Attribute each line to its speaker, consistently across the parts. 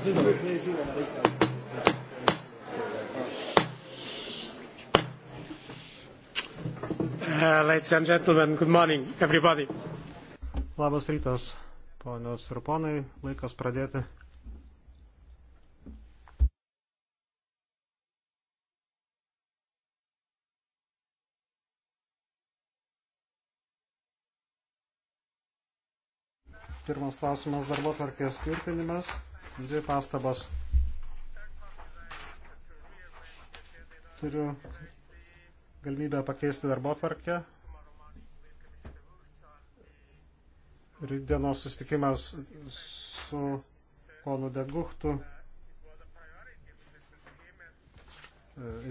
Speaker 1: Uh, ladies and gentlemen, good morning, everybody. Labas rytas, ponios ir ponai, laikas pradėti. Pirmas klausimas darbo tvarkės tvirtinimas. Dvi pastabas. Turiu galimybę pakeisti darbo tvarkę. Rydienos susitikimas su ponu Deguchtu e,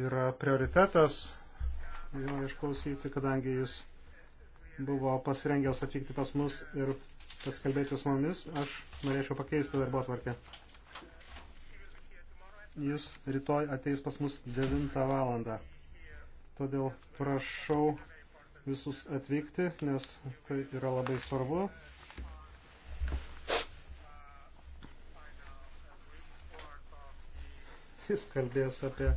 Speaker 1: yra prioritetas jo išklausyti, kadangi jis buvo pasirengęs atvykti pas mus ir pasikalbėti su mumis, aš norėčiau pakeisti darbo tvarkę. Jis rytoj ateis pas mus 9 valandą. Todėl prašau visus atvykti, nes tai yra labai svarbu. Jis kalbės apie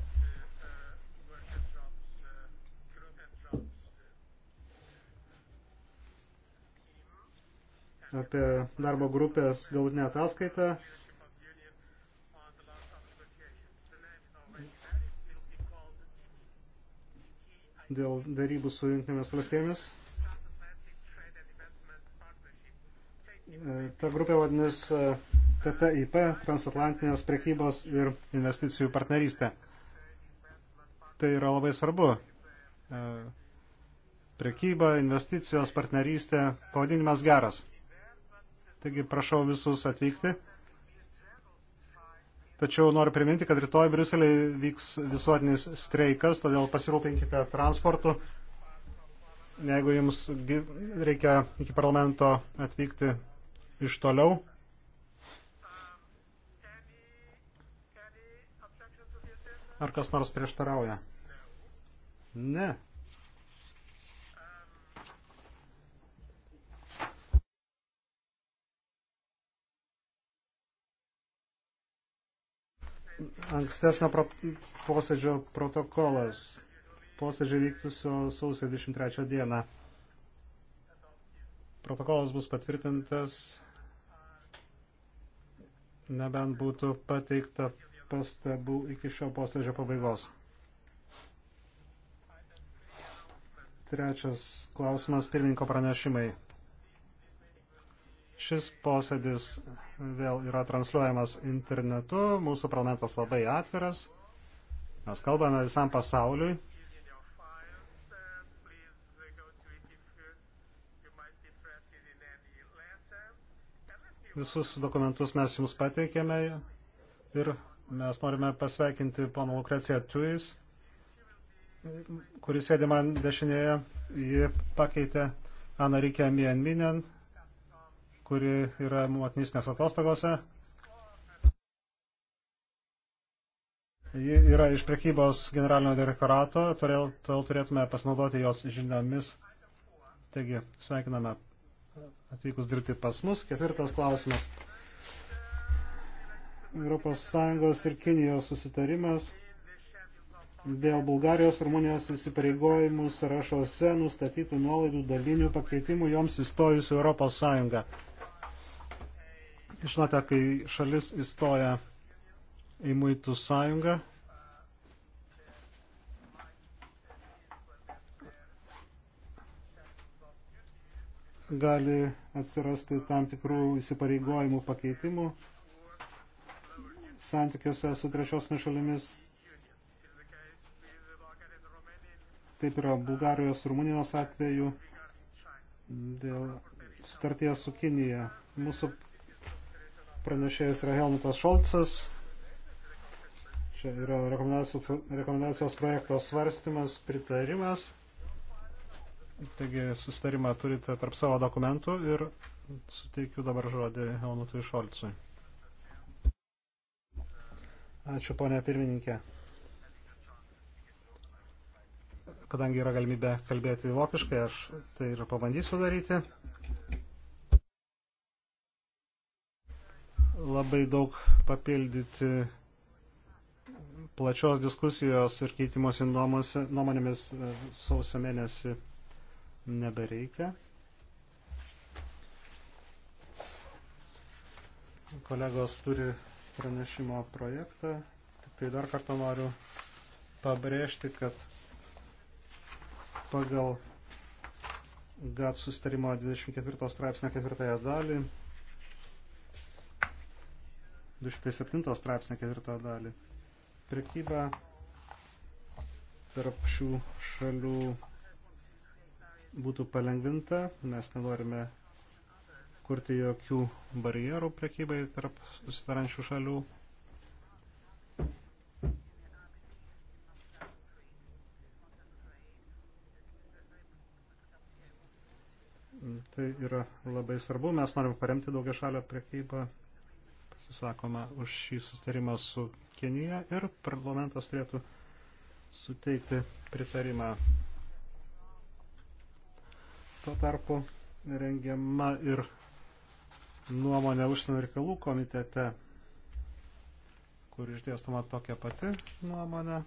Speaker 1: apie darbo grupės galutinę ataskaitą. dėl darybų su jungtinėmis valstybėmis. Ta grupė vadinasi e, TTIP, Transatlantinės prekybos ir investicijų partnerystė. Tai yra labai svarbu. E, Prekyba, investicijos, partnerystė, pavadinimas geras. Taigi prašau visus atvykti. Tačiau noriu priminti, kad rytoj Briuselėje vyks visuotinis streikas, todėl pasirūpinkite transportu. Jeigu jums reikia iki parlamento atvykti iš toliau. Ar kas nors prieštarauja? Ne. ankstesnio pro, posėdžio protokolas. Posėdžio vyktusio sausio 23 dieną. Protokolas bus patvirtintas, nebent būtų pateikta pastabų iki šio posėdžio pabaigos. Trečias klausimas pirmininko pranešimai. Šis posėdis vėl yra transliuojamas internetu, mūsų planetas labai atviras, mes kalbame visam pasauliui. Visus dokumentus mes jums pateikėme ir mes norime pasveikinti poną Lukreciją Tuis, kuris sėdi man dešinėje, ji pakeitė Anarikę Mienminen, kuri yra motinysnės atostogose. Ji yra iš prekybos generalinio direktorato, todėl, todėl turėtume pasinaudoti jos žiniomis. Taigi, sveikiname atvykus dirbti pas mus. Ketvirtas klausimas. ES ir Kinijos susitarimas dėl Bulgarijos ir Rumunijos įsipareigojimų sąrašuose nustatytų nuolaidų dalinių pakeitimų joms įstojus Europos Sąjungą. Žinote, kai šalis įstoja į muitų sąjungą, gali atsirasti tam tikrų įsipareigojimų pakeitimų santykiuose su trečiosiomis šalimis. Taip yra Bulgarijos, Rumunijos atveju dėl sutarties su Kinija. Mūsų Pranešėjas yra Helmutas Šolcas. Čia yra rekomendacijos, rekomendacijos projekto svarstymas, pritarimas. Taigi susitarimą turite tarp savo dokumentų ir suteikiu dabar žodį Helmutui Šolcui. Ačiū, ponė pirmininkė. Kadangi yra galimybė kalbėti vokiškai, aš tai ir pabandysiu daryti. labai daug papildyti plačios diskusijos ir keitimosi nuomonėmis e, sausio mėnesį nebereikia. Kolegos turi pranešimo projektą. Tik tai dar kartą noriu pabrėžti, kad pagal GAT sustarimo 24 straipsnio ketvirtąją dalį 207 straipsnio ketvirtą dalį. Prekyba tarp šių šalių būtų palengvinta, mes nenorime kurti jokių barjerų prekybai tarp susitarančių šalių. Tai yra labai svarbu, mes norime paremti daugia šalio prekybą pasisakoma už šį sustarimą su Kenija ir parlamentas turėtų suteikti pritarimą. Tuo tarpu rengiama ir nuomonė užsienio reikalų komitete, kur išdėstama tokia pati nuomonė.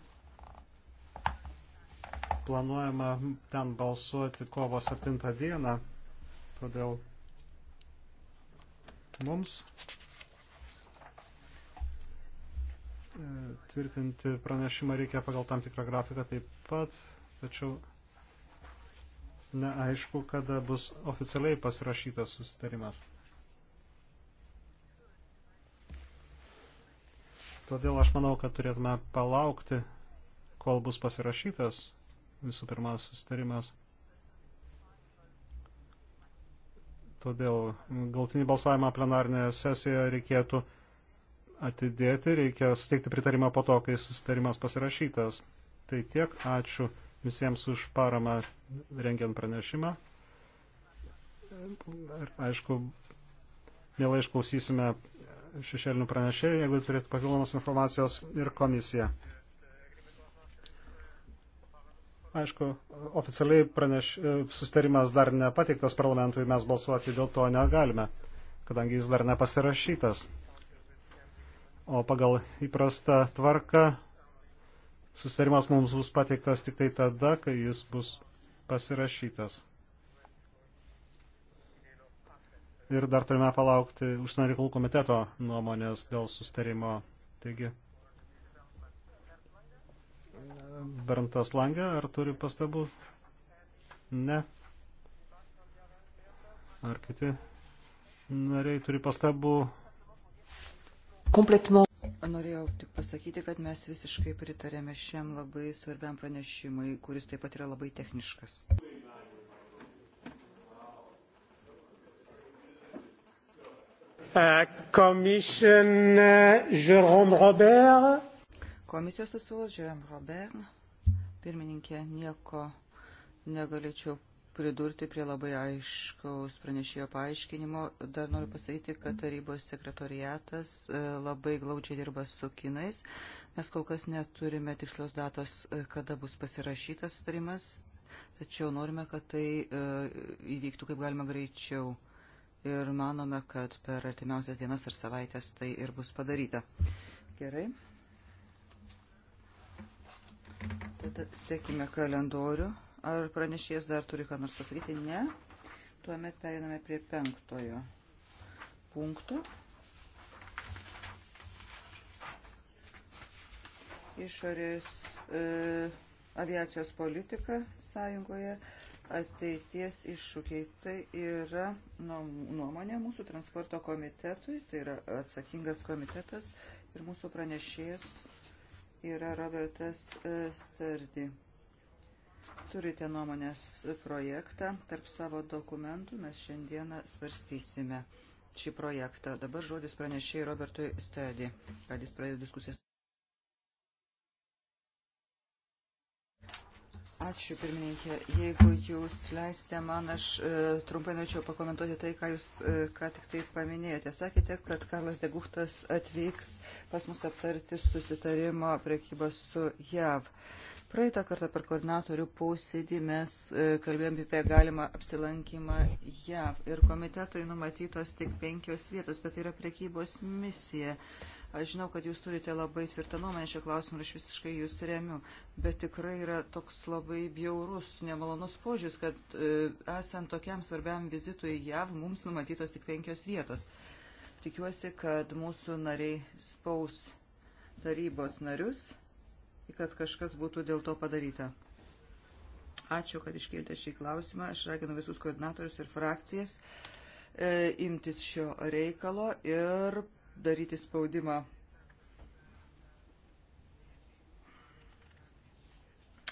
Speaker 1: Planuojama ten balsuoti kovo 7 dieną, todėl mums E, tvirtinti pranešimą reikia pagal tam tikrą grafiką taip pat, tačiau neaišku, kada bus oficialiai pasirašytas susitarimas. Todėl aš manau, kad turėtume palaukti, kol bus pasirašytas visų pirma susitarimas. Todėl galtinį balsavimą plenarinėje sesijoje reikėtų atidėti, reikia suteikti pritarimą po to, kai susitarimas pasirašytas. Tai tiek, ačiū visiems už paramą rengiant pranešimą. Aišku, mielai išklausysime šešėlinių pranešėjų, jeigu turėtų papildomos informacijos ir komisija. Aišku, oficialiai praneš, sustarimas dar nepateiktas parlamentui, mes balsuoti dėl to negalime, kadangi jis dar nepasirašytas o pagal įprastą tvarką susitarimas mums bus pateiktas tik tai tada, kai jis bus pasirašytas. Ir dar turime palaukti užsienio reikalų komiteto nuomonės dėl sustarimo. Taigi, Berntas Langė, ar turi pastabų? Ne. Ar kiti nariai turi pastabų? complètement.
Speaker 2: Norėjau tik pasakyti, kad mes visiškai pritarėme šiam labai svarbiam pranešimui, kuris taip pat yra labai techniškas.
Speaker 1: Uh, uh Komisijos
Speaker 2: atstovas Jerome Robert, pirmininkė, nieko negalėčiau pridurti prie labai aiškaus pranešėjo paaiškinimo. Dar noriu pasakyti, kad tarybos sekretoriatas e, labai glaudžiai dirba su kinais. Mes kol kas neturime tikslios datos, e, kada bus pasirašytas sutarimas, tačiau norime, kad tai e, įvyktų kaip galima greičiau. Ir manome, kad per artimiausias dienas ar savaitės tai ir bus padaryta. Gerai. Tada sėkime kalendorių. Ar pranešėjas dar turi ką nors pasakyti? Ne. Tuomet periname prie penktojo punkto. Išorės e, aviacijos politika sąjungoje ateities iššūkiai. Tai yra nuomonė mūsų transporto komitetui, tai yra atsakingas komitetas ir mūsų pranešėjas yra Robertas e, Stardi. Turite nuomonės projektą tarp savo dokumentų. Mes šiandieną svarstysime šį projektą. Dabar žodis pranešėjai Robertui Stedi, kad jis pradėjo diskusijas. Ačiū, pirmininkė. Jeigu jūs leisite man, aš e, trumpai norėčiau pakomentuoti tai, ką jūs e, ką tik tai paminėjote. Sakėte, kad Karlas Deguhtas atvyks pas mus aptarti susitarimo prekybos su JAV. E, Praeitą kartą per koordinatorių posėdį mes e, kalbėjome apie galimą apsilankymą JAV ir komitetui numatytos tik penkios vietos, bet tai yra prekybos misija. Aš žinau, kad jūs turite labai tvirtą nuomonę šio klausimu ir aš visiškai jūs remiu, bet tikrai yra toks labai bjaurus, nemalonus požiūris, kad e, esant tokiam svarbiam vizitui JAV mums numatytos tik penkios vietos. Tikiuosi, kad mūsų nariai spaus tarybos narius kad kažkas būtų dėl to padaryta. Ačiū, kad iškėlėte šį klausimą. Aš raginu visus koordinatorius ir frakcijas e, imtis šio reikalo ir daryti spaudimą.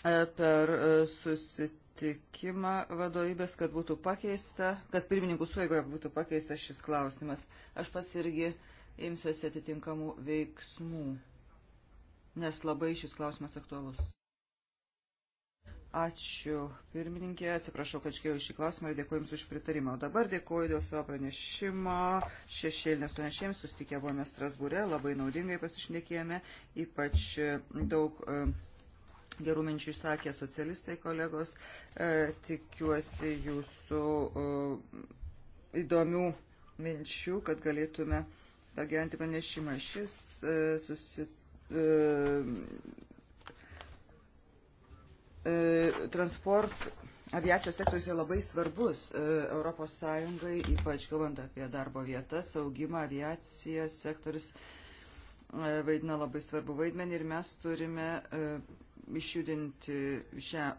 Speaker 2: E, per e, susitikimą vadovybės, kad būtų pakeista, kad pirmininkų suėgoje būtų pakeistas šis klausimas. Aš pats irgi imsiuosi atitinkamų veiksmų nes labai šis klausimas aktualus. Ačiū pirmininkė, atsiprašau, kad iškėjau šį klausimą ir dėkuoju Jums už pritarimą. O dabar dėkuoju dėl savo pranešimo. Šešėlinės pranešėjams susitikę buvome Strasbūre, labai naudingai pasišnekėjome, ypač e, daug e, gerų minčių išsakė socialistai kolegos. E, tikiuosi Jūsų įdomių minčių, kad galėtume pagerinti pranešimą. Šis susitikimas E, e, transport aviacijos sektorius yra labai svarbus ES, ypač kalbant apie darbo vietas, augimą aviacijos sektorius e, vaidina labai svarbu vaidmenį ir mes turime išjudinti šią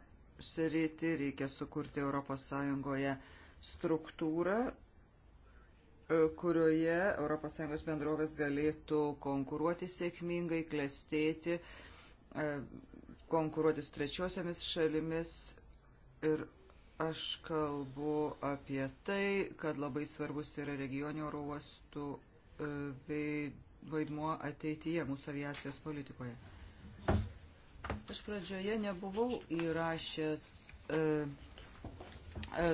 Speaker 2: sritį, reikia sukurti ES struktūrą kurioje ES bendrovės galėtų konkuruoti sėkmingai, klestėti, e, konkuruoti su trečiosiamis šalimis. Ir aš kalbu apie tai, kad labai svarbus yra regionio oro uostų e, vaidmuo ateityje mūsų aviacijos politikoje. Aš pradžioje nebuvau įrašęs e, e,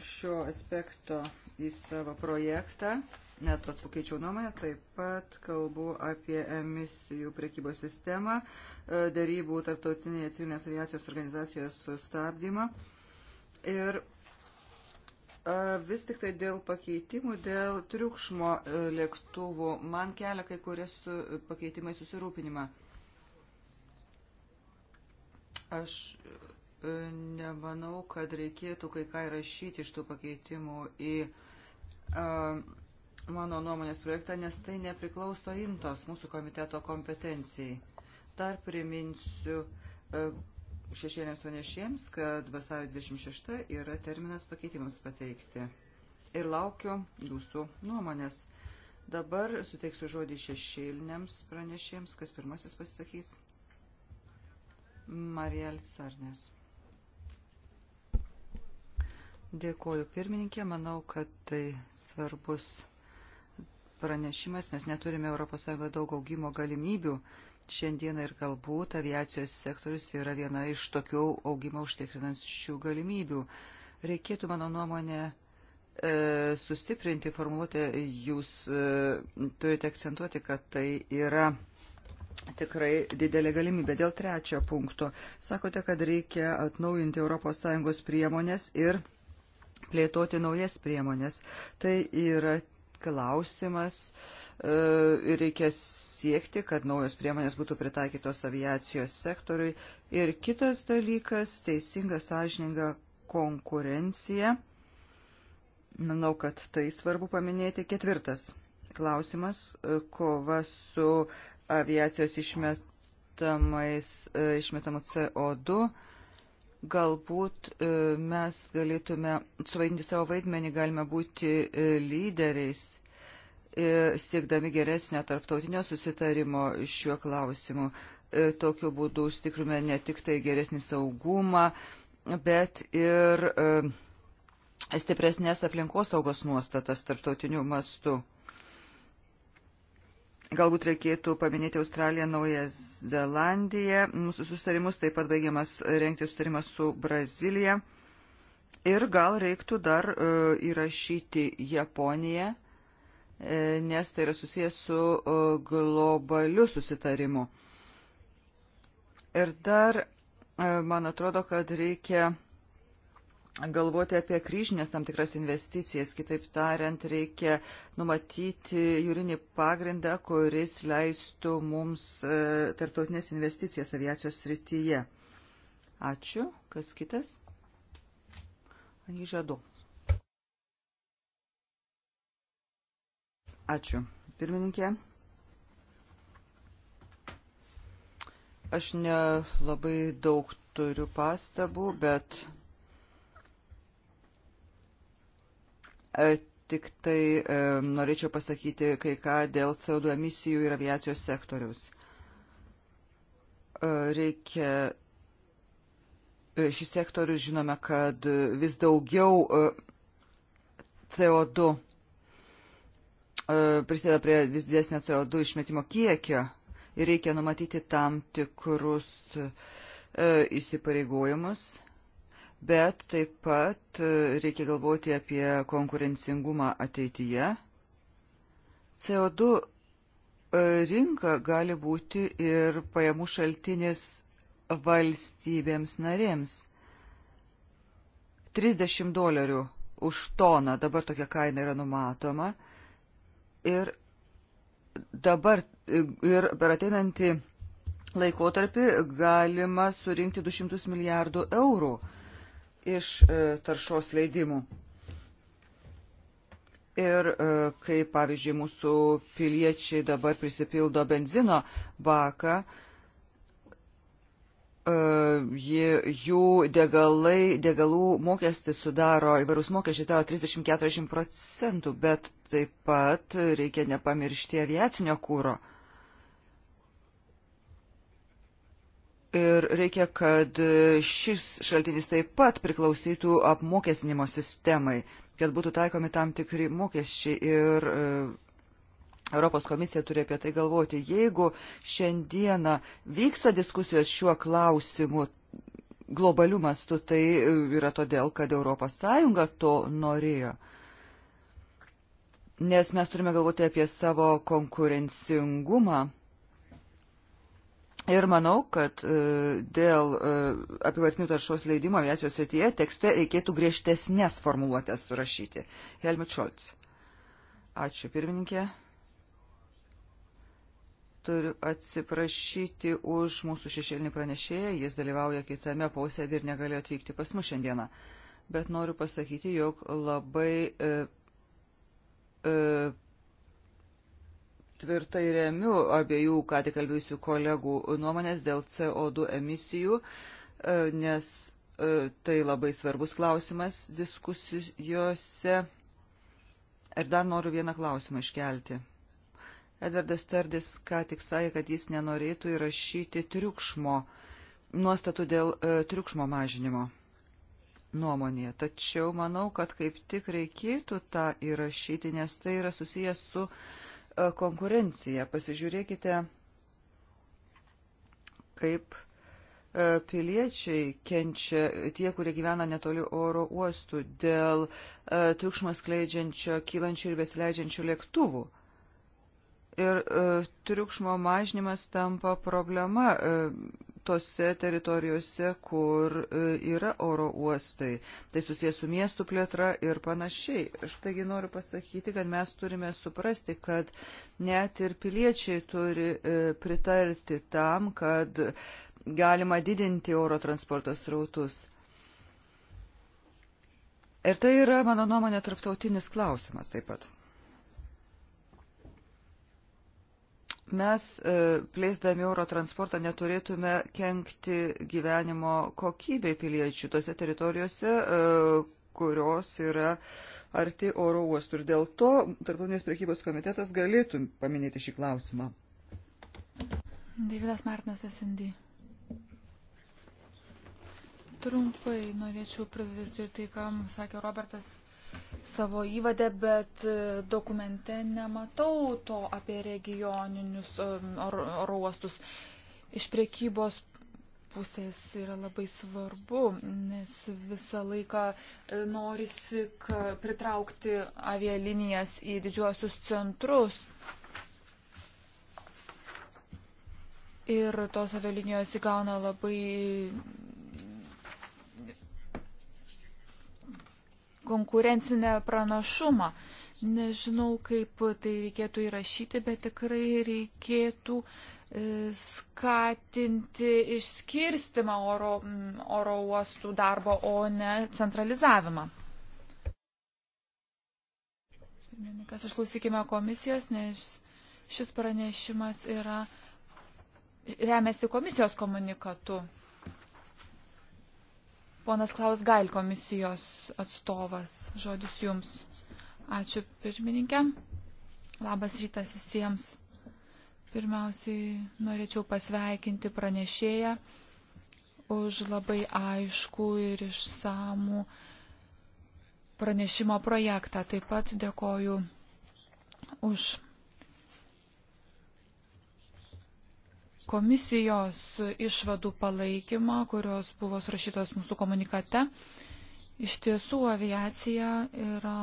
Speaker 2: šio aspekto į savo projektą, net pasikeičiau nuomonę, taip pat kalbu apie emisijų priekybos sistemą, e, darybų tarptautinėje civilinės aviacijos organizacijos sustabdymą. Ir e, vis tik tai dėl pakeitimų, dėl triukšmo e, lėktuvų, man kelia kai kurie su pakeitimai susirūpinimą. Aš nemanau, kad reikėtų kai ką įrašyti iš tų pakeitimų į uh, mano nuomonės projektą, nes tai nepriklauso intos mūsų komiteto kompetencijai. Dar priminsiu šešėlėms panešiems, kad vasario 26 yra terminas pakeitimams pateikti. Ir laukiu jūsų nuomonės. Dabar suteiksiu žodį šešėlėms pranešiems, kas pirmasis pasisakys. Mariel Sarnes. Dėkoju pirmininkė, manau, kad tai svarbus pranešimas, mes neturime ES daug augimo galimybių. Šiandieną ir galbūt aviacijos sektorius yra viena iš tokių augimo užtikrinančių galimybių. Reikėtų, mano nuomonė, e, sustiprinti formuotę, jūs e, turite akcentuoti, kad tai yra tikrai didelė galimybė. Dėl trečio punkto sakote, kad reikia atnaujinti ES priemonės ir plėtoti naujas priemonės. Tai yra klausimas e, ir reikia siekti, kad naujos priemonės būtų pritaikytos aviacijos sektoriui. Ir kitas dalykas - teisinga, sąžininga konkurencija. Manau, kad tai svarbu paminėti. Ketvirtas klausimas - kova su aviacijos išmetamais, e, išmetamu CO2 galbūt e, mes galėtume suvaidinti savo vaidmenį, galime būti e, lyderiais, e, siekdami geresnio tarptautinio susitarimo šiuo klausimu. Tokiu būdu užtikrume ne tik tai geresnį saugumą, bet ir stipresnės aplinkosaugos nuostatas tarptautiniu mastu. Galbūt reikėtų paminėti Australiją, Naują Zelandiją, mūsų sustarimus, taip pat baigiamas renkti sustarimas su Brazilija. Ir gal reiktų dar e, įrašyti Japoniją, e, nes tai yra susijęs su e, globaliu susitarimu. Ir dar, e, man atrodo, kad reikia galvoti apie kryžinės tam tikras investicijas. Kitaip tariant, reikia numatyti jūrinį pagrindą, kuris leistų mums e, tarptautinės investicijas aviacijos srityje. Ačiū. Kas kitas? Angi žadu. Ačiū. Pirmininkė. Aš nelabai daug turiu pastabų, bet E, tik tai e, norėčiau pasakyti kai ką dėl CO2 emisijų ir aviacijos sektoriaus. E, reikia šis sektorius žinome, kad vis daugiau CO2 prisideda prie vis didesnio CO2 išmetimo kiekio ir reikia numatyti tam tikrus įsipareigojimus bet taip pat e, reikia galvoti apie konkurencingumą ateityje. CO2 e, rinka gali būti ir pajamų šaltinis valstybėms narėms. 30 dolerių už toną dabar tokia kaina yra numatoma ir dabar e, ir per ateinantį laikotarpį galima surinkti 200 milijardų eurų iš e, taršos leidimų. Ir e, kaip, pavyzdžiui, mūsų piliečiai dabar prisipildo benzino baką, e, jų degalai, degalų mokestis sudaro, įvairūs mokesčiai tavo 30-40 procentų, bet taip pat reikia nepamiršti aviacinio kūro. Ir reikia, kad šis šaltinis taip pat priklausytų apmokestinimo sistemai, kad būtų taikomi tam tikri mokesčiai ir e, Europos komisija turi apie tai galvoti. Jeigu šiandieną vyksta diskusijos šiuo klausimu globaliu mastu, tai e, yra todėl, kad ES to norėjo. Nes mes turime galvoti apie savo konkurencingumą Ir manau, kad e, dėl e, apivartinių taršos leidimo aviacijos srityje tekste reikėtų griežtesnės formuluotės surašyti. Helmut Scholz. Ačiū, pirmininkė. Turiu atsiprašyti už mūsų šešėlinį pranešėją, jis dalyvauja kitame posėdį ir negalėjo atvykti pas mus šiandieną. Bet noriu pasakyti, jog labai e, e, tvirtai remiu abiejų, ką tik kalbėjusių kolegų nuomonės dėl CO2 emisijų, e, nes e, tai labai svarbus klausimas diskusijose. Ir dar noriu vieną klausimą iškelti. Edvardas Tardis ką tik sakė, kad jis nenorėtų įrašyti triukšmo, nuostatų dėl e, triukšmo mažinimo nuomonėje. Tačiau manau, kad kaip tik reikėtų tą įrašyti, nes tai yra susijęs su E, konkurencija. Pasižiūrėkite, kaip e, piliečiai kenčia tie, kurie gyvena netoli oro uostų dėl e, triukšmas kleidžiančio, kylančių ir besileidžiančių lėktuvų. Ir triukšmo mažnymas tampa problema tose teritorijose, kur e, yra oro uostai. Tai susijęs su miestų plėtra ir panašiai. Aš taigi noriu pasakyti, kad mes turime suprasti, kad net ir piliečiai turi e, pritarti tam, kad galima didinti oro transporto srautus. Ir tai yra, mano nuomonė, tarptautinis klausimas taip pat. Mes e, plėsdami oro transportą neturėtume kenkti gyvenimo kokybei piliečių tose teritorijose, e, kurios yra arti oro uostų. Ir dėl to Tarptautinės priekybos komitetas galėtų paminėti šį klausimą.
Speaker 3: Davidas Martinas SND. Trumpai norėčiau pridurti tai, ką mums sakė Robertas savo įvadę, bet e, dokumente nematau to apie regioninius e, oro uostus. Iš priekybos pusės yra labai svarbu, nes visą laiką e, norisi pritraukti avialinijas į didžiuosius centrus. Ir tos avialinijos įgauna labai konkurencinę pranašumą. Nežinau, kaip tai reikėtų įrašyti, bet tikrai reikėtų e, skatinti išskirstimą oro, mm, oro uostų darbo, o ne centralizavimą. Pirmininkas, išklausykime komisijos, nes šis pranešimas yra remiasi komisijos komunikatu. Ponas Klaus Gail komisijos atstovas, žodis jums. Ačiū pirmininkė. Labas rytas visiems. Pirmiausiai norėčiau pasveikinti pranešėją už labai aišku ir išsamų pranešimo projektą. Taip pat dėkoju už komisijos išvadų palaikymą, kurios buvo surašytos mūsų komunikate. Iš tiesų aviacija yra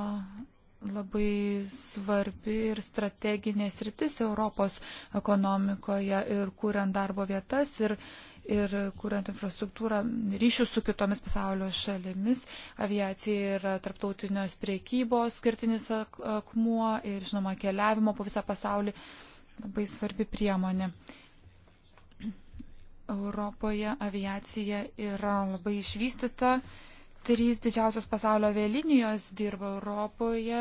Speaker 3: labai svarbi ir strateginė sritis Europos ekonomikoje ir kuriant darbo vietas ir, ir kuriant infrastruktūrą ryšių su kitomis pasaulio šalimis. Aviacija yra tarptautinės priekybos skirtinis akmuo ir, žinoma, keliavimo po visą pasaulį labai svarbi priemonė. Europoje aviacija yra labai išvystyta. Trys didžiausios pasaulio avialinijos dirba Europoje.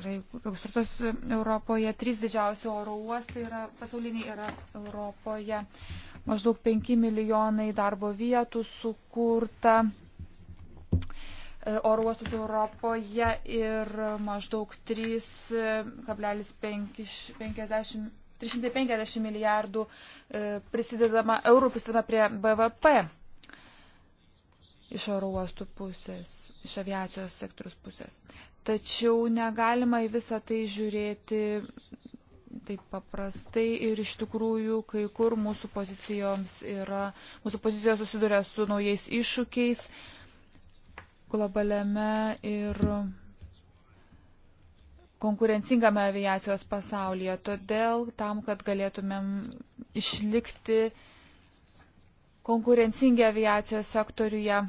Speaker 3: Yra užsirtos Europoje. Trys didžiausi oro uostai yra pasauliniai yra Europoje. Maždaug 5 milijonai darbo vietų sukurta e, oro uostus Europoje ir maždaug 3,50 350 milijardų e, prisidedama, eurų prisidedama prie BVP iš oro uostų pusės, iš aviacijos sektorius pusės. Tačiau negalima į visą tai žiūrėti taip paprastai ir iš tikrųjų kai kur mūsų pozicijoms yra, mūsų pozicijos susiduria su naujais iššūkiais globaliame ir konkurencingame aviacijos pasaulyje. Todėl tam, kad galėtumėm išlikti konkurencingi aviacijos sektoriuje,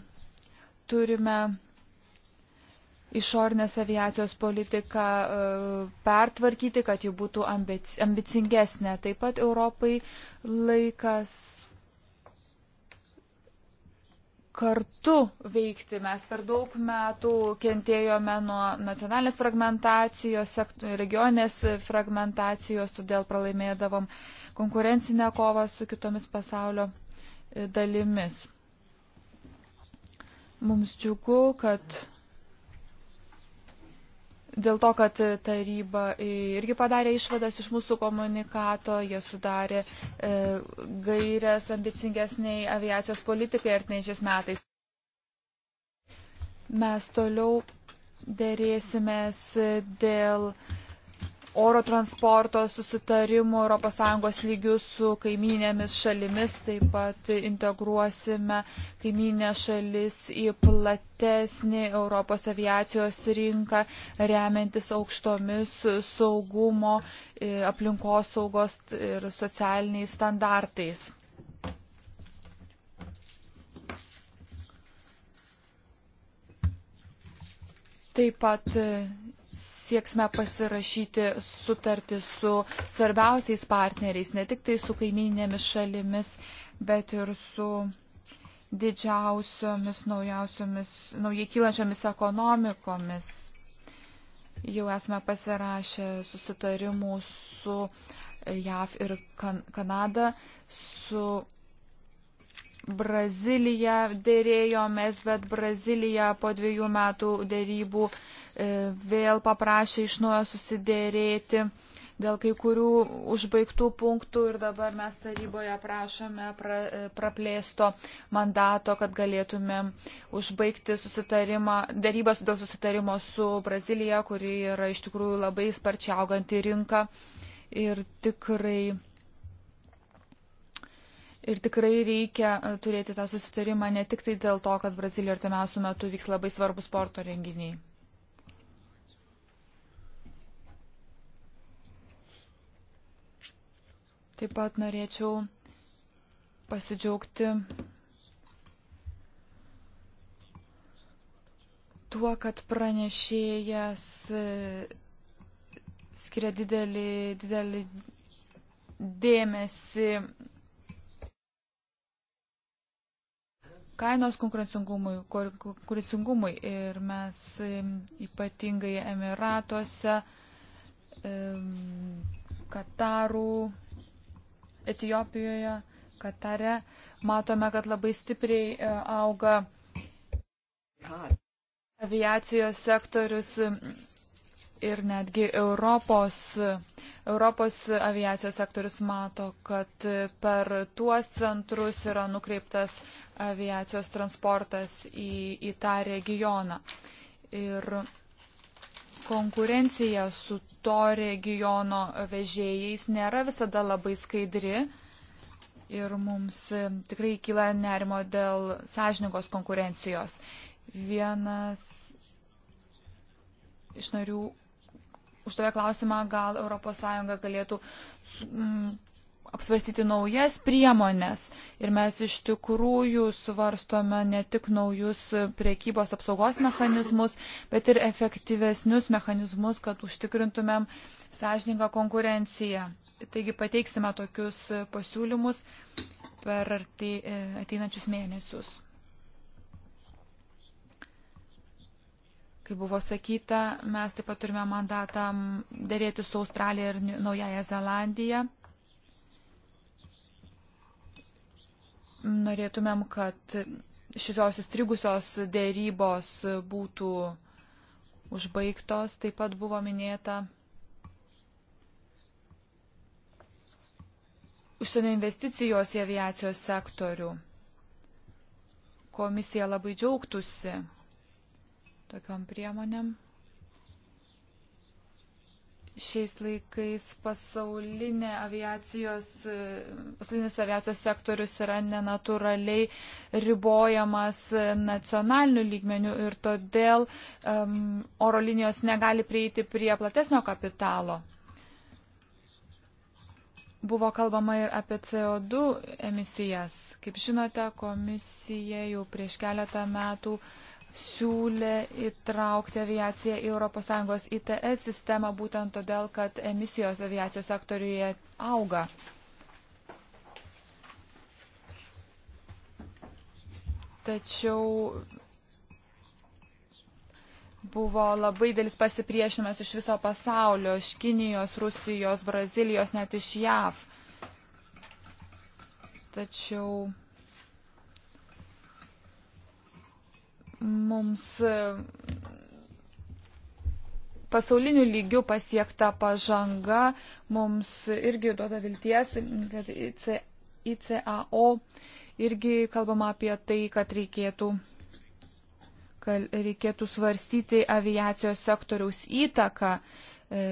Speaker 3: turime išornės aviacijos politiką e, pertvarkyti, kad ji būtų ambicingesnė. Taip pat Europai laikas kartu veikti. Mes per daug metų kentėjome nuo nacionalinės fragmentacijos, regioninės fragmentacijos, todėl pralaimėdavom konkurencinę kovą su kitomis pasaulio e, dalimis. Mums džiugu, kad dėl to, kad taryba irgi padarė išvadas iš mūsų komunikato, jie sudarė e, gairias ambicingesniai aviacijos politikai artinėčiais metais. Mes toliau dėrėsimės dėl e, oro transporto susitarimų ES lygių su kaiminėmis šalimis, taip pat integruosime kaiminę šalis į platesnį Europos aviacijos rinką, remiantis aukštomis saugumo, e, aplinkos saugos ir socialiniais standartais. Taip pat sieksime pasirašyti sutartį su svarbiausiais partneriais, ne tik tai su kaiminėmis šalimis, bet ir su didžiausiomis, naujausiomis, naujai kylančiomis ekonomikomis. Jau esame pasirašę susitarimų su JAV ir kan Kanada, su Brazilija dėrėjomės, bet Brazilija po dviejų metų dėrybų e, vėl paprašė iš nuojo susidėrėti dėl kai kurių užbaigtų punktų ir dabar mes taryboje prašome pra, e, praplėsto mandato, kad galėtumėm užbaigti darybas dėl susitarimo su Brazilija, kuri yra iš tikrųjų labai sparčiai auganti rinka ir tikrai Ir tikrai reikia e, turėti tą susitarimą ne tik tai dėl to, kad Brazilijoje artimiausių metų vyks labai svarbus sporto renginiai. Taip pat norėčiau pasidžiaugti tuo, kad pranešėjas e, skiria didelį, didelį dėmesį kainos konkurencingumui, konkurencingumui. Ir mes ypatingai Emiratuose, Katarų, Etijopijoje, Katare matome, kad labai stipriai e, auga aviacijos sektorius ir netgi Europos, Europos aviacijos sektorius mato, kad per tuos centrus yra nukreiptas aviacijos transportas į, į tą regioną. Ir konkurencija su to regiono vežėjais nėra visada labai skaidri. Ir mums tikrai kyla nerimo dėl sąžininkos konkurencijos. Vienas iš narių uždavė klausimą, gal ES galėtų mm, apsvarstyti naujas priemonės. Ir mes iš tikrųjų svarstome ne tik naujus priekybos apsaugos mechanizmus, bet ir efektyvesnius mechanizmus, kad užtikrintumėm sąžininką konkurenciją. Taigi pateiksime tokius pasiūlymus per e, ateinančius mėnesius. Kaip buvo sakyta, mes taip pat turime mandatą dėrėti su Australija ir Naujaja Zelandija. Norėtumėm, kad šios įstrigusios dėrybos būtų užbaigtos. Taip pat buvo minėta užsienio investicijos į aviacijos sektorių. Komisija labai džiaugtųsi tokiom priemonėm. Šiais laikais pasaulinė aviacijos, pasaulinis aviacijos sektorius yra nenaturaliai ribojamas nacionaliniu lygmeniu ir todėl um, oro linijos negali prieiti prie platesnio kapitalo buvo kalbama ir apie CO2 emisijas. Kaip žinote, komisija jau prieš keletą metų siūlė įtraukti aviaciją į ES ITS sistemą būtent todėl, kad emisijos aviacijos sektoriuje auga. Tačiau buvo labai dėlis pasipriešinimas iš viso pasaulio, iš Kinijos, Rusijos, Brazilijos, net iš JAV. Tačiau mums e, pasauliniu lygiu pasiekta pažanga mums irgi duoda vilties, kad ICAO irgi kalbama apie tai, kad reikėtų reikėtų svarstyti aviacijos sektoriaus įtaką e,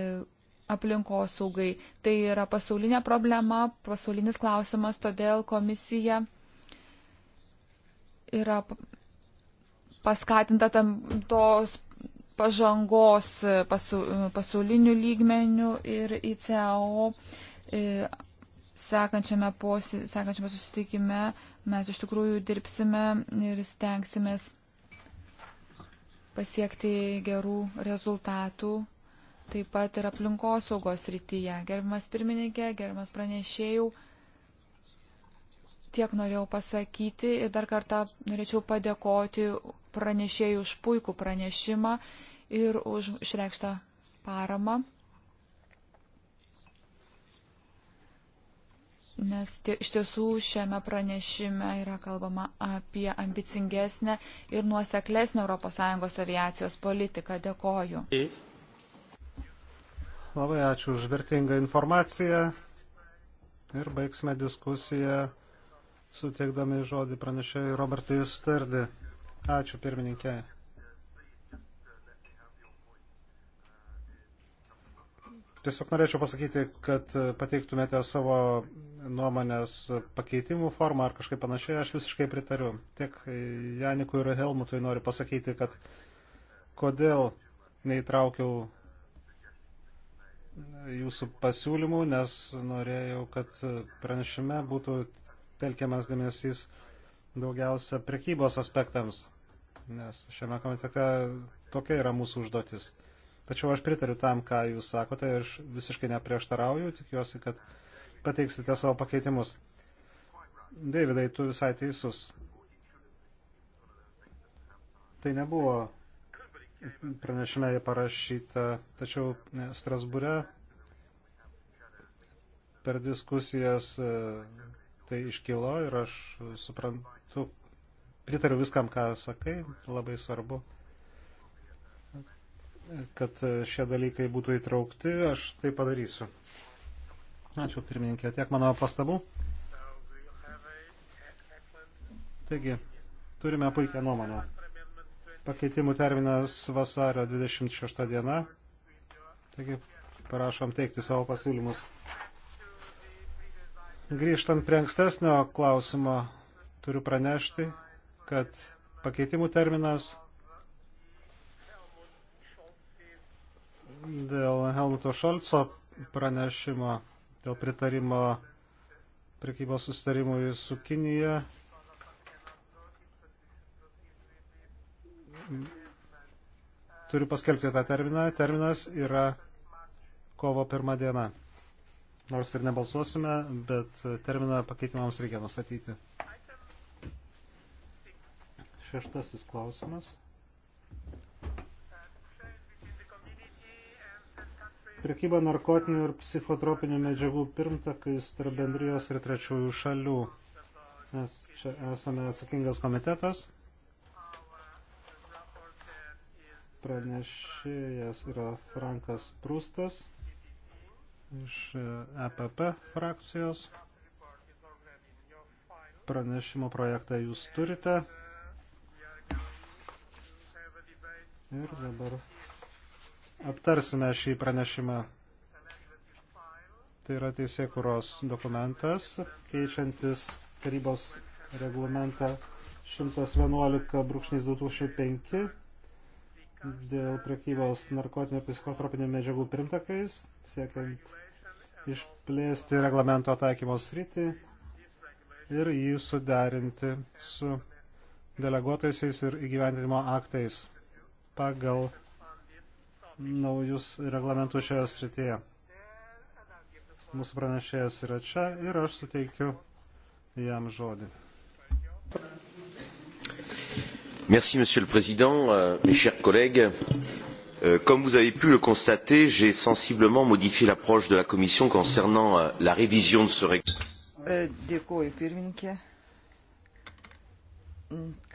Speaker 3: aplinkosaugai. Tai yra pasaulinė problema, pasaulinis klausimas, todėl komisija yra paskatinta tam, tos pažangos pasu, pasaulinių lygmenių ir ICAO. E, sekančiame, posi, sekančiame susitikime mes iš tikrųjų dirbsime ir stengsimės pasiekti gerų rezultatų taip pat ir aplinkosaugos rytyje. Gerbimas pirmininkė, gerbimas pranešėjų. Tiek norėjau pasakyti ir dar kartą norėčiau padėkoti pranešėjų už puikų pranešimą ir už išreikštą paramą. nes tie, iš tiesų šiame pranešime yra kalbama apie ambicingesnę ir nuoseklesnę ES aviacijos politiką. Dėkoju.
Speaker 1: Labai ačiū už vertingą informaciją ir baigsime diskusiją suteikdami žodį pranešėjui Robertui Stardį. Ačiū pirmininkė. Tiesiog norėčiau pasakyti, kad pateiktumėte savo nuomonės pakeitimų formą ar kažkaip panašiai, aš visiškai pritariu. Tiek Janikui ir Helmutui noriu pasakyti, kad kodėl neįtraukiau jūsų pasiūlymų, nes norėjau, kad pranešime būtų telkiamas dėmesys daugiausia prekybos aspektams, nes šiame komitete tokia yra mūsų užduotis. Tačiau aš pritariu tam, ką jūs sakote ir visiškai neprieštarauju, tikiuosi, kad pateiksite savo pakeitimus. Davidai, tu visai teisus. Tai nebuvo pranešime parašyta, tačiau Strasbūre per diskusijas tai iškilo ir aš suprantu, pritariu viskam, ką sakai, labai svarbu, kad šie dalykai būtų įtraukti, aš tai padarysiu. Ačiū pirmininkė, tiek mano pastabų. Taigi, turime puikią nuomonę. Pakeitimų terminas vasario 26 diena. Taigi, parašom teikti savo pasiūlymus. Grįžtant prie ankstesnio klausimo, turiu pranešti, kad pakeitimų terminas dėl Helmuto Šolco pranešimo, dėl pritarimo prekybos sustarimui su Kinija turiu paskelbti tą terminą. Terminas yra kovo pirmą dieną nors ir nebalsuosime, bet terminą pakeitimams reikia nustatyti. Šeštasis klausimas. Prekyba narkotinių ir psichotropinių medžiagų pirmtakais tarp bendrijos ir trečiųjų šalių. Mes čia esame atsakingas komitetas. Pranešėjas yra Frankas Prustas iš EPP e frakcijos. Pranešimo projektą jūs turite. Ir dabar aptarsime šį pranešimą. Tai yra teisėkuros dokumentas, keičiantis tarybos reglamentą 111.2005 dėl prekybos narkotinių psichotropinių medžiagų pirmtakais, siekiant išplėsti reglamento taikymos rytį ir jį suderinti su deleguotaisiais ir įgyvendinimo aktais pagal naujus reglamentus šioje srityje. Mūsų pranešėjas yra čia ir aš suteikiu jam žodį. Merci, Monsieur le Président,
Speaker 3: euh, mes chers collègues. Euh, comme vous avez pu le constater, j'ai sensiblement
Speaker 1: modifié l'approche de la Commission concernant euh, la révision de ce règlement.
Speaker 2: Euh, Dėkuoju, pirmininkė.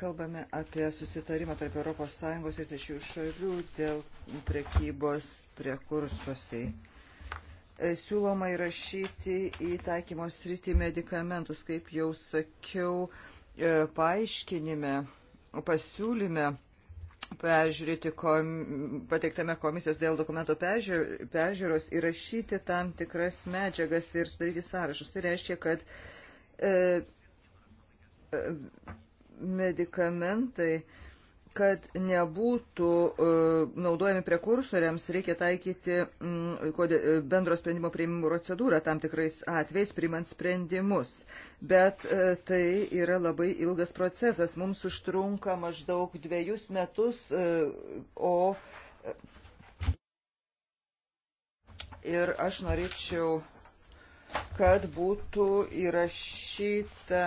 Speaker 2: Kalbame apie susitarimą tarp ES ir trečių šalių dėl prekybos prekursusiai. E, siūloma įrašyti į taikymo sritį medikamentus, kaip jau sakiau, e, paaiškinime pasiūlyme peržiūrėti kom, pateiktame komisijos dėl dokumento peržiūr, peržiūros įrašyti tam tikras medžiagas ir sudaryti sąrašus. Tai reiškia, kad e, e medikamentai e, kad nebūtų e, naudojami prekursoriams, reikia taikyti mm, e, bendro sprendimo prieimimo procedūrą tam tikrais atvejais, priimant sprendimus. Bet e, tai yra labai ilgas procesas. Mums užtrunka maždaug dviejus metus, o. Ir aš norėčiau, kad būtų įrašyta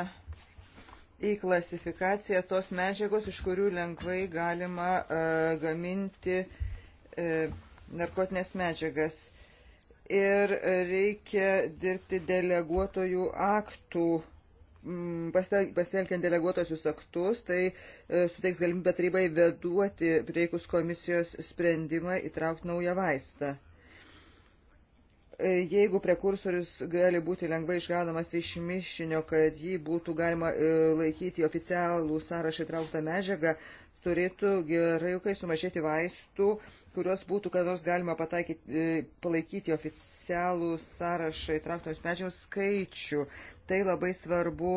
Speaker 2: į klasifikaciją tos medžiagos, iš kurių lengvai galima e, gaminti e, narkotinės medžiagas. Ir reikia dirbti deleguotojų aktų pasitelkiant deleguotosius aktus, tai e, suteiks galimybę tarybai veduoti prieikus komisijos sprendimą įtraukti naują vaistą. E, jeigu prekursorius gali būti lengvai išgaunamas iš mišinio, kad jį būtų galima e, laikyti oficialų sąrašą įtrauktą medžiagą, turėtų gerai sumažėti vaistų, kuriuos būtų kada nors galima e, palaikyti oficialų sąrašą įtrauktoms medžiams skaičių. Tai labai svarbu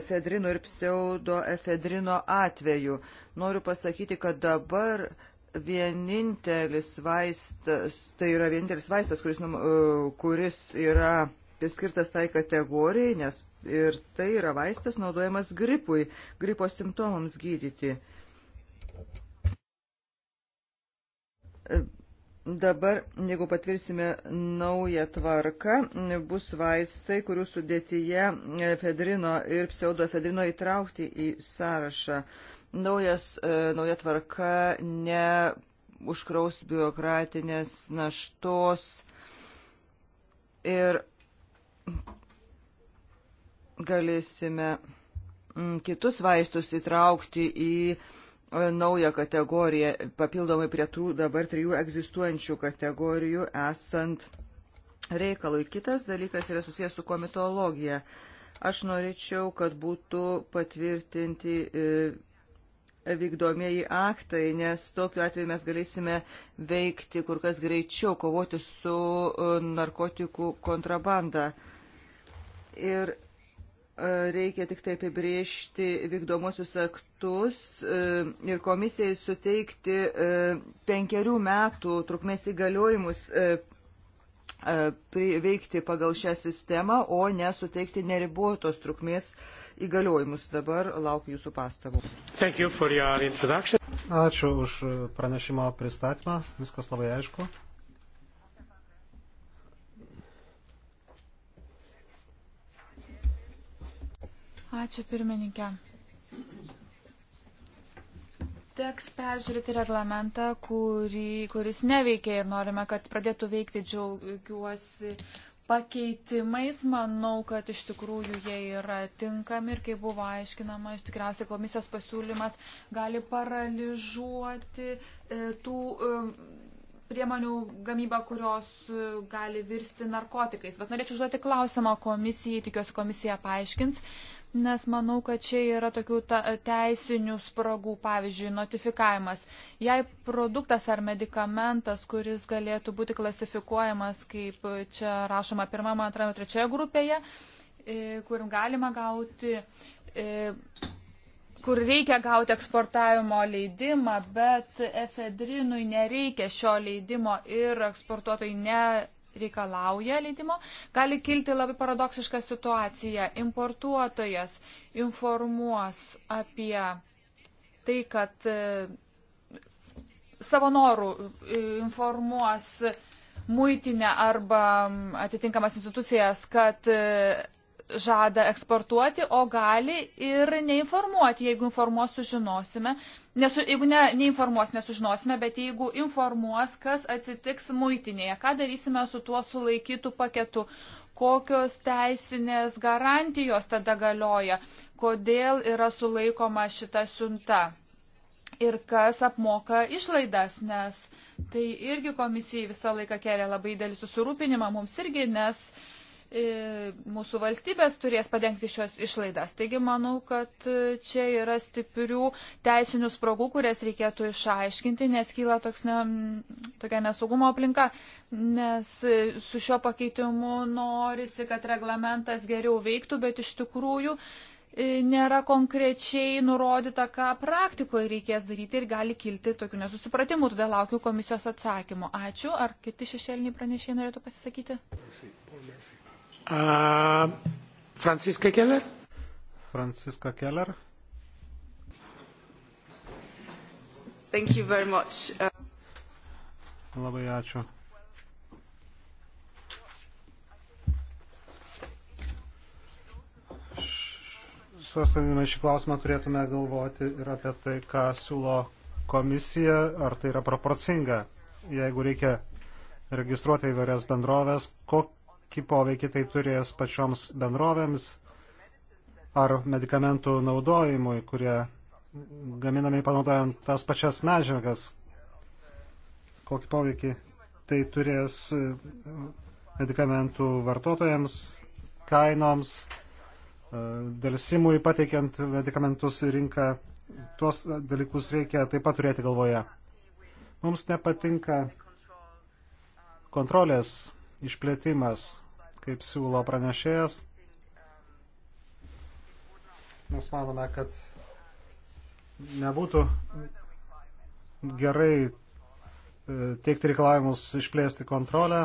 Speaker 2: efedrino ir pseudoefedrino atveju. Noriu pasakyti, kad dabar vienintelis vaistas, tai yra vienintelis vaistas, kuris, e, kuris yra priskirtas tai kategorijai, nes ir tai yra vaistas naudojamas gripui, gripo simptomams gydyti. E, dabar, jeigu patvirsime naują tvarką, bus vaistai, kurių sudėtyje fedrino ir pseudoefedrino įtraukti į sąrašą. Uh, Naujas, e, nauja tvarka ne užkraus biurokratinės naštos ir galėsime mm, kitus vaistus įtraukti į e, naują kategoriją, papildomai prie tų dabar trijų egzistuojančių kategorijų esant reikalui. Kitas dalykas yra susijęs su komitologija. Aš norėčiau, kad būtų patvirtinti e, vykdomieji aktai, nes tokiu atveju mes galėsime veikti kur kas greičiau, kovoti su e, narkotikų kontrabanda. Ir e, reikia tik tai apibriežti vykdomosius aktus e, ir komisijai suteikti penkerių metų trukmės įgaliojimus veikti pagal šią sistemą, o nesuteikti neribotos trukmės įgaliojimus įgaliojimus. Dabar laukiu jūsų pastabų.
Speaker 1: You Ačiū už pranešimo pristatymą. Viskas labai aišku.
Speaker 3: Ačiū pirmininkė. Teks peržiūrėti reglamentą, kurį, kuris neveikia ir norime, kad pradėtų veikti. Džiaugiuosi pakeitimais, manau, kad iš tikrųjų jie yra tinkami ir kaip buvo aiškinama, iš tikriausiai komisijos pasiūlymas gali paralyžuoti e, tų e, priemonių gamybą, kurios e, gali virsti narkotikais. Bet norėčiau užduoti klausimą komisijai, tikiuosi komisija paaiškins. E, nes manau, kad čia yra tokių ta, teisinių spragų, pavyzdžiui, notifikavimas. Jei produktas ar medikamentas, kuris galėtų būti klasifikuojamas, kaip čia rašoma pirmame, antrame, trečioje grupėje, e, kur galima gauti e, kur reikia gauti eksportavimo leidimą, bet efedrinui nereikia šio leidimo ir eksportuotojai ne reikalauja leidimo, gali kilti labai paradoksiška situacija. Importuotojas informuos apie tai, kad e, savo norų e, informuos muitinę arba atitinkamas institucijas, kad e, žada eksportuoti, o gali ir neinformuoti. Jeigu informuos, sužinosime. Nesu, jeigu ne, neinformuos, nesužinosime, bet jeigu informuos, kas atsitiks muitinėje, ką darysime su tuo sulaikytų paketu, kokios teisinės garantijos tada galioja, kodėl yra sulaikoma šita siunta ir kas apmoka išlaidas, nes tai irgi komisijai visą laiką kelia labai dėlį susirūpinimą mums irgi, nes uh, E, mūsų valstybės turės padengti šios išlaidas. Taigi manau, kad e, čia yra stiprių teisinių spragų, kurias reikėtų išaiškinti, nes kyla toks ne, tokia nesaugumo aplinka, nes e, su šio pakeitimu norisi, kad reglamentas geriau veiktų, bet iš tikrųjų nėra konkrečiai nurodyta, ką praktikoje reikės daryti ir gali kilti tokių nesusipratimų. Todėl laukiu komisijos atsakymo. Ačiū. Ar kiti šešėliniai pranešiai norėtų pasisakyti? Perfect.
Speaker 1: Uh, Franciska Keller. Franciska Keller.
Speaker 3: Thank you very much. Uh...
Speaker 1: Labai ačiū. svarstydami šį klausimą turėtume galvoti ir apie tai, ką siūlo komisija, ar tai yra proporcinga. Jeigu reikia registruoti įvairias bendrovės, kok, kokį poveikį tai turės pačioms bendrovėms ar medikamentų naudojimui, kurie gaminami panaudojant tas pačias medžiagas, kokį poveikį tai turės e, medikamentų vartotojams, kainoms, e, dalsimui pateikiant medikamentus į rinką, tuos dalykus reikia taip pat turėti galvoje. Mums nepatinka kontrolės išplėtimas, kaip siūlo pranešėjas. Mes manome, kad nebūtų gerai e, teikti reikalavimus išplėsti kontrolę.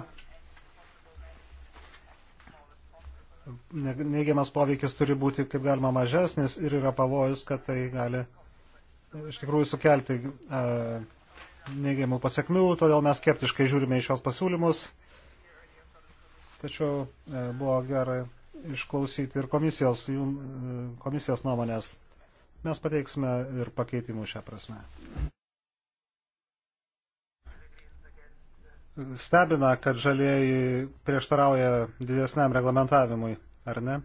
Speaker 1: Neigiamas poveikis turi būti kaip galima mažesnis ir yra pavojus, kad tai gali e, iš tikrųjų sukelti e, neigiamų pasiekmių, todėl mes skeptiškai žiūrime į šios pasiūlymus. Tačiau e, buvo gerai išklausyti ir komisijos, jų, e, komisijos nuomonės. Mes pateiksime ir pakeitimų šią prasme. Stebina, kad žalieji prieštarauja didesniam reglamentavimui, ar ne?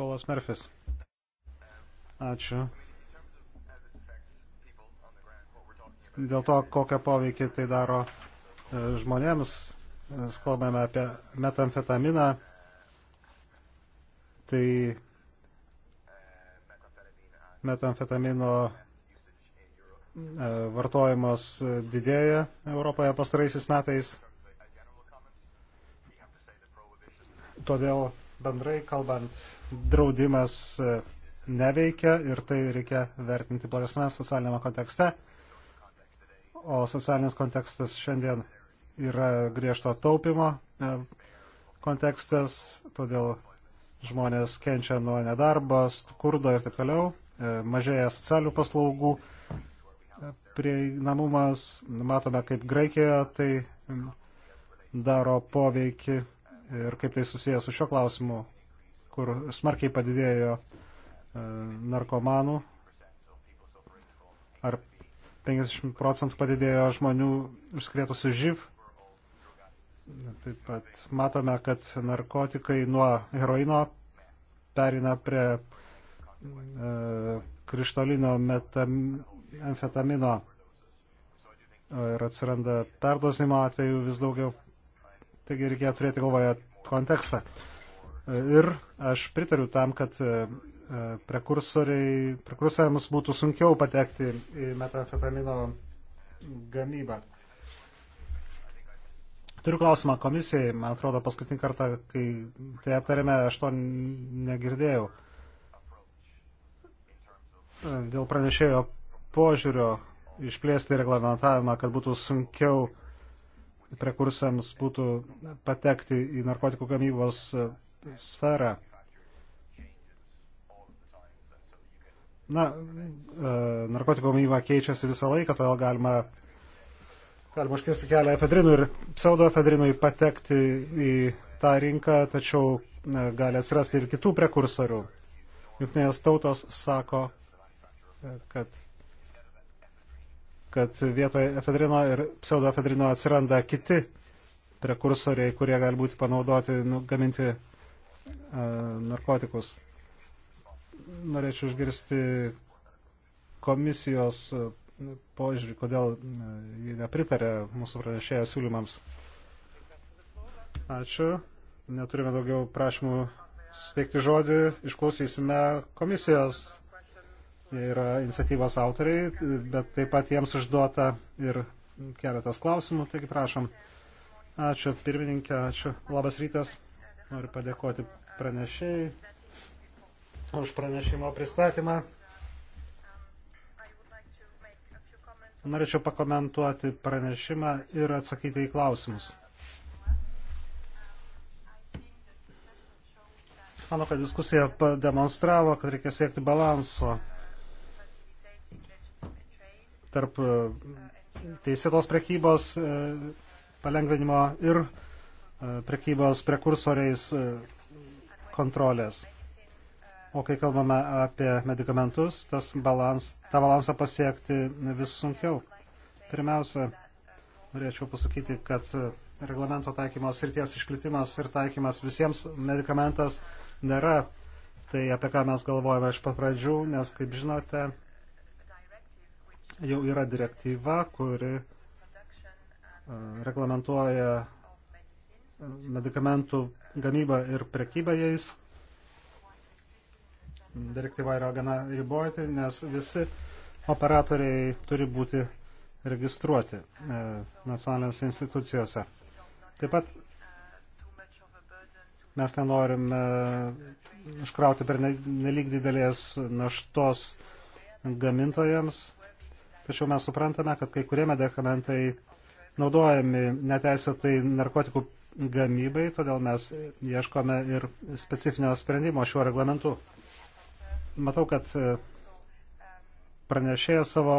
Speaker 1: Polas Merfis. Ačiū. Dėl to, kokią poveikį tai daro E, žmonėms, e, mes kalbame apie metamfetaminą, tai metamfetamino e, vartojimas didėja Europoje pastaraisiais metais. Todėl bendrai kalbant, draudimas neveikia ir tai reikia vertinti platesnėme socialinėme kontekste o socialinis kontekstas šiandien yra griežto taupimo e, kontekstas, todėl žmonės kenčia nuo nedarbo, skurdo ir taip toliau, e, mažėja socialių paslaugų e, prieinamumas, matome kaip Graikijoje tai daro poveikį ir kaip tai susijęs su šio klausimu, kur smarkiai padidėjo narkomanų ar 50 procentų padidėjo žmonių užskrėtusių živ. Taip pat matome, kad narkotikai nuo heroino perina prie e, krištolinio metam, amfetamino ir atsiranda perdozimo atveju vis daugiau. Taigi reikėjo turėti galvoje kontekstą. E, ir aš pritariu tam, kad e, E, prekursoriams būtų sunkiau patekti į metamfetamino gamybą. Turiu klausimą komisijai, man atrodo, paskutinį kartą, kai tai aptarėme, aš to negirdėjau. E, dėl pranešėjo požiūrio išplėsti reglamentavimą, kad būtų sunkiau prekursams būtų patekti į narkotikų gamybos sferą. Na, e, narkotikų gamyba keičiasi visą laiką, todėl galima, galima užkirsti kelią efedrinui ir pseudoefedrinui patekti į tą rinką, tačiau e, gali atsirasti ir kitų prekursorių. Junktinės tautos sako, e, kad, kad vietoje efedrino ir pseudoefedrino atsiranda kiti prekursoriai, kurie gali būti panaudoti nu, gaminti uh, narkotikus norėčiau išgirsti komisijos e, požiūrį, kodėl e, jį nepritarė mūsų pranešėjo siūlymams. Ačiū. Neturime daugiau prašymų suteikti žodį. Išklausysime komisijos. Jie yra iniciatyvos autoriai, bet taip pat jiems užduota ir keletas klausimų, taigi prašom. Ačiū pirmininkė, ačiū. Labas rytas. Noriu padėkoti pranešėjai už pranešimo pristatymą. Norėčiau pakomentuoti pranešimą ir atsakyti į klausimus. Manau, kad diskusija pademonstravo, kad reikia siekti balanso tarp e, teisėtos prekybos e, palengvinimo ir e, prekybos prekursoriais kontrolės. O kai kalbame apie medikamentus, tas balans, tą balansą pasiekti vis sunkiau. Pirmiausia, norėčiau pasakyti, kad reglamento taikymos srities išplitimas ir taikymas visiems medikamentas nėra tai, apie ką mes galvojame iš pat pradžių, nes, kaip žinote, jau yra direktyva, kuri e, reglamentuoja medikamentų gamybą ir prekybą jais direktyva yra gana ribojati, nes visi operatoriai turi būti registruoti e, nacionalinėse institucijose. Taip pat mes nenorime iškrauti per nelik didelės naštos gamintojams, tačiau mes suprantame, kad kai kurie medikamentai naudojami neteisėtai narkotikų gamybai, todėl mes ieškome ir specifinio sprendimo šiuo reglamentu matau, kad e, pranešėjas savo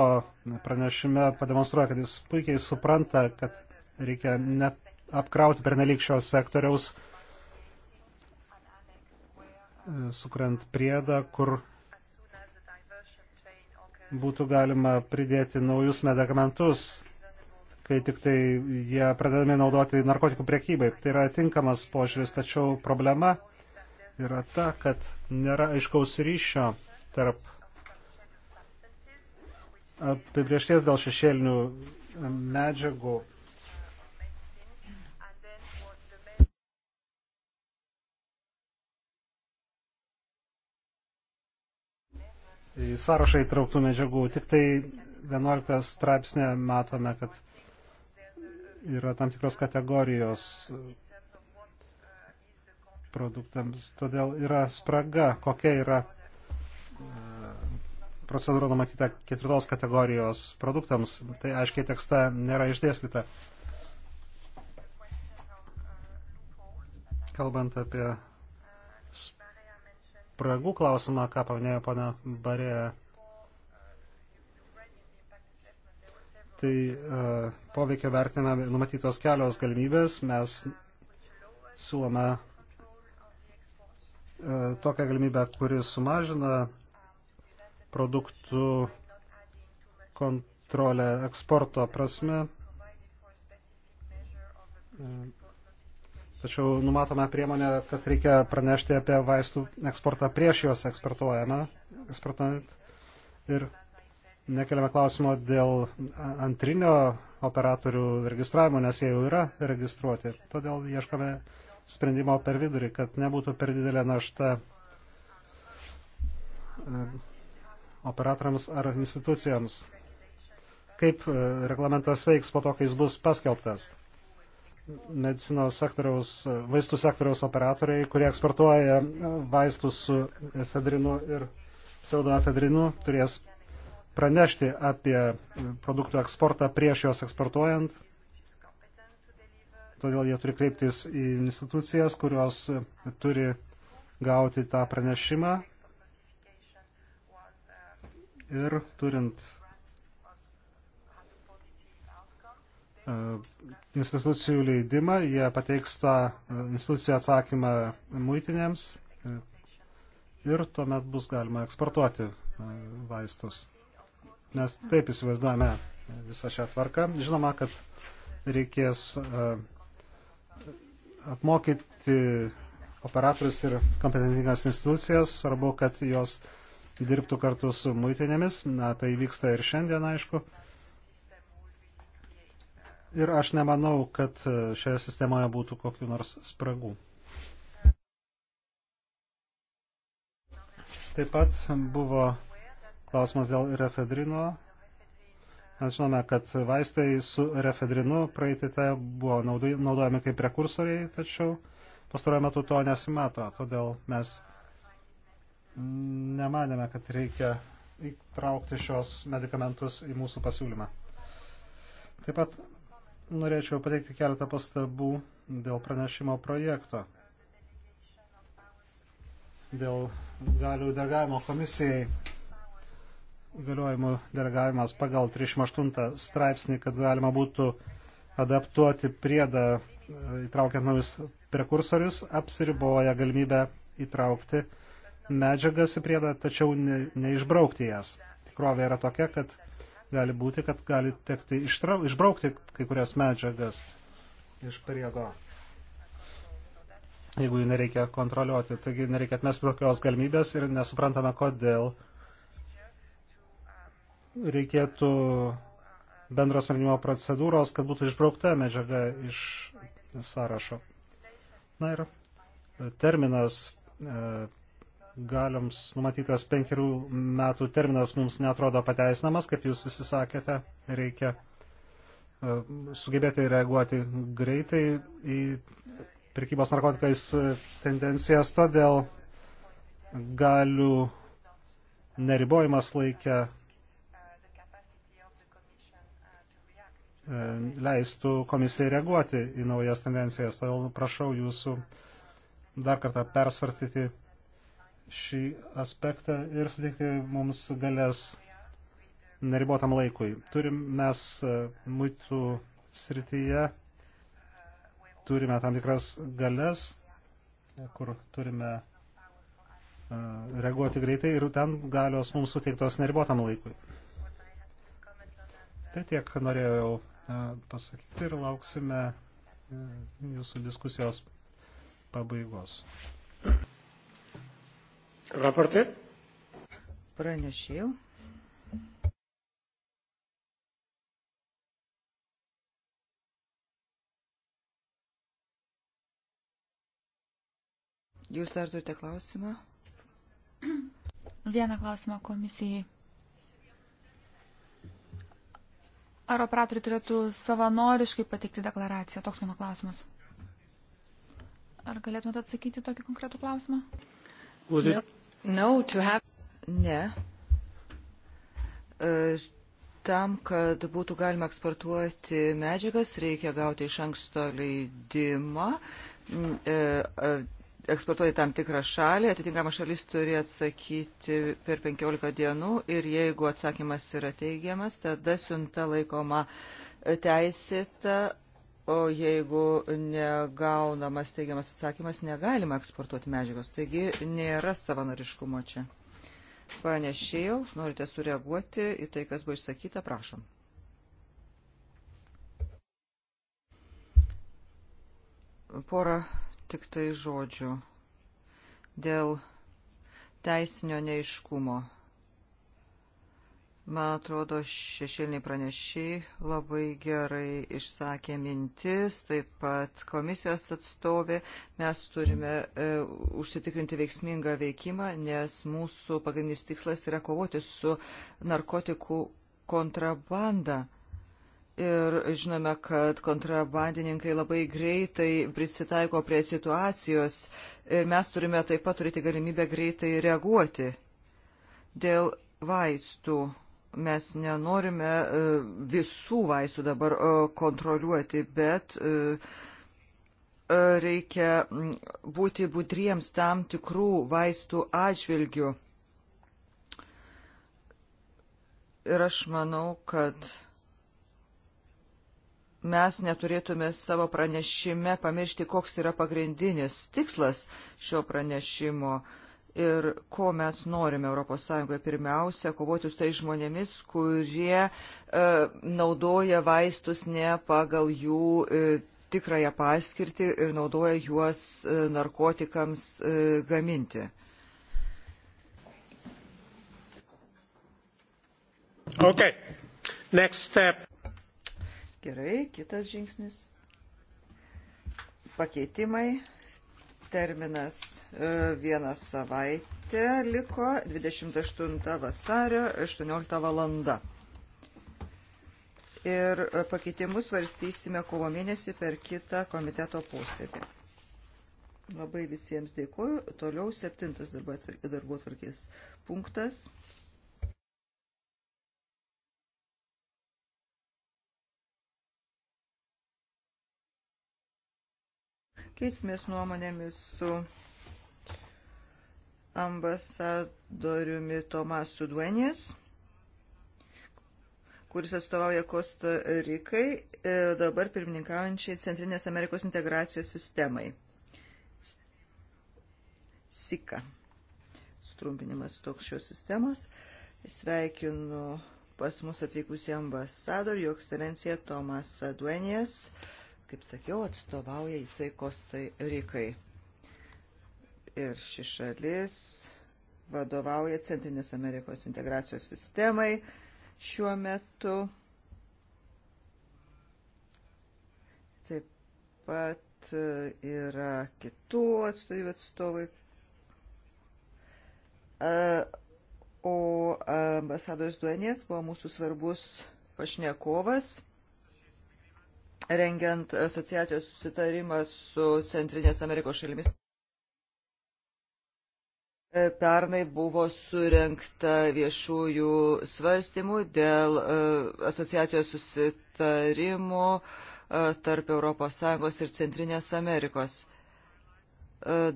Speaker 1: pranešime pademonstruoja, kad jis puikiai supranta, kad reikia neapkrauti pernelyg šio sektoriaus, e, sukuriant priedą, kur būtų galima pridėti naujus medikamentus, kai tik tai jie pradedami naudoti narkotikų priekybai. Tai yra tinkamas požiūris, tačiau problema yra ta, kad nėra aiškaus ryšio tarp apibriešties dėl šešėlinių medžiagų. Į sąrašą įtrauktų medžiagų. Tik tai 11 straipsnė matome, kad yra tam tikros kategorijos produktams. Todėl yra spraga, kokia yra e, procedūra numatyta ketvirtos kategorijos produktams. Tai aiškiai tekste nėra išdėstyta. Kalbant apie spragų klausimą, ką paminėjo pana Barė. Tai uh, e, poveikia vertiname numatytos kelios galimybės. Mes siūlome E, tokią galimybę, kuri sumažina produktų kontrolę eksporto prasme. E, tačiau numatome priemonę, kad reikia pranešti apie vaistų eksportą prieš juos eksportuojame. Ir nekeliame klausimo dėl antrinio operatorių registravimo, nes jie jau yra registruoti. Todėl ieškame sprendimo per vidurį, kad nebūtų per didelė našta e, operatoriams ar institucijams. Kaip e, reglamentas veiks po to, kai jis bus paskelbtas? Medicinos sektoriaus, e, vaistų sektoriaus operatoriai, kurie eksportuoja vaistus su efedrinu ir pseudoefedrinu, turės pranešti apie produktų eksportą prieš juos eksportuojant todėl jie turi kreiptis į institucijas, kurios turi gauti tą pranešimą ir turint e, institucijų leidimą, jie pateiks tą e, institucijų atsakymą muitinėms e, ir tuomet bus galima eksportuoti vaistus. Mes taip įsivaizduojame visą šią tvarką. Žinoma, kad reikės uh, apmokyti operatorius ir kompetentingas institucijas, svarbu, kad jos dirbtų kartu su muitinėmis, na, tai vyksta ir šiandien, aišku. Ir aš nemanau, kad šioje sistemoje būtų kokiu nors spragų. Taip pat buvo klausimas dėl refedrino Mes žinome, kad vaistai su refedrinu praeitite buvo naudojami kaip prekursoriai, tačiau pastaruoju metu to nesimato. Todėl mes nemanėme, kad reikia įtraukti šios medikamentus į mūsų pasiūlymą. Taip pat norėčiau pateikti keletą pastabų dėl pranešimo projekto, dėl galių degavimo komisijai galiojimų delegavimas pagal 38 straipsnį, kad galima būtų adaptuoti priedą e, įtraukiant naujus prekursorius, apsiriboja galimybę įtraukti medžiagas į priedą, tačiau ne, neišbraukti jas. Tikrovė yra tokia, kad gali būti, kad gali tekti ištrau, išbraukti kai kurias medžiagas iš priedo, jeigu jų nereikia kontroliuoti. Taigi nereikia atmesti tokios galimybės ir nesuprantame, kodėl uh, reikėtų bendros sprendimo procedūros, kad būtų išbraukta medžiaga iš sąrašo. Na ir terminas e, galiams numatytas penkerių metų terminas mums netrodo pateisinamas, kaip jūs visi sakėte, reikia e, sugebėti reaguoti greitai į prekybos narkotikais tendencijas, todėl galių neribojimas laikė E, leistų komisijai reaguoti į naujas tendencijas. Todėl prašau jūsų dar kartą persvartyti šį aspektą ir suteikti mums galės neribotam laikui. Turim mes e, muitų srityje, turime tam tikras galės, kur turime e, reaguoti greitai ir ten galios mums suteiktos neribotam laikui. Tai tiek norėjau pasakyti ir lauksime e, jūsų diskusijos pabaigos.
Speaker 2: Raportė? Pranešėjau. Jūs dar turite
Speaker 3: klausimą? Vieną klausimą komisijai. Ar operatoriai turėtų savanoriškai pateikti deklaraciją? Toks mano klausimas. Ar galėtumėte atsakyti tokį konkretų klausimą? No, no, have... Ne.
Speaker 2: E, tam, kad būtų galima eksportuoti medžiagas, reikia gauti iš anksto leidimą mm, e, e, eksportuoti tam tikrą šalį, atitinkama šalis turi atsakyti per 15 dienų ir jeigu atsakymas yra teigiamas, tada siunta laikoma teisėta, o jeigu negaunamas teigiamas atsakymas, negalima eksportuoti medžiagos. Taigi nėra savanoriškumo čia. Panešėjau, norite sureaguoti į tai, kas buvo išsakyta, prašom. Porą tik tai žodžių dėl teisinio neiškumo. Man atrodo, šešėliniai pranešiai labai gerai išsakė mintis, taip pat komisijos atstovė. Mes turime e, užsitikrinti veiksmingą veikimą, nes mūsų pagrindinis tikslas yra kovoti su narkotikų kontrabanda. Ir žinome, kad kontrabandininkai labai greitai prisitaiko prie situacijos ir mes turime taip pat turėti galimybę greitai reaguoti. Dėl vaistų mes nenorime e, visų vaistų dabar e, kontroliuoti, bet e, reikia būti budriems tam tikrų vaistų atžvilgių. Ir aš manau, kad. Mm mes neturėtume savo pranešime pamiršti, koks yra pagrindinis tikslas šio pranešimo ir ko mes norime ES. Pirmiausia, kovoti su tai žmonėmis, kurie e, naudoja vaistus ne pagal jų e, tikrąją paskirtį ir naudoja juos e, narkotikams e, gaminti. Okay. Next step. Gerai, kitas žingsnis. Pakeitimai. Terminas e, vieną savaitę liko 28 vasario 18 valanda. Ir e, pakeitimus varstysime kovo mėnesį per kitą komiteto posėdį. Labai visiems dėkuoju. Toliau septintas darbo atvarkės punktas. Keisimės nuomonėmis su ambasadoriumi Tomasu Duenės, kuris atstovauja Kosta Rikai, e, dabar pirmininkaujančiai Centrinės Amerikos integracijos sistemai. SIKA. Strumpinimas toks šios sistemos. Sveikinu pas mus atvykusį ambasadorių, jo ekscelencija Tomas Duenės. Uh, Kaip sakiau, atstovauja jisai Kostai Rikai. Ir ši šalis vadovauja Centrinės Amerikos integracijos sistemai šiuo metu. Taip pat e, yra kitų atstovybių atstovai. E, o ambasados duenės buvo mūsų svarbus pašnekovas rengiant asociacijos susitarimą su Centrinės Amerikos šalimis. E, pernai buvo surenkta viešųjų svarstymų dėl e, asociacijos susitarimų e, tarp ES ir Centrinės Amerikos.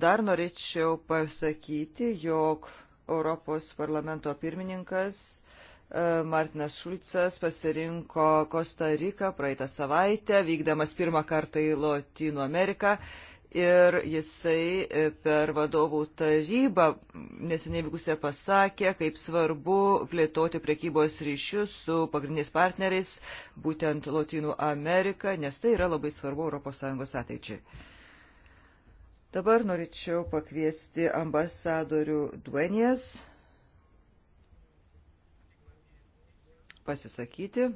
Speaker 2: Dar norėčiau pasakyti, jog Europos parlamento pirmininkas E, Martinas Šulcas pasirinko Kostariką praeitą savaitę, vykdamas pirmą kartą į Lotynų Ameriką. Ir jisai e, per vadovų tarybą neseniai vykusią pasakė, kaip svarbu plėtoti prekybos ryšius su pagrindiniais partneriais, būtent Lotynų Amerika, nes tai yra labai svarbu ES ateičiai. Dabar norėčiau pakviesti ambasadorių Duenės pasisakyti,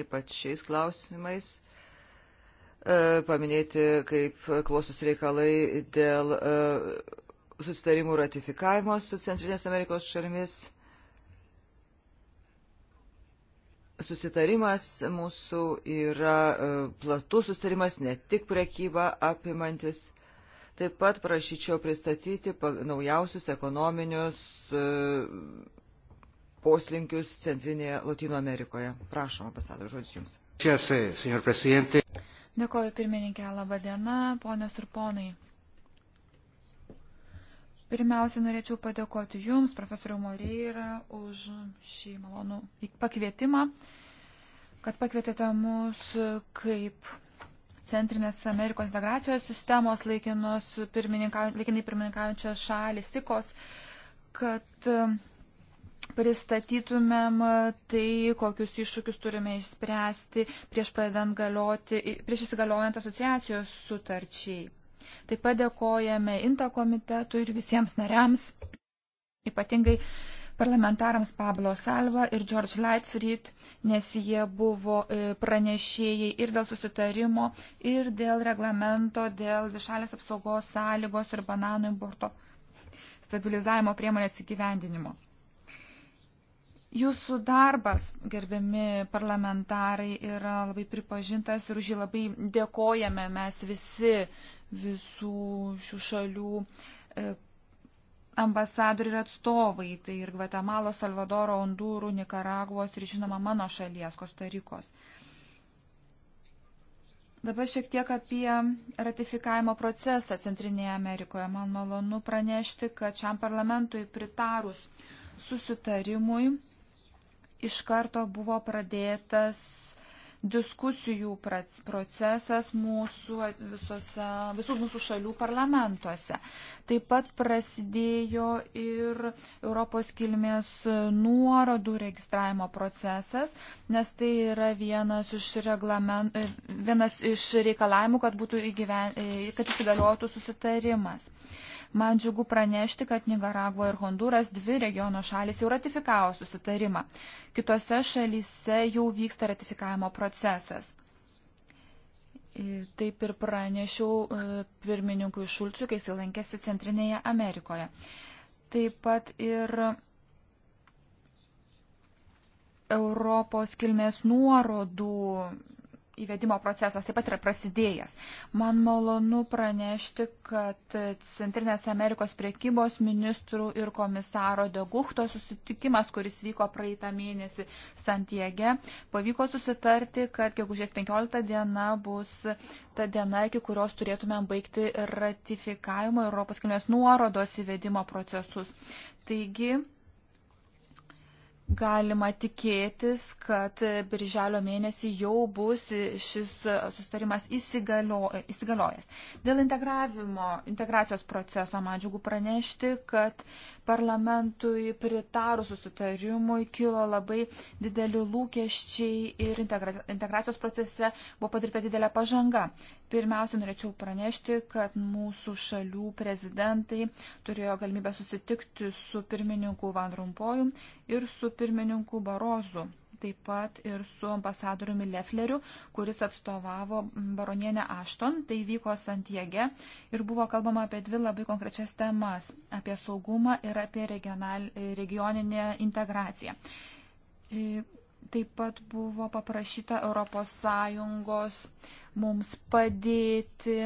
Speaker 2: ypač šiais klausimais e, paminėti, kaip klostosi reikalai dėl e, susitarimų ratifikavimo su Centrinės Amerikos šalimis. Susitarimas mūsų yra e, platus susitarimas, ne tik prekyba apimantis. Taip pat prašyčiau pristatyti naujausius ekonominius poslinkius Centrinėje Latino Amerikoje. Prašom, ambasador, žodis Jums.
Speaker 1: Eh,
Speaker 3: Dėkoju, pirmininkė, laba diena, ponios ir ponai. Pirmiausia, norėčiau padėkoti Jums, profesoriu Moreira, už šį malonų pakvietimą, kad pakvietėte mus kaip Centrinės Amerikos integracijos sistemos laikinai pirmininkaujančios šalis, SIKOS, kad uh, pristatytumėm tai, kokius iššūkius turime išspręsti prieš, galioti, prieš įsigaliojant asociacijos sutarčiai. Taip pat dėkojame INTA komitetui ir visiems nariams, ypatingai parlamentarams Pablo Salva ir George Lightfried, nes jie buvo e, pranešėjai ir dėl susitarimo, ir dėl reglamento, dėl višalės apsaugos sąlygos ir bananų importo stabilizavimo priemonės įgyvendinimo. Jūsų darbas, gerbiami parlamentarai, yra labai pripažintas ir už jį labai dėkojame mes visi, visų šių šalių e, ambasadoriai ir atstovai, tai ir Gvatemalo, Salvadoro, Hondūrų, Nikaragvos ir žinoma mano šalies, Kostarikos. Dabar šiek tiek apie ratifikavimo procesą Centrinėje Amerikoje. Man malonu pranešti, kad šiam parlamentui pritarus susitarimui iš karto buvo pradėtas diskusijų procesas mūsų visose, visų mūsų šalių parlamentuose. Taip pat prasidėjo ir Europos kilmės nuorodų registravimo procesas, nes tai yra vienas iš, reglamen, vienas iš reikalavimų, kad, būtų įgyven, kad įsigaliotų susitarimas. Man džiugu pranešti, kad Nicaragua ir Honduras, dvi regiono šalis, jau ratifikavo susitarimą. Kitose šalyse jau vyksta ratifikavimo procesas. Taip ir pranešiau e, pirmininkui Šulčiui, kai jis lankėsi Centrinėje Amerikoje. Taip pat ir Europos kilmės nuorodų įvedimo procesas taip pat yra prasidėjęs. Man malonu pranešti, kad Centrinės Amerikos priekybos ministrų ir komisaro Degukto susitikimas, kuris vyko praeitą mėnesį Santiege, pavyko susitarti, kad gegužės 15 diena bus ta diena, iki kurios turėtume baigti ratifikavimo Europos kilmės nuorodos įvedimo procesus. Taigi, galima tikėtis, kad birželio mėnesį jau bus šis sustarimas įsigalio, įsigaliojęs. Dėl integravimo, integracijos proceso man džiugu pranešti, kad parlamentui pritarus susitarimui kilo labai dideli lūkesčiai ir integracijos procese buvo padaryta didelė pažanga. Pirmiausia, norėčiau pranešti, kad mūsų šalių prezidentai turėjo galimybę susitikti su pirmininku Van Rumpojum ir su pirmininku Barozu taip pat ir su ambasadoriumi Lefleriu, kuris atstovavo baronienę Ašton. Tai vyko Santiege ir buvo kalbama apie dvi labai konkrečias temas - apie saugumą ir apie regional, regioninę integraciją. E, taip pat buvo paprašyta ES mums padėti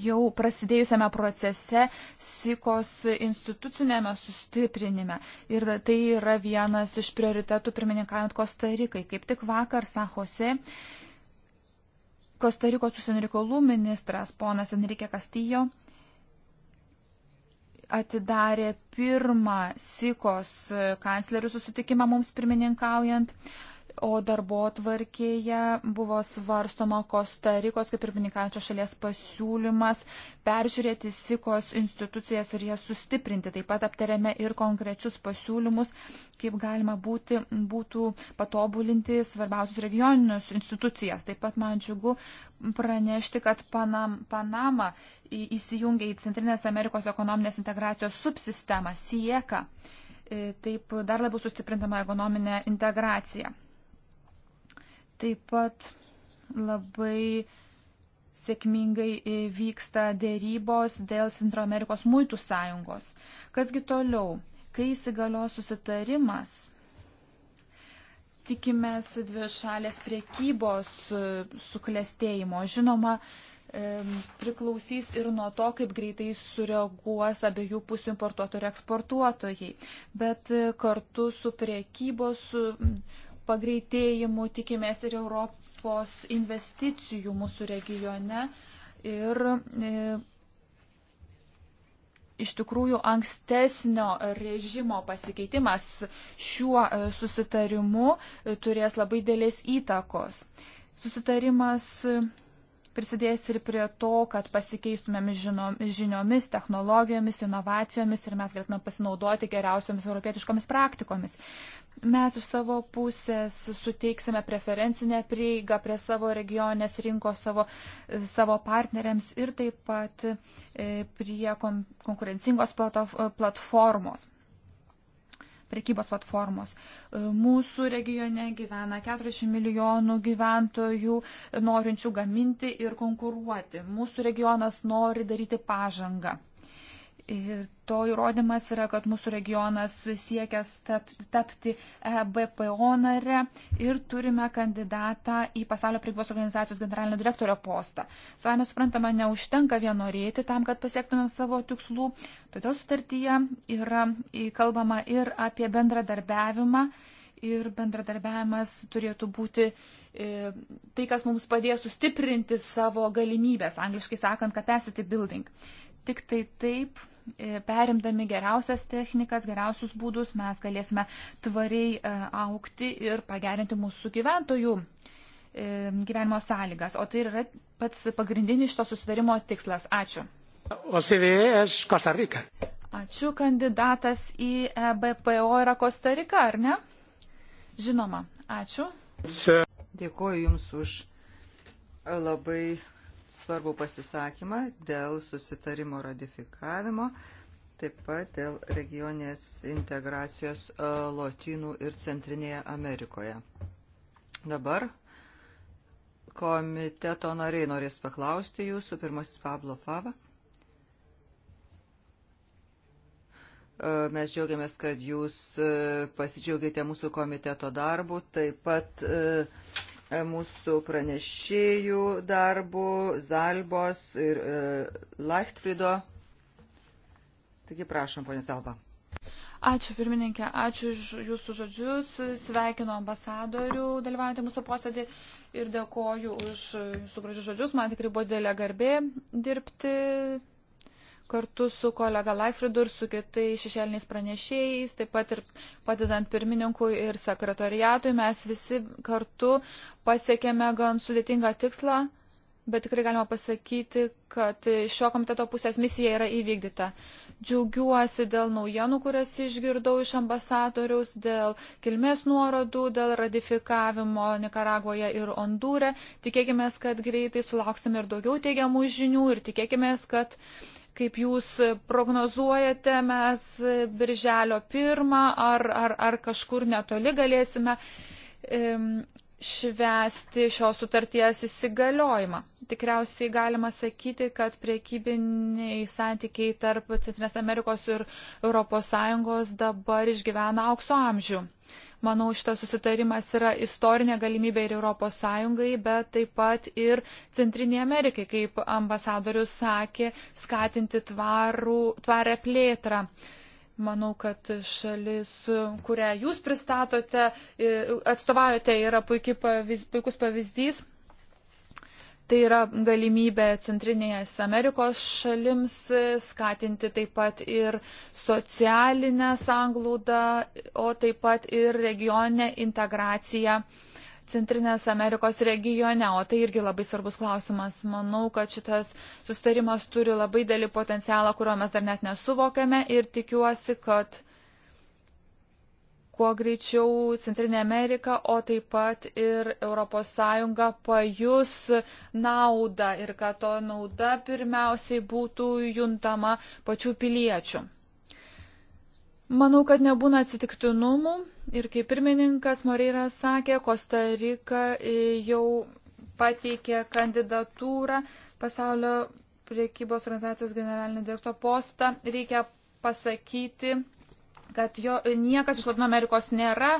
Speaker 3: jau prasidėjusiame procese, SIKOS institucinėme sustiprinime. Ir tai yra vienas iš prioritetų pirmininkavant Kostarikai. Kaip tik vakar Sahose Kostarikos užsienio reikalų ministras ponas Enrique Castillo atidarė pirmą SIKOS kanclerių susitikimą mums pirmininkaujant. Uh, O darbo tvarkėje buvo svarstoma Kostarikos kaip ir pininkančio šalies pasiūlymas peržiūrėti SIKOS institucijas ir jas sustiprinti. Taip pat aptarėme ir konkrečius pasiūlymus, kaip galima būti, būtų patobulinti svarbiausius regioninius institucijas. Taip pat man džiugu pranešti, kad Panam, Panama įsijungia į Centrinės Amerikos ekonominės integracijos subsistemą SIEKA. E, taip dar labiau sustiprintama ekonominė integracija. Taip pat labai sėkmingai vyksta dėrybos dėl Centro Amerikos muitų sąjungos. Kasgi toliau, kai įsigalios susitarimas, tikimės dvi šalės priekybos suklestėjimo. Žinoma, priklausys ir nuo to, kaip greitai sureaguos abiejų pusių importuotojai ir eksportuotojai. Bet kartu su priekybos su pagreitėjimu tikimės ir Europos investicijų mūsų regione. Ir e, iš tikrųjų ankstesnio režimo pasikeitimas šiuo e, susitarimu e, turės labai dėlės įtakos. Susitarimas prisidės ir prie to, kad pasikeistumėm žiniomis, technologijomis, inovacijomis ir mes galėtume pasinaudoti geriausiomis europietiškomis praktikomis. Mes iš savo pusės suteiksime preferencinę prieigą prie savo regionės rinkos savo, savo partneriams ir taip pat e, prie konkurencingos platformos prekybos platformos. E, mūsų regione gyvena 40 milijonų gyventojų norinčių gaminti ir konkuruoti. Mūsų regionas nori daryti pažangą. Ir to įrodymas yra, kad mūsų regionas siekia tapti e BPO nare ir turime kandidatą į pasaulio prekybos organizacijos generalinio direktorio postą. Savame suprantama, neužtenka vien norėti tam, kad pasiektumėm savo tikslų. Todėl sutartyje yra kalbama ir apie bendradarbiavimą. Ir bendradarbiavimas turėtų būti e, tai, kas mums padės sustiprinti savo galimybės, angliškai sakant, capacity building. Tik tai taip E, perimdami geriausias technikas, geriausius būdus, mes galėsime tvariai e, aukti ir pagerinti mūsų gyventojų e, gyvenimo sąlygas. O tai yra pats pagrindinis šito susidarimo tikslas. Ačiū. Ačiū kandidatas į BPO yra Kostarika, ar ne? Žinoma, ačiū.
Speaker 2: Dėkuoju Jums už labai svarbų pasisakymą dėl susitarimo ratifikavimo, taip pat dėl regioninės integracijos e, Lotynų ir Centrinėje Amerikoje. Dabar komiteto nariai norės paklausti jūsų. Pirmasis Pablo Fava. E, mes džiaugiamės, kad jūs e, pasidžiaugėte mūsų komiteto darbu. Taip pat mūsų pranešėjų darbu, Zalbos ir e, Lachtfrido. Taigi prašom, ponė Zalba.
Speaker 3: Ačiū pirmininkė, ačiū už jūsų žodžius, sveikinu ambasadorių dalyvaujantį mūsų posėdį ir dėkoju už jūsų gražius žodžius. Man tikrai buvo dėlė garbė dirbti kartu su kolega Laifridu ir su kitais šešėliniais pranešėjais, taip pat ir padedant pirmininkui ir sekretoriatui, mes visi kartu pasiekėme gan sudėtingą tikslą, bet tikrai galima pasakyti, kad šio komiteto pusės misija yra įvykdyta. Džiaugiuosi dėl naujienų, kurias išgirdau iš ambasadoriaus, dėl kilmės nuorodų, dėl ratifikavimo Nikaragoje ir Ondūre. Tikėkime, kad greitai sulauksime ir daugiau teigiamų žinių ir tikėkime, kad kaip jūs prognozuojate, mes birželio pirmą ar, ar, ar kažkur netoli galėsime švesti šios sutarties įsigaliojimą. Tikriausiai galima sakyti, kad priekybiniai santykiai tarp Centrinės Amerikos ir ES dabar išgyvena aukso amžių. Manau, šitas susitarimas yra istorinė galimybė ir ES, bet taip pat ir Centrinė Amerikai, kaip ambasadorius sakė, skatinti tvarų, tvarę plėtrą. Manau, kad šalis, kurią jūs pristatote, atstovaujate, yra puikus pavyzdys Tai yra galimybė Centrinės Amerikos šalims skatinti taip pat ir socialinę sanglūdą, o taip pat ir regioninę integraciją Centrinės Amerikos regione. O tai irgi labai svarbus klausimas. Manau, kad šitas sustarimas turi labai dėlį potencialą, kurio mes dar net nesuvokėme ir tikiuosi, kad kuo greičiau Centrinė Amerika, o taip pat ir ES pajus naudą ir kad to nauda pirmiausiai būtų juntama pačių piliečių. Manau, kad nebūna atsitiktinumų ir kaip pirmininkas Moreira sakė, Kostarika e, jau pateikė kandidatūrą pasaulio priekybos organizacijos generalinio direkto postą. Reikia pasakyti, kad jo, niekas iš Latino Amerikos nėra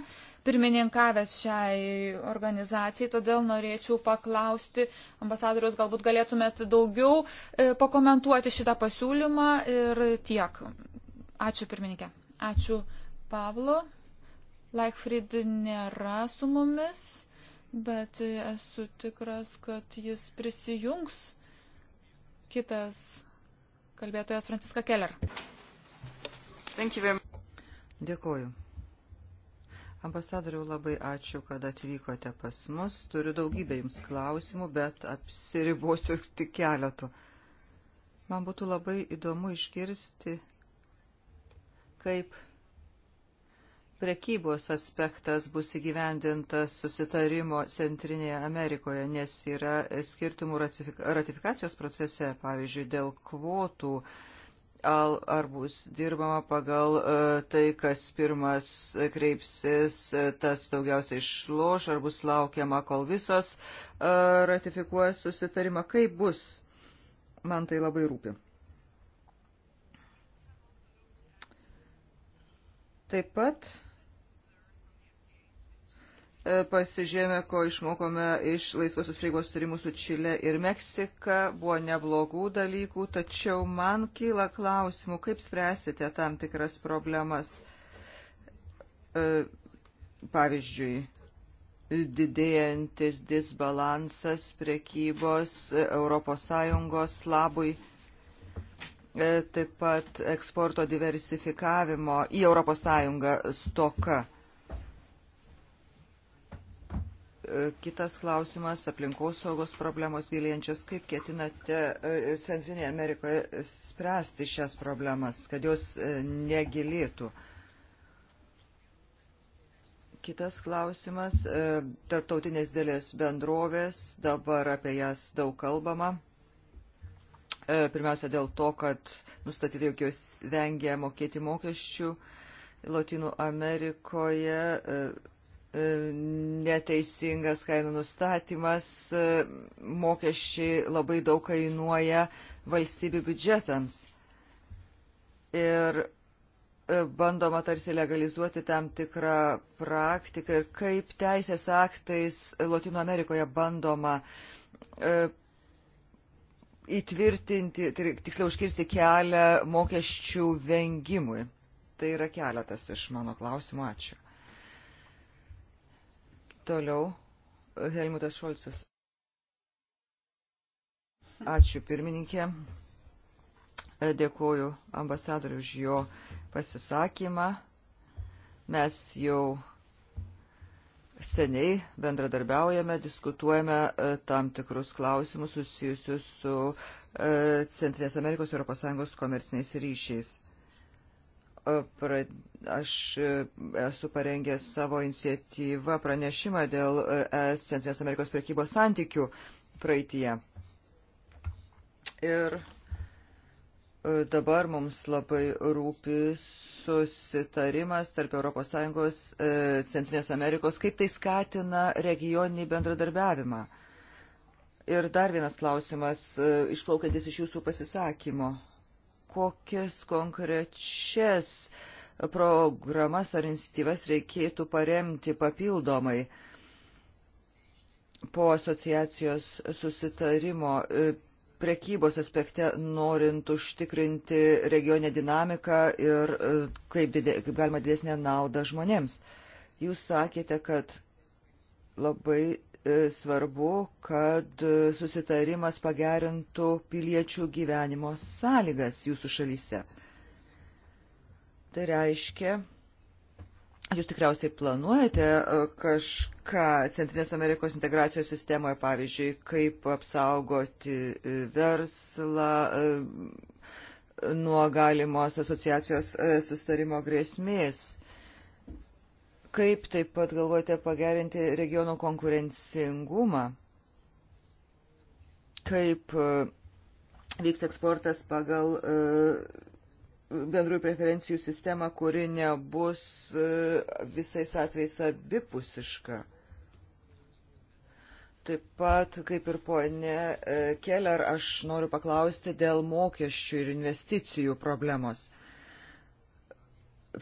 Speaker 3: pirmininkavęs šiai organizacijai, todėl norėčiau paklausti ambasadorius, galbūt galėtumėt daugiau e, pakomentuoti šitą pasiūlymą ir tiek. Ačiū pirmininkė. Ačiū Pavlo. Laikfrid nėra su mumis, bet esu tikras, kad jis prisijungs. Kitas kalbėtojas Franciska Keller.
Speaker 2: Thank you very much. Dėkuoju. Ambasadoriau, labai ačiū, kad atvykote pas mus. Turiu daugybę jums klausimų, bet apsiribosiu tik keletų. Man būtų labai įdomu išgirsti, kaip prekybos aspektas bus įgyvendintas susitarimo Centrinėje Amerikoje, nes yra skirtumų ratifikacijos procese, pavyzdžiui, dėl kvotų ar bus dirbama pagal e, tai, kas pirmas kreipsis, e, tas daugiausiai išloš, ar bus laukiama, kol visos e, ratifikuos susitarimą, kaip bus. Man tai labai rūpi. Taip pat E, pasižiūrėjome, ko išmokome iš laisvosios prieigos sutarimų su Čile ir Meksika. Buvo neblogų dalykų, tačiau man kyla klausimų, kaip spręsite tam tikras problemas. E, pavyzdžiui, didėjantis disbalansas prekybos ES labui, e, taip pat eksporto diversifikavimo į ES stoka. kitas klausimas - aplinkos saugos problemos gilėjančios. Kaip ketinate e, Centrinėje Amerikoje spręsti šias problemas, kad jos e, negilėtų? Kitas klausimas - e, tarptautinės dėlės bendrovės, dabar apie jas daug kalbama. Pirmiausia dėl to, kad nustatyti, jog jos vengia mokėti mokesčių. Latinų Amerikoje E, neteisingas kainų nustatymas, e, mokesčiai labai daug kainuoja valstybių biudžetams. Ir e, bandoma tarsi legalizuoti tam tikrą praktiką ir kaip teisės aktais Latino Amerikoje bandoma įtvirtinti, tai tiksliau užkirsti kelią mokesčių vengimui. Tai yra keletas iš mano klausimų. Ačiū. Toliau Helmutas Šolcas. Ačiū pirmininkė. Dėkuoju ambasadoriu už jo pasisakymą. Mes jau seniai bendradarbiaujame, diskutuojame e, tam tikrus klausimus susijusius su e, Centrinės Amerikos Europos Sąjungos komerciniais ryšiais. Aš e, esu parengęs savo iniciatyvą pranešimą dėl e, ES Centrinės Amerikos prekybos santykių praeitie. Ir e, dabar mums labai rūpi susitarimas tarp ES Centrinės Amerikos, kaip tai skatina regioninį bendradarbiavimą. Ir dar vienas klausimas, išplaukiantis iš jūsų pasisakymo kokias konkrečias programas ar iniciatyvas reikėtų paremti papildomai po asociacijos susitarimo e, prekybos aspekte, norint užtikrinti regionę dinamiką ir e, kaip, didė, kaip galima didesnę naudą žmonėms. Jūs sakėte, kad labai E, svarbu, kad susitarimas pagerintų piliečių gyvenimo sąlygas jūsų šalyse. Tai reiškia, Jūs tikriausiai planuojate e, kažką Centrinės Amerikos integracijos sistemoje, pavyzdžiui, kaip apsaugoti e, verslą nuo galimos asociacijos sustarimo grėsmės. Kaip taip pat galvojate pagerinti regiono konkurencingumą? Kaip e, vyks eksportas pagal e, bendrųjų preferencijų sistemą, kuri nebus e, visais atvejais abipusiška? Taip pat, kaip ir ponė Keller, aš noriu paklausti dėl mokesčių ir investicijų problemos.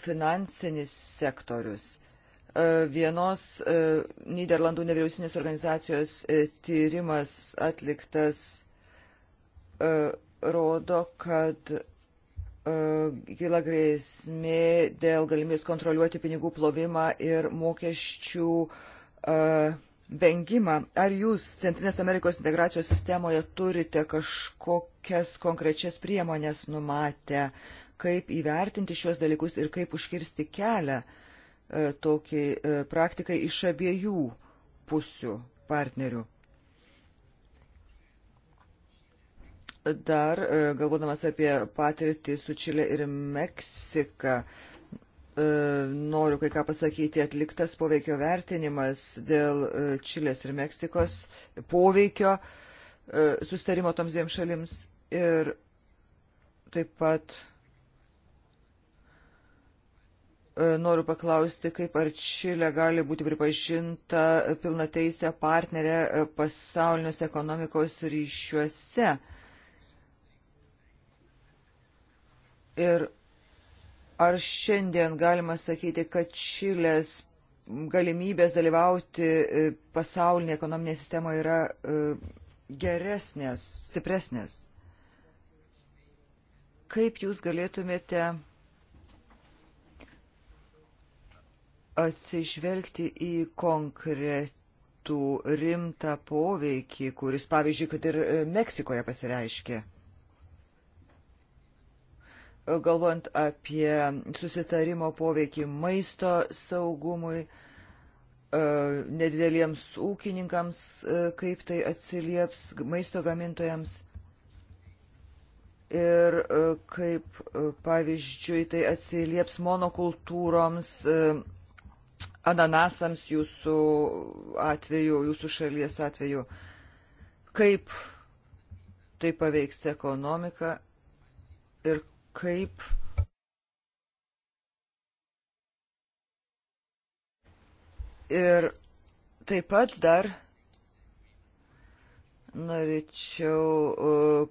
Speaker 2: Finansinis sektorius E, vienos e, Niderlandų nevyriausinės organizacijos e, tyrimas atliktas rodo, kad gila grėsmė dėl galimės kontroliuoti pinigų plovimą ir mokesčių vengimą. Ar jūs Centrinės Amerikos integracijos sistemoje turite kažkokias konkrečias priemonės numatę, kaip įvertinti šios dalykus ir kaip užkirsti kelią? Uh, E, tokiai e, praktikai iš abiejų pusių partnerių. Dar e, galvodamas apie patirtį su Čilė ir Meksika, noriu kai ką pasakyti, atliktas poveikio vertinimas dėl Čilės ir Meksikos poveikio sustarimo toms dviem šalims ir taip pat E, noriu paklausti, kaip ar Čilė gali būti pripažinta pilna teisė partnerė e, pasaulinės ekonomikos ryšiuose. Ir ar šiandien galima sakyti, kad Čilės galimybės dalyvauti e, pasaulinė ekonominė sistema yra geresnės, stipresnės? Kaip jūs galėtumėte atsižvelgti į konkretų rimtą poveikį, kuris, pavyzdžiui, kad ir e, Meksikoje pasireiškė. Galvojant apie susitarimo poveikį maisto saugumui, e, nedideliems ūkininkams, e, kaip tai atsilieps maisto gamintojams ir kaip, pavyzdžiui, tai atsilieps monokultūroms, ananasams jūsų atveju, jūsų šalies atveju. Kaip tai paveiks ekonomiką ir kaip Ir taip pat dar norėčiau uh,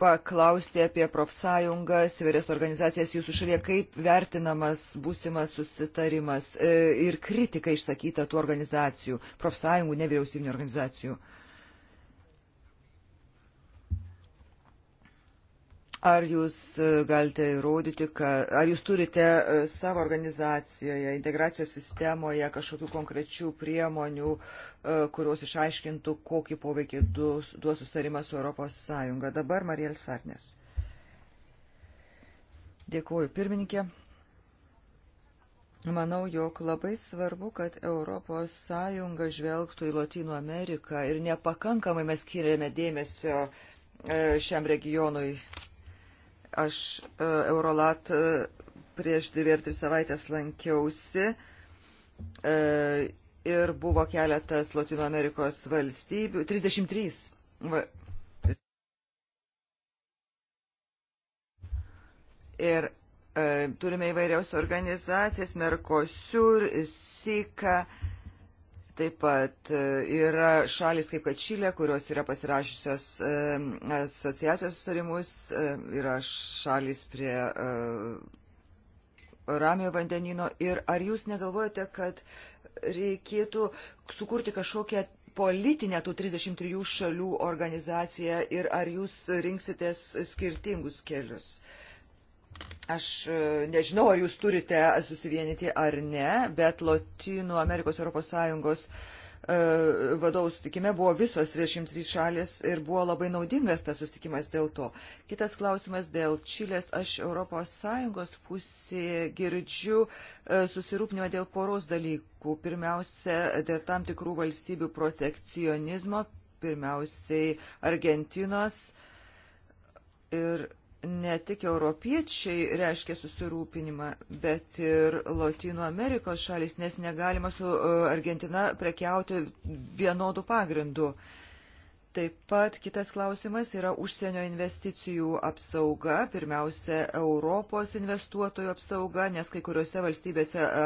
Speaker 2: paklausti apie profsąjungas, įvairias organizacijas jūsų šalyje, kaip vertinamas būsimas susitarimas e, ir kritika išsakyta tų organizacijų, profsąjungų, nevyriausybinio organizacijų. Ar jūs e, galite įrodyti, kad, ar jūs turite e, savo organizacijoje, integracijos sistemoje kažkokių konkrečių priemonių, e, kurios išaiškintų, kokį poveikį duos, duos sustarimas su Europos Sąjunga? Dabar Marijel Sarnės. Dėkuoju, pirmininkė. Manau, jog labai svarbu, kad Europos Sąjunga žvelgtų į Latino Ameriką ir nepakankamai mes skiriame dėmesio šiam regionui Aš e, Eurolat e, prieš dvi ar tris savaitės lankiausi e, ir buvo keletas Latino Amerikos valstybių, 33 va, ir e, turime įvairiausias organizacijas, Merkosiur, SIKA, Taip pat e, yra šalis kaip kad Čilė, kurios yra pasirašysios e, asociacijos sutarimus, e, yra šalis prie Ramio vandenino. Ir ar jūs negalvojate, kad reikėtų sukurti kažkokią politinę tų 33 šalių organizaciją ir ar jūs rinksitės skirtingus kelius? Aš e, nežinau, ar jūs turite susivienyti ar ne, bet Lotynų Amerikos Europos Sąjungos e, vadovų sutikime buvo visos 33 šalis ir buvo labai naudingas tas sustikimas dėl to. Kitas klausimas dėl Čilės. Aš ES pusėje girdžiu e, susirūpinimą dėl poros dalykų. Pirmiausia, dėl tam tikrų valstybių protekcionizmo, pirmiausiai Argentinos ir ne tik europiečiai reiškia susirūpinimą, bet ir Latino Amerikos šalis, nes negalima su e, Argentina prekiauti vienodų pagrindų. Taip pat kitas klausimas yra užsienio investicijų apsauga, pirmiausia, Europos investuotojų apsauga, nes kai kuriuose valstybėse e,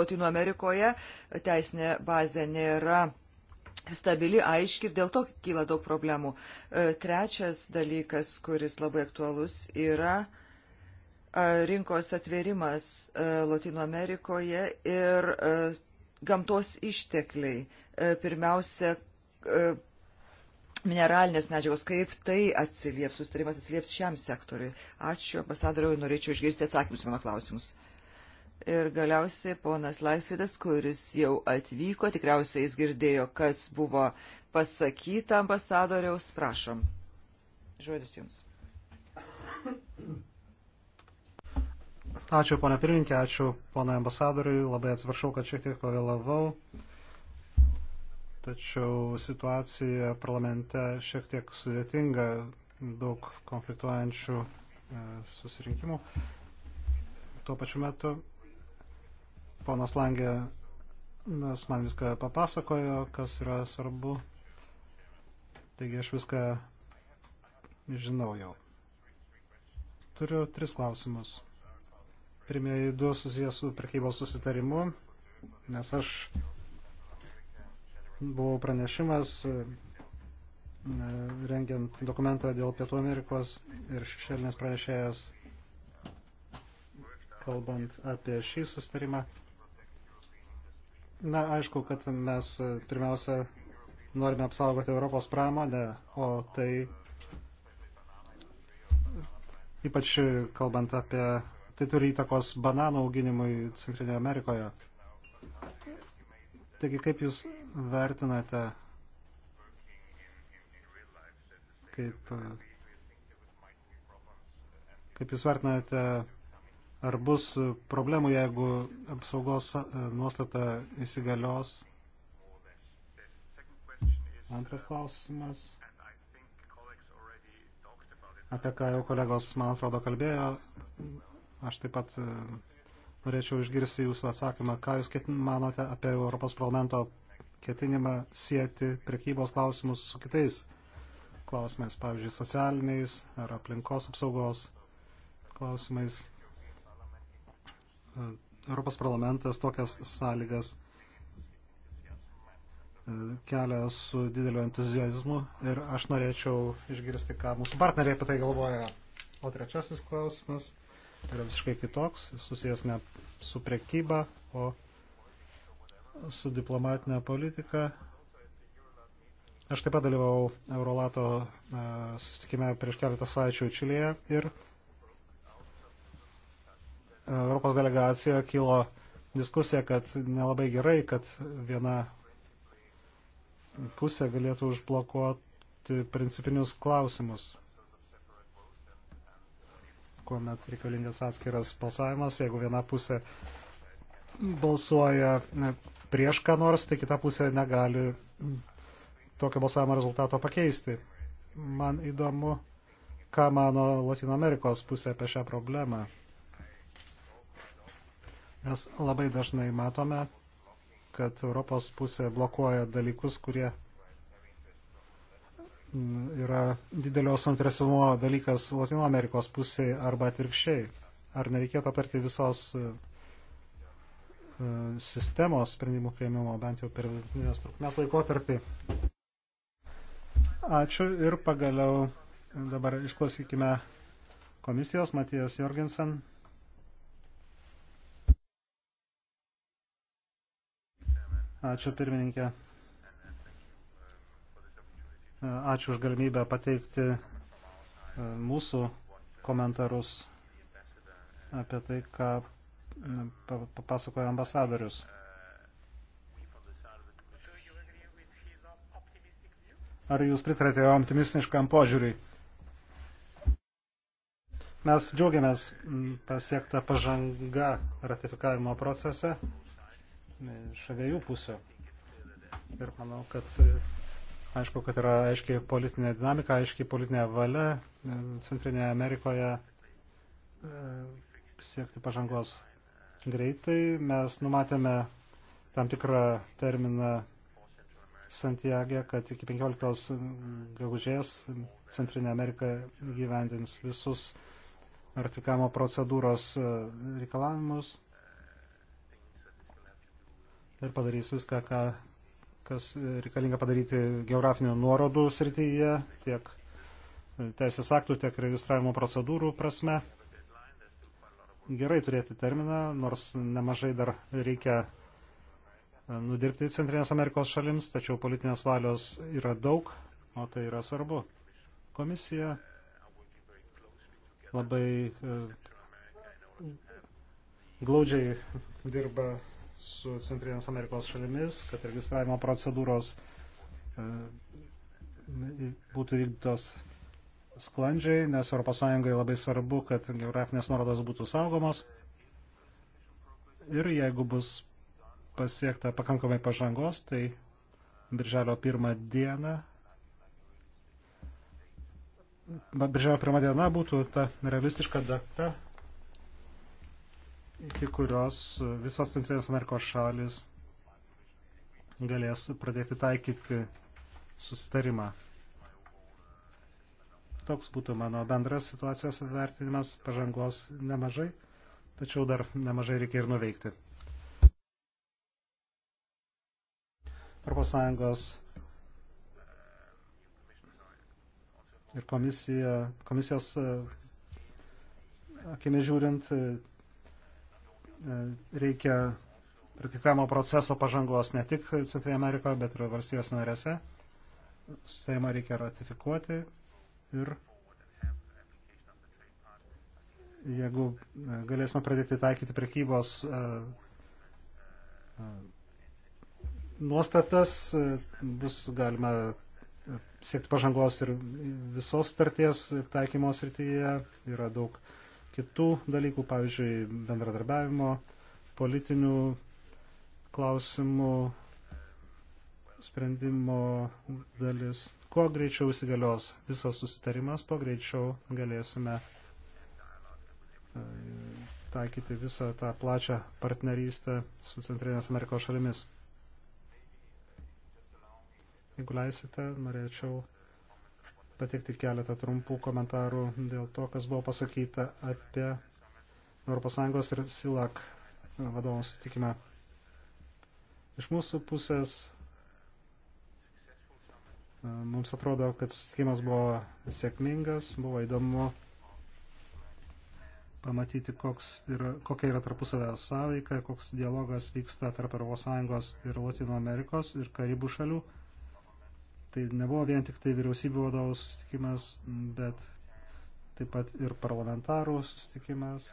Speaker 2: Latino Amerikoje teisinė bazė nėra stabili, aiški ir dėl to kyla daug problemų. E, trečias dalykas, kuris labai aktualus, yra e, rinkos atvėrimas e, Latino Amerikoje ir gamtos ištekliai. Pirmiausia, mineralinės medžiagos, kaip tai atsilieps, sustarimas atsilieps šiam sektoriui. Ačiū, ambasadoriau, norėčiau išgirsti atsakymus mano klausimus. Ir galiausiai ponas Laisvidas, kuris jau atvyko, tikriausiai jis girdėjo, kas buvo pasakyta ambasadoriaus. Prašom. Žodis jums.
Speaker 1: Ačiū, ponia pirmininkė, ačiū, ponia ambasadoriui. Labai atsiprašau, kad šiek tiek pavėlavau. Tačiau situacija parlamente šiek tiek sudėtinga, daug konfliktuojančių e, susirinkimų. Tuo pačiu metu Ponas Langė nes man viską papasakojo, kas yra svarbu. Taigi aš viską žinau jau. Turiu tris klausimus. Pirmieji du susijęs su prekybos susitarimu, nes aš buvau pranešimas e, rengiant dokumentą dėl Pietų Amerikos ir šešėlinės pranešėjas kalbant apie šį susitarimą. Na, aišku, kad mes e, pirmiausia norime apsaugoti Europos pramonę, o tai ypač kalbant apie, tai turi įtakos bananų auginimui Centrinėje Amerikoje. Taigi, kaip Jūs vertinate, kaip, e, kaip Jūs vertinate Ar bus problemų, jeigu apsaugos e, nuostata įsigalios? Antras klausimas, apie ką jau kolegos, man atrodo, kalbėjo. Aš taip pat e, norėčiau išgirsti jūsų atsakymą, ką jūs manote apie Europos parlamento ketinimą sieti prekybos klausimus su kitais klausimais, pavyzdžiui, socialiniais ar aplinkos apsaugos klausimais. Europos parlamentas tokias sąlygas e, kelia su dideliu entuzijazmu ir aš norėčiau išgirsti, ką mūsų partneriai apie tai galvoja. O trečiasis klausimas yra visiškai kitoks, susijęs ne su prekyba, o su diplomatinė politika. Aš taip pat dalyvau Eurolato e, susitikime prieš keletą savaičių Čilėje ir Europos delegacijoje kilo diskusija, kad nelabai gerai, kad viena pusė galėtų užblokuoti principinius klausimus, kuomet reikalingas atskiras balsavimas, jeigu viena pusė balsuoja prieš ką nors, tai kita pusė negali tokio balsavimo rezultato pakeisti. Man įdomu, ką mano Latino Amerikos pusė apie šią problemą. Mes labai dažnai matome, kad Europos pusė blokuoja dalykus, kurie yra didelio suinteresumo dalykas Latino Amerikos pusėje arba atvirkščiai. Ar nereikėtų aptarti visos e, sistemos sprendimų prieimimo bent jau per vidutinės trukmės laikotarpį. Ačiū ir pagaliau dabar išklausykime komisijos Matijas Jorgensen. Ačiū pirmininkė. Ačiū už galimybę pateikti e, mūsų komentarus apie tai, ką papasakoja ambasadorius. Ar jūs pritarėte jo optimistiškam požiūriui? Mes džiaugiamės pasiektą pažangą ratifikavimo procese iš abiejų pusių. Ir manau, kad aišku, kad yra aiškiai politinė dinamika, aiškiai politinė valia e, Centrinėje Amerikoje e, siekti pažangos greitai. Mes numatėme tam tikrą terminą Santiagė, kad iki 15 gegužės Centrinė Amerika gyvendins visus artikamo procedūros e, reikalavimus ir padarys viską, ką, kas reikalinga padaryti geografinių nuorodų srityje, tiek teisės aktų, tiek registravimo procedūrų prasme. Gerai turėti terminą, nors nemažai dar reikia e, nudirbti Centrinės Amerikos šalims, tačiau politinės valios yra daug, o tai yra svarbu. Komisija labai e, glaudžiai dirba su Centrinės Amerikos šalimis, kad registravimo procedūros e, būtų vykdytos sklandžiai, nes ES labai svarbu, kad geografinės nuorodos būtų saugomos. Ir jeigu bus pasiekta pakankamai pažangos, tai birželio pirmą dieną. Birželio pirmą diena būtų ta realistiška data, iki kurios visos Centrinės Amerikos šalis galės pradėti taikyti susitarimą. Toks būtų mano bendras situacijos vertinimas, pažangos nemažai, tačiau dar nemažai reikia ir nuveikti. Europos Sąjungos ir komisija, komisijos e, akimi žiūrint E, reikia praktikavimo proceso pažangos ne tik Centrinėje Amerikoje, bet ir valstybės narėse. Sustarimą reikia ratifikuoti ir jeigu e, galėsime pradėti taikyti prekybos e, nuostatas, bus galima siekti pažangos ir visos sutarties taikymos rytyje. Yra daug uh, kitų dalykų, pavyzdžiui, bendradarbiavimo, politinių klausimų sprendimo dalis. Kuo greičiau įsigalios visas susitarimas, tuo greičiau galėsime e, taikyti visą tą plačią partnerystę su Centrinės Amerikos šalimis. Jeigu leisite, norėčiau pateikti keletą trumpų komentarų dėl to, kas buvo pasakyta apie ES ir SILAK vadovų sutikimą. Iš mūsų pusės e, mums atrodo, kad susitikimas buvo sėkmingas, buvo įdomu pamatyti, yra, kokia yra tarpusavę sąveika, koks dialogas vyksta tarp ES ir Latino Amerikos ir Karibų šalių tai nebuvo vien tik tai vyriausybių vadovų susitikimas, bet taip pat ir parlamentarų susitikimas.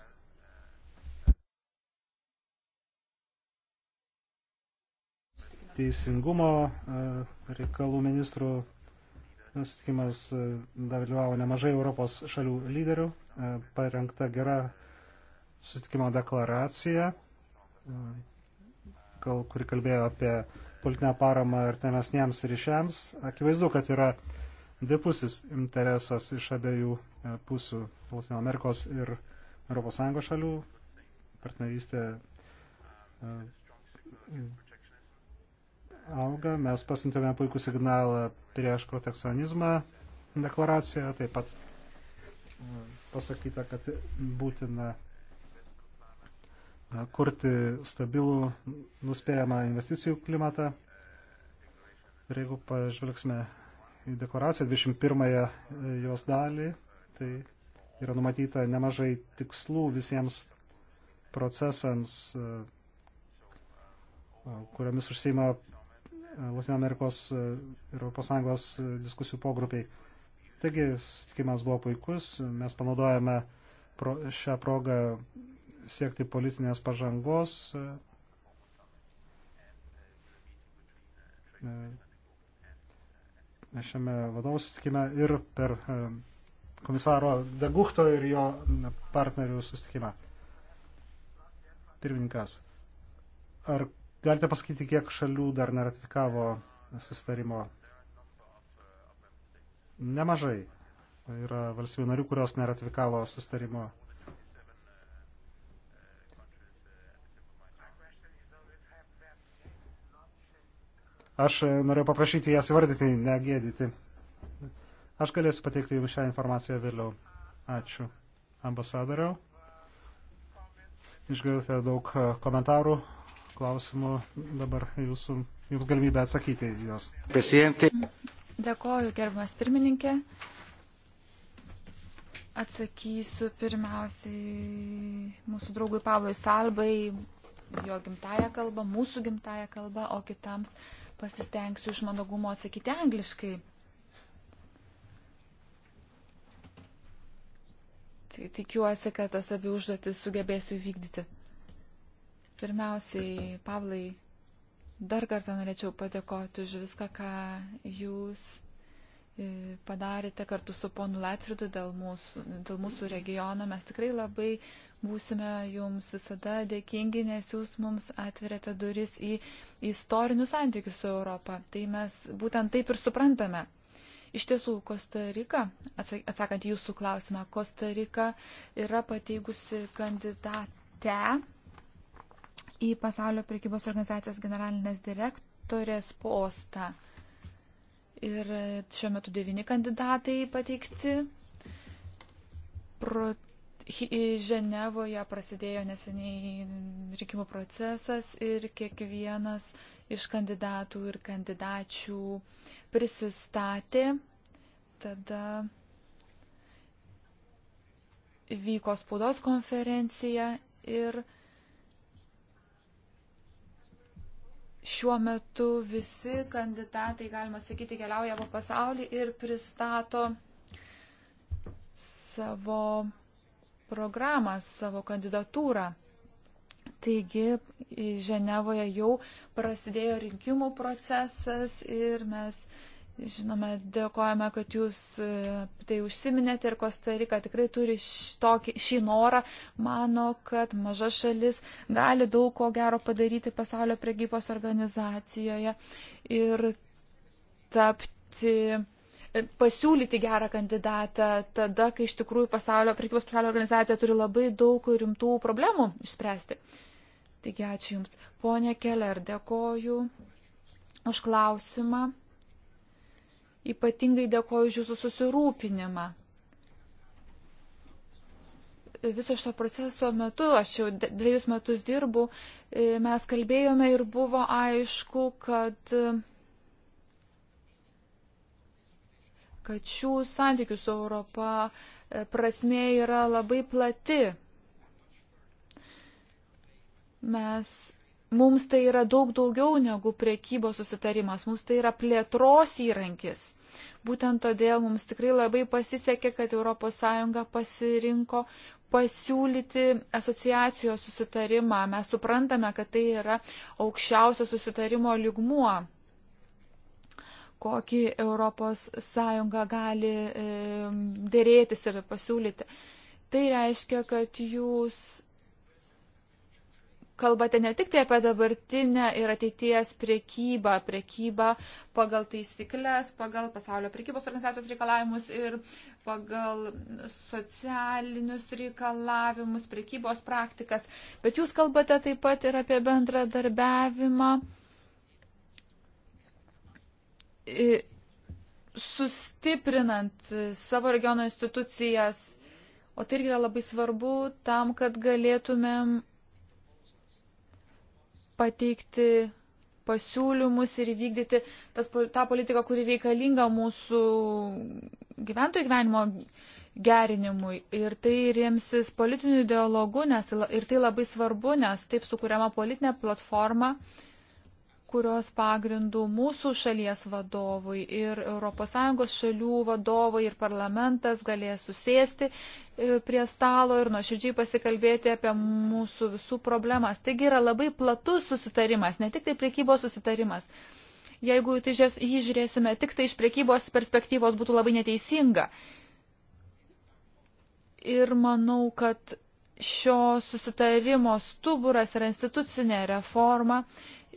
Speaker 1: Teisingumo e, reikalų ministrų susitikimas e, dalyvavo nemažai Europos šalių lyderių, e, parengta gera susitikimo deklaracija, kuri kalbėjo apie politinę paramą ir temesniems ryšiams. Akivaizdu, kad yra dvipusis interesas iš abiejų e, pusių Latino Amerikos ir ES šalių partnerystė e, auga. Mes pasintėme puikų signalą prieš protekcionizmą deklaracijoje, taip pat e, pasakyta, kad būtina kurti stabilų, nuspėjamą investicijų klimatą. Ir jeigu pažvelgsime į deklaraciją 21-ąją e, jos dalį, tai yra numatyta nemažai tikslų visiems procesams, e, e, kuriomis užsima Latino Amerikos ir ES diskusijų pogrupiai. Taigi, sutikimas buvo puikus, mes panaudojame pro, šią progą siekti politinės pažangos. Šiame vadovų susitikime ir per e, komisaro Dagukto ir jo partnerių susitikimą. Pirmininkas, ar galite pasakyti, kiek šalių dar neratifikavo susitarimo? Nemažai yra valstybių narių, kurios neratifikavo sustarimo Aš e, norėjau paprašyti jas įvardyti, negėdyti. Aš galėsiu pateikti jums šią informaciją vėliau. Ačiū, ambasadoriau. Išgirdote daug e, komentarų, klausimų, dabar jūsų, jums galimybę atsakyti juos. Presidente.
Speaker 3: Dėkoju, gerbamas pirmininkė. Atsakysiu pirmiausiai mūsų draugui Pavlui Salbai, jo gimtają kalbą, mūsų gimtają kalbą, o kitams pasistengsiu iš mandagumo atsakyti angliškai. Tai tikiuosi, kad tas abi užduotis sugebėsiu įvykdyti. Pirmiausiai, Pavlai, dar kartą norėčiau padėkoti už viską, ką jūs E, padarėte kartu su ponu Latvidu dėl mūsų, dėl mūsų regiono. Mes tikrai labai būsime jums visada dėkingi, nes jūs mums atvirėte duris į istorinius santykius su Europą. Tai mes būtent taip ir suprantame. Iš tiesų, Kostarika, atsakant jūsų klausimą, Kostarika yra pateigusi kandidatę į pasaulio prekybos organizacijos generalinės direktorės postą. Ir šiuo metu devyni kandidatai pateikti. Pro... Ženevoje prasidėjo neseniai rinkimų procesas ir kiekvienas iš kandidatų ir kandidačių prisistatė. Tada vyko spaudos konferencija ir Šiuo metu visi kandidatai, galima sakyti, keliauja po pasaulį ir pristato savo programą, savo kandidatūrą. Taigi Ženevoje jau prasidėjo rinkimų procesas ir mes Žinome, dėkojame, kad jūs e, tai užsiminėte ir Kostarika tikrai turi šitokį, šį norą. Mano, kad maža šalis gali daug ko gero padaryti pasaulio prekybos organizacijoje ir tapti e, pasiūlyti gerą kandidatą tada, kai iš tikrųjų pasaulio, prekybos pasaulio organizacija turi labai daug rimtų problemų išspręsti. Taigi ačiū Jums. Pone Keller, dėkoju už klausimą. Ypatingai dėkoju už jūsų susirūpinimą. Viso šio proceso metu, aš jau dviejus metus dirbu, e, mes kalbėjome ir buvo aišku, kad, kad šių santykių su Europa e, prasmė yra labai plati. Mes mums tai yra daug daugiau negu priekybos susitarimas, mums tai yra plėtros įrankis. Būtent todėl mums tikrai labai pasisekė, kad ES pasirinko pasiūlyti asociacijos susitarimą. Mes suprantame, kad tai yra aukščiausio susitarimo ligmuo, kokį ES gali dėrėtis ir pasiūlyti. Tai reiškia, kad jūs kalbate ne tik tai apie dabartinę ir ateities priekybą, priekybą pagal taisyklės, pagal pasaulio priekybos organizacijos reikalavimus ir pagal socialinius reikalavimus, priekybos praktikas, bet jūs kalbate taip pat ir apie bendradarbiavimą sustiprinant savo regiono institucijas, o tai irgi yra labai svarbu tam, kad galėtumėm pateikti pasiūlymus ir įvykdyti tas, tą politiką, kuri reikalinga mūsų gyventojų gyvenimo gerinimui. Ir tai rėmsis politiniu dialogu, nes tai, ir tai labai svarbu, nes taip sukūriama politinė platforma, kurios pagrindų mūsų šalies vadovai ir ES šalių vadovai ir parlamentas galės susėsti prie stalo ir nuoširdžiai pasikalbėti apie mūsų visų problemas. Taigi yra labai platus susitarimas, ne tik tai priekybos susitarimas. Jeigu tai žiūrės, jį žiūrėsime tik tai iš priekybos perspektyvos, būtų labai neteisinga. Ir manau, kad šio susitarimo stuburas yra institucinė reforma,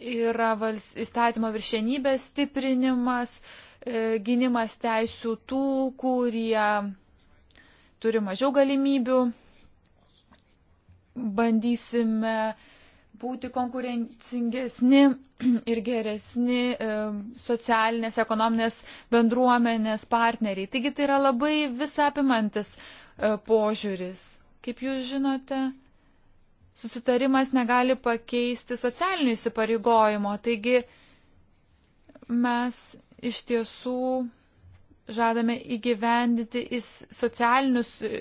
Speaker 3: yra vals, įstatymo viršienybės stiprinimas, e, gynimas teisų tų, kurie turi mažiau galimybių. Bandysime būti konkurencingesni ir geresni e, socialinės, ekonominės bendruomenės partneriai. Taigi tai yra labai visapimantis e, požiūris. Kaip jūs žinote, susitarimas negali pakeisti socialinių įsipareigojimo. Taigi mes iš tiesų žadame įgyvendinti socialinius e,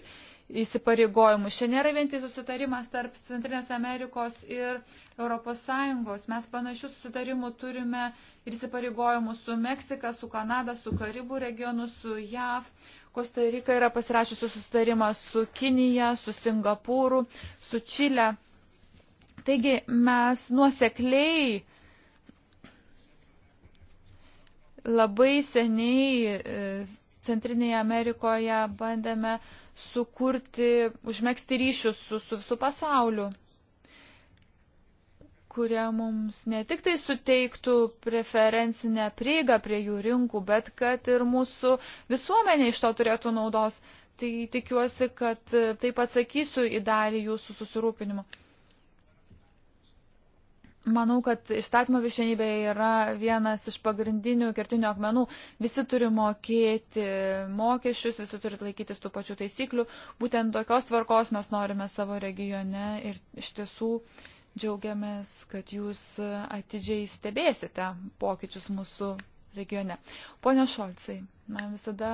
Speaker 3: įsipareigojimus. Šiandien yra vien tai susitarimas tarp Centrinės Amerikos ir ES. Mes panašių susitarimų turime ir įsipareigojimų su Meksika, su Kanada, su Karibų regionu, su JAV. Kostarika yra pasirašysi susitarimą su Kinija, su Singapūru, su Čile. Taigi mes nuosekliai Labai seniai e, Centrinėje Amerikoje bandėme sukurti, užmėgsti ryšius su, su, su pasauliu, kurie mums ne tik tai suteiktų preferencinę prieigą prie jų rinkų, bet kad ir mūsų visuomenė iš to turėtų naudos. Tai tikiuosi, kad e, taip atsakysiu į dalį jūsų susirūpinimo. Manau, kad įstatymo viršenybė yra vienas iš pagrindinių kertinių akmenų. Visi turi mokėti mokesčius, visi turi laikytis tų pačių taisyklių. Būtent tokios tvarkos mes norime savo regione ir iš tiesų džiaugiamės, kad jūs atidžiai stebėsite pokyčius mūsų regione. Pone Šolcai, man visada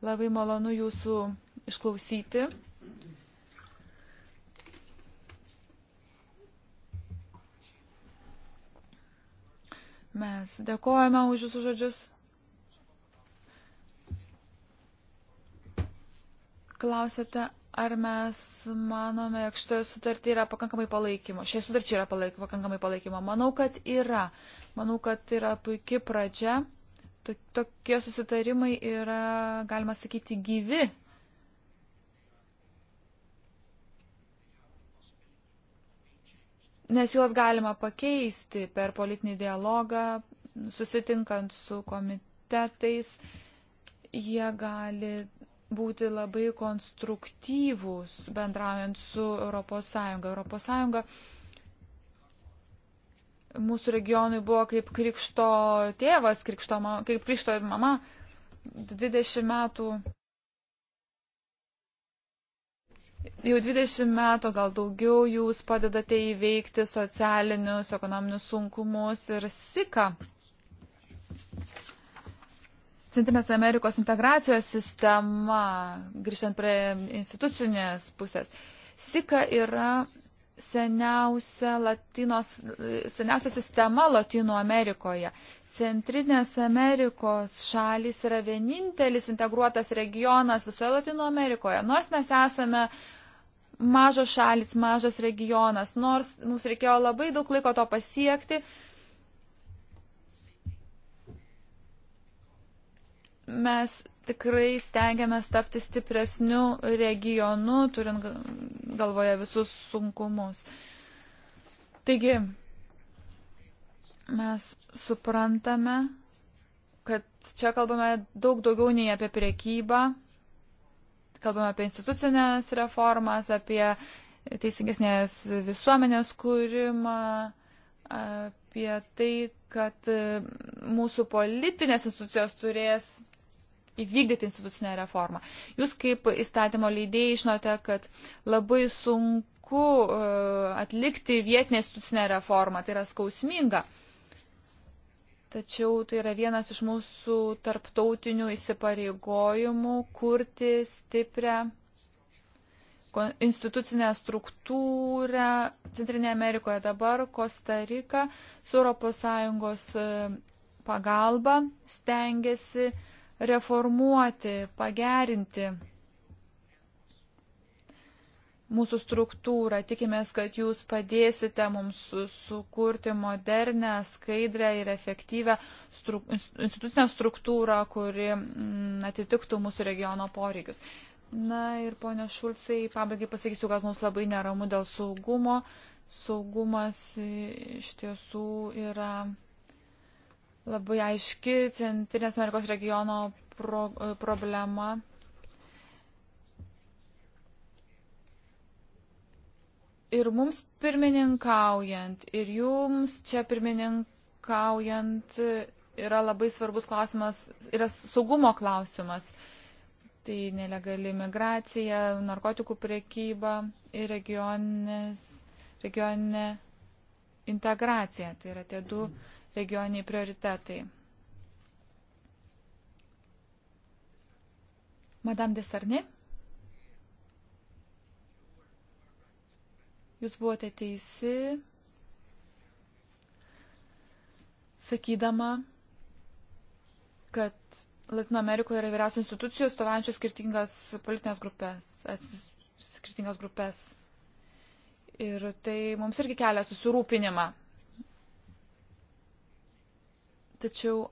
Speaker 3: labai malonu jūsų išklausyti. Mes dėkojame už jūsų žodžius. Klausėte, ar mes manome, jog šitoje sutartyje yra pakankamai palaikymo. Šioje sutartyje yra palaik, pakankamai palaikymo. Manau, kad yra. Manau, kad yra puikia pradžia. Tokie susitarimai yra, galima sakyti, gyvi nes juos galima pakeisti per politinį dialogą, susitinkant su komitetais, jie gali būti labai konstruktyvūs bendraujant su ES. ES mūsų regionui buvo kaip krikšto tėvas, krikšto, kaip krikšto mama. 20 metų Jau 20 metų, gal daugiau, jūs padedate įveikti socialinius, ekonominius sunkumus ir siką. Centrinės Amerikos integracijos sistema, grįžtant prie institucinės pusės. Sika yra seniausia, Latinos, seniausia sistema Latino Amerikoje. Centrinės Amerikos šalis yra vienintelis integruotas regionas visoje Latino Amerikoje. Nors mes esame mažos šalis, mažas regionas, nors mums reikėjo labai daug laiko to pasiekti, mes tikrai stengiamės tapti stipresniu regionu, turint galvoje visus sunkumus. Taigi, mes suprantame, kad čia kalbame daug daugiau nei apie priekybą, kalbame apie institucinės reformas, apie teisingesnės visuomenės kūrimą, apie tai, kad mūsų politinės institucijos turės įvykdyti institucinę reformą. Jūs kaip įstatymo leidėjai žinote, kad labai sunku e, atlikti vietinę institucinę reformą, tai yra skausminga. Tačiau tai yra vienas iš mūsų tarptautinių įsipareigojimų kurti stiprią institucinę struktūrą Centrinėje Amerikoje dabar Kostarika su ES e, pagalba stengiasi uh, reformuoti, pagerinti mūsų struktūrą. Tikimės, kad jūs padėsite mums sukurti modernę, skaidrę ir efektyvę struk institucinę struktūrą, kuri m, mm, atitiktų mūsų regiono poreikius. Na ir ponio Šulcai, pabaigai pasakysiu, kad mums labai neramu dėl saugumo. Saugumas e, iš tiesų yra labai aiški Centrinės Amerikos regiono pro, e, problema. Ir mums pirmininkaujant, ir jums čia pirmininkaujant yra labai svarbus klausimas, yra saugumo klausimas. Tai nelegali migracija, narkotikų priekyba ir regioninė integracija. Tai yra tie du mm regioniniai prioritetai. Madame Desarni, jūs buvote teisi, sakydama, kad Latino Amerikoje yra vyriausios institucijos, stovaujančios skirtingas politinės grupės, skirtingas grupės. Ir tai mums irgi kelia susirūpinimą tačiau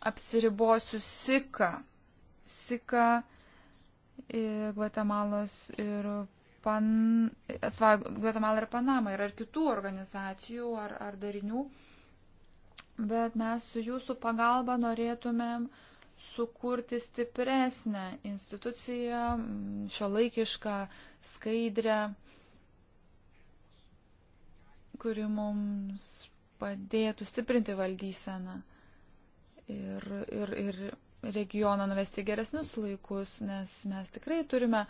Speaker 3: apsiribosiu Sika. Sika Guatemalos ir Pan... Atsvai, Guatemala ir Panama yra ir kitų organizacijų ar, ar darinių, bet mes su jūsų pagalba norėtumėm sukurti stipresnę instituciją, šio laikišką, skaidrę, kuri mums padėtų stiprinti valdyseną ir, ir, ir regioną nuvesti geresnius laikus, nes mes tikrai turime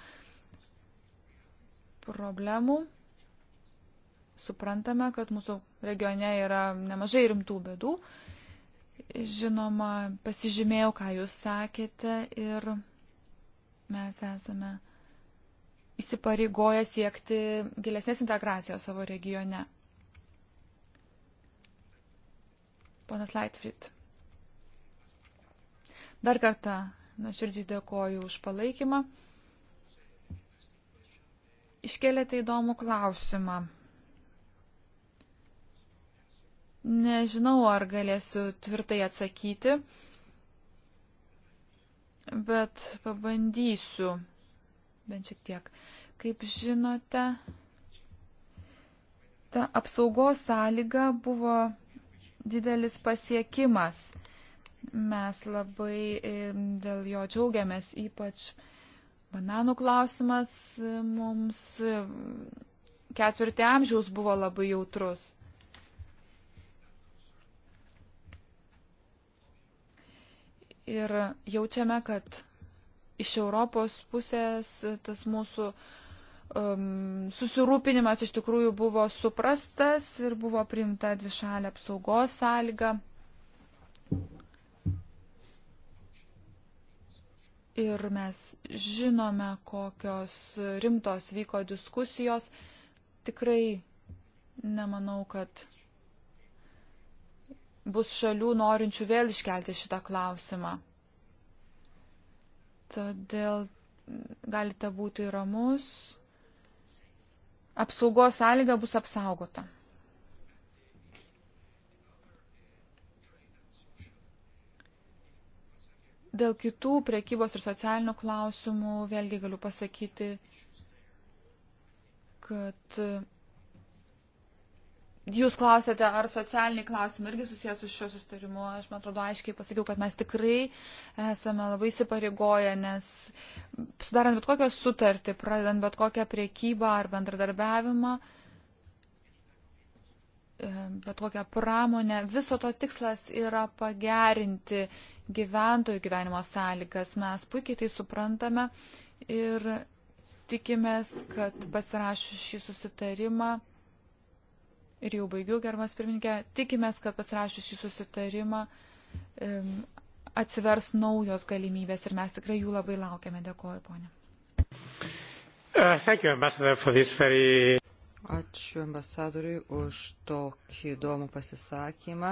Speaker 3: problemų. Suprantame, kad mūsų regione yra nemažai rimtų bėdų. Žinoma, pasižymėjau, ką jūs sakėte ir mes esame įsipareigoję siekti gilesnės integracijos savo regione. Ponas Leitfried. Dar kartą nuoširdžiai dėkoju už palaikymą. Iškelėte įdomų klausimą. Nežinau, ar galėsiu tvirtai atsakyti, bet pabandysiu bent šiek tiek. Kaip žinote, ta apsaugos sąlyga buvo didelis pasiekimas. Mes labai e, dėl jo džiaugiamės, ypač bananų klausimas e, mums e, ketvirtį amžiaus buvo labai jautrus. Ir jaučiame, kad iš Europos pusės tas mūsų uh, um, susirūpinimas iš tikrųjų buvo suprastas ir buvo priimta dvišalė apsaugos sąlyga. Ir mes žinome, kokios rimtos vyko diskusijos. Tikrai nemanau, kad bus šalių norinčių vėl iškelti šitą klausimą. Todėl galite būti ramus apsaugos sąlyga bus apsaugota. Dėl kitų priekybos ir socialinių klausimų vėlgi galiu pasakyti, kad Jūs klausėte, ar socialiniai klausimai irgi susijęs su šiuo sustarimu. Aš, man atrodo, aiškiai pasakiau, kad mes tikrai esame labai įsipareigoję, nes sudarant bet kokią sutartį, pradedant bet kokią priekybą ar bendradarbiavimą, e, bet kokią pramonę, viso to tikslas yra pagerinti gyventojų gyvenimo sąlygas. Mes puikiai tai suprantame ir tikimės, kad pasirašus šį susitarimą ir jau baigiu, germas pirmininkė, tikimės, kad pasirašius šį susitarimą um, atsivers naujos galimybės ir mes tikrai jų labai laukiame. Dėkuoju, ponė.
Speaker 1: Uh, thank you, Ambassador, for this very...
Speaker 2: Ačiū ambasadoriui už tokį įdomų pasisakymą.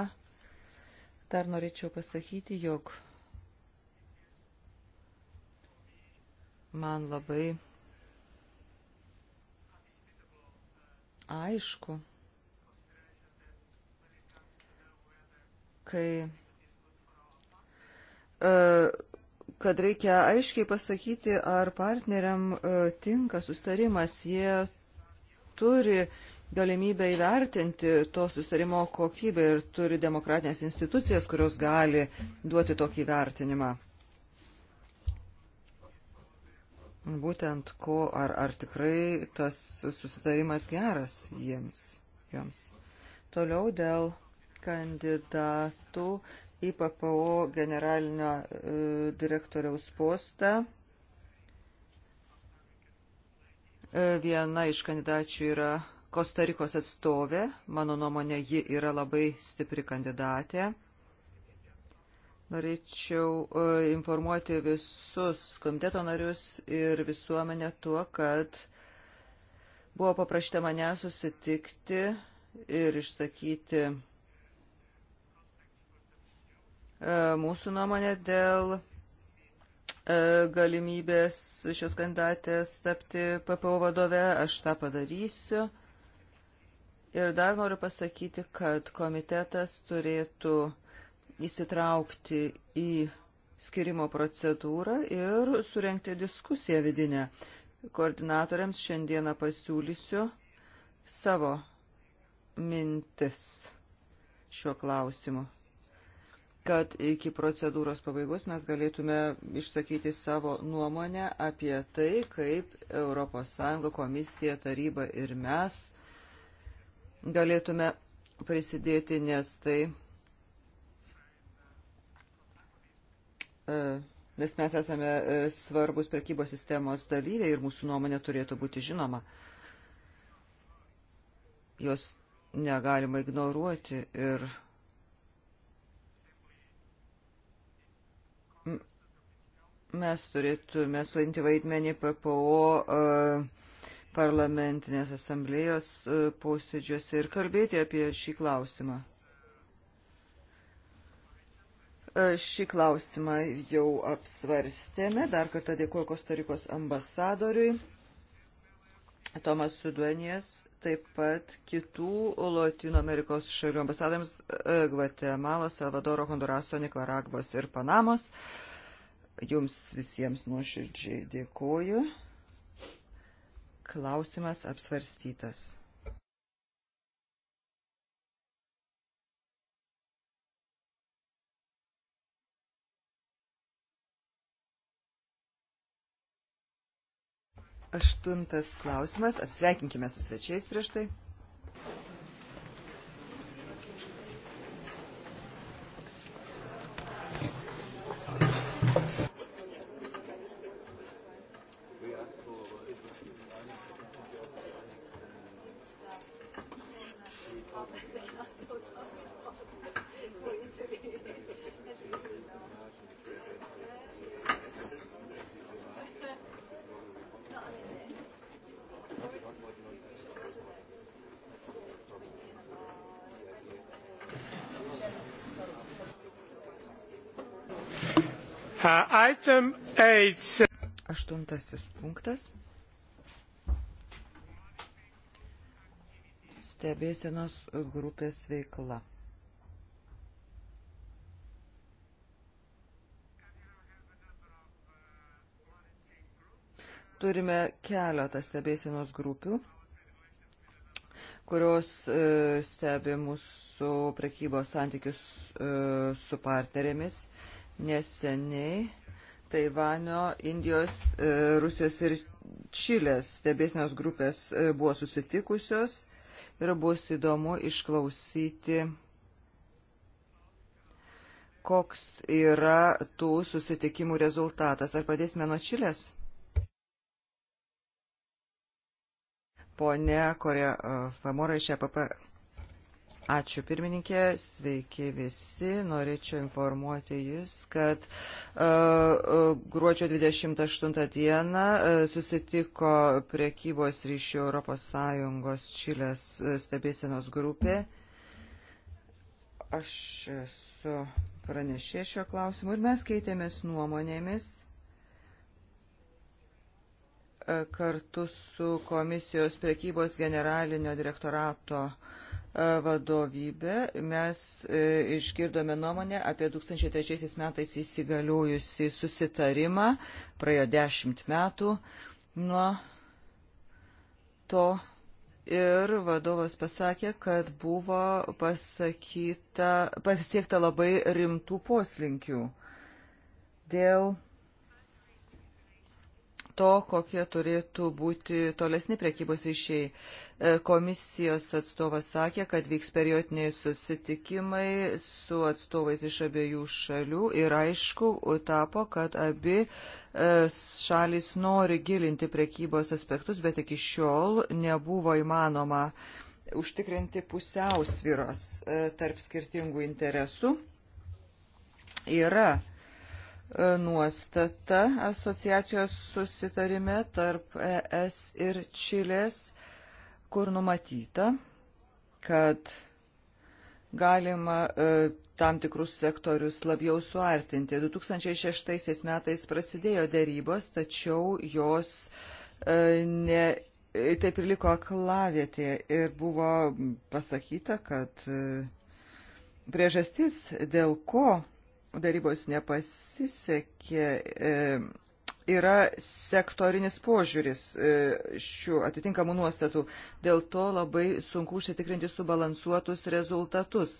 Speaker 2: Dar norėčiau pasakyti, jog man labai aišku, kai e, kad reikia aiškiai pasakyti, ar partneriam e, tinka sustarimas. Jie turi galimybę įvertinti to sustarimo kokybę ir turi demokratinės institucijas, kurios gali duoti tokį vertinimą. Būtent ko, ar, ar tikrai tas susitarimas geras jiems, joms. Toliau dėl kandidatų į PPO generalinio e, direktoriaus postą. E, viena iš kandidačių yra Kostarikos atstovė. Mano nuomonė, ji yra labai stipri kandidatė. Norėčiau e, informuoti visus komiteto narius ir visuomenę tuo, kad buvo paprašyta mane susitikti ir išsakyti E, mūsų nuomonė dėl e, galimybės šios kandidatės tapti PPO vadove. Aš tą padarysiu. Ir dar noriu pasakyti, kad komitetas turėtų įsitraukti į skirimo procedūrą ir surenkti diskusiją vidinę. Koordinatoriams šiandieną pasiūlysiu savo mintis šiuo klausimu kad iki procedūros pabaigos mes galėtume išsakyti savo nuomonę apie tai, kaip ES, komisija, taryba ir mes galėtume prisidėti, nes tai, e, nes mes esame e, svarbus prekybos sistemos dalyviai ir mūsų nuomonė turėtų būti žinoma. Jos negalima ignoruoti ir Mes turėtume suinti vaidmenį PPO e, parlamentinės asamblėjos e, posėdžiuose ir kalbėti apie šį klausimą. E, šį klausimą jau apsvarstėme. Dar kartą dėkuoju Kostarikos ambasadoriui. Tomas Suduenijas, taip pat kitų Latino Amerikos šalių ambasadams Gvatemalo, Salvadoro, Honduraso, Nikaragvos ir Panamos. Uh, Jums visiems nuoširdžiai dėkoju. Klausimas apsvarstytas. Aštuntas klausimas. Atsveikinkime su svečiais prieš tai. states. Uh, Aštuntasis punktas. Stebėsenos grupės veikla. turime keletą stebėsienos grupių, kurios e, stebi mūsų prekybos santykius e, su partnerėmis. Neseniai Taivanio, Indijos, e, Rusijos ir Čilės stebėsinos grupės e, buvo susitikusios ir bus įdomu išklausyti koks yra tų susitikimų rezultatas. Ar pradėsime nuo Čilės? Pone Korė e, Famora iš EPP Ačiū pirmininkė, sveiki visi. Norėčiau informuoti Jūs, kad uh, gruodžio 28 dieną uh, susitiko priekybos ryšių ES Čilės stebėsienos grupė. Aš esu pranešė šio klausimu ir mes keitėmės nuomonėmis uh, kartu su komisijos priekybos generalinio direktorato uh, vadovybę mes e, išgirdome nuomonę apie 2003 metais įsigaliojusi susitarimą, praėjo dešimt metų nuo to ir vadovas pasakė, kad buvo pasakyta, pasiekta labai rimtų poslinkių dėl to, kokie turėtų būti tolesni prekybos ryšiai. E, komisijos atstovas sakė, kad vyks periodiniai susitikimai su atstovais iš abiejų šalių ir aišku tapo, kad abi e, šalis nori gilinti prekybos aspektus, bet iki šiol nebuvo įmanoma užtikrinti pusiausviros e, tarp skirtingų interesų. Yra E, nuostata asociacijos susitarime tarp ES ir Čilės, kur numatyta, kad galima e, tam tikrus sektorius labiau suartinti. 2006 metais prasidėjo dėrybos, tačiau jos e, ne, taip ir liko aklavietė ir buvo pasakyta, kad priežastis, dėl ko darybos nepasisekė, e, yra sektorinis požiūris e, šių atitinkamų nuostatų. Dėl to labai sunku užsitikrinti subalansuotus rezultatus.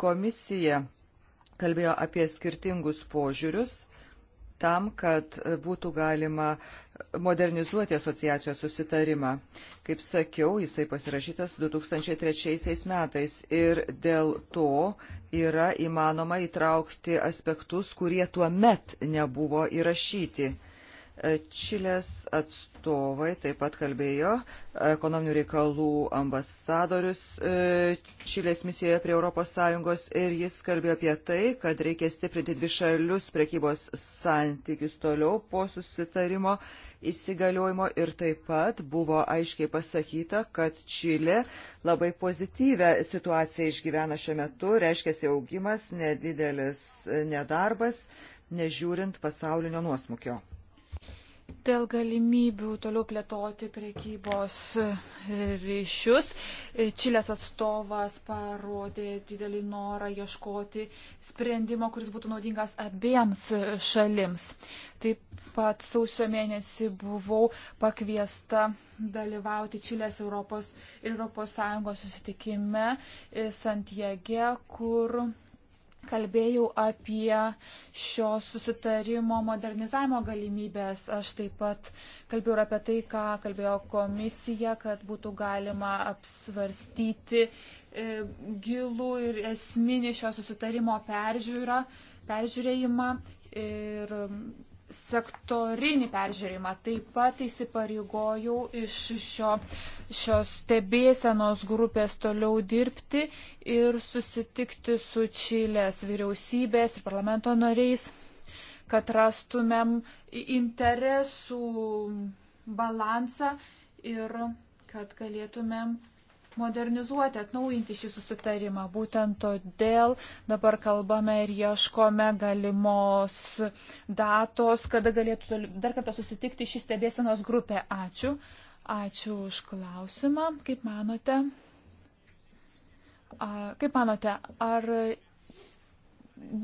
Speaker 2: Komisija kalbėjo apie skirtingus požiūrius tam, kad būtų galima modernizuoti asociacijos susitarimą. Kaip sakiau, jisai pasirašytas 2003 metais ir dėl to yra įmanoma įtraukti aspektus, kurie tuo met nebuvo įrašyti. Čilės atstovai taip pat kalbėjo, ekonominių reikalų ambasadorius e, Čilės misijoje prie ES ir jis kalbėjo apie tai, kad reikia stiprinti dvišalius prekybos santykius toliau po susitarimo įsigaliojimo ir taip pat buvo aiškiai pasakyta, kad Čilė labai pozityvę situaciją išgyvena šiuo metu, reiškia augimas, nedidelis nedarbas, nežiūrint pasaulinio nuosmukio
Speaker 3: dėl galimybių toliau plėtoti priekybos ryšius. Čilės atstovas parodė didelį norą ieškoti sprendimo, kuris būtų naudingas abiems šalims. Taip pat sausio mėnesį buvau pakviesta dalyvauti Čilės Europos ir ES susitikime Santiege, kur kalbėjau apie šio susitarimo modernizavimo galimybės. Aš taip pat kalbėjau ir apie tai, ką kalbėjo komisija, kad būtų galima apsvarstyti e, gilų ir esminį šio susitarimo peržiūrą, peržiūrėjimą. Ir sektorinį peržiūrimą. Taip pat įsipareigojau iš šio, šios stebėsenos grupės toliau dirbti ir susitikti su Čilės vyriausybės ir parlamento nariais, kad rastumėm interesų balansą ir kad galėtumėm modernizuoti, atnaujinti šį susitarimą. Būtent todėl dabar kalbame ir ieškome galimos datos, kada galėtų dar kartą susitikti šį stebėsenos grupę. Ačiū. Ačiū už klausimą. Kaip manote? A, kaip manote, ar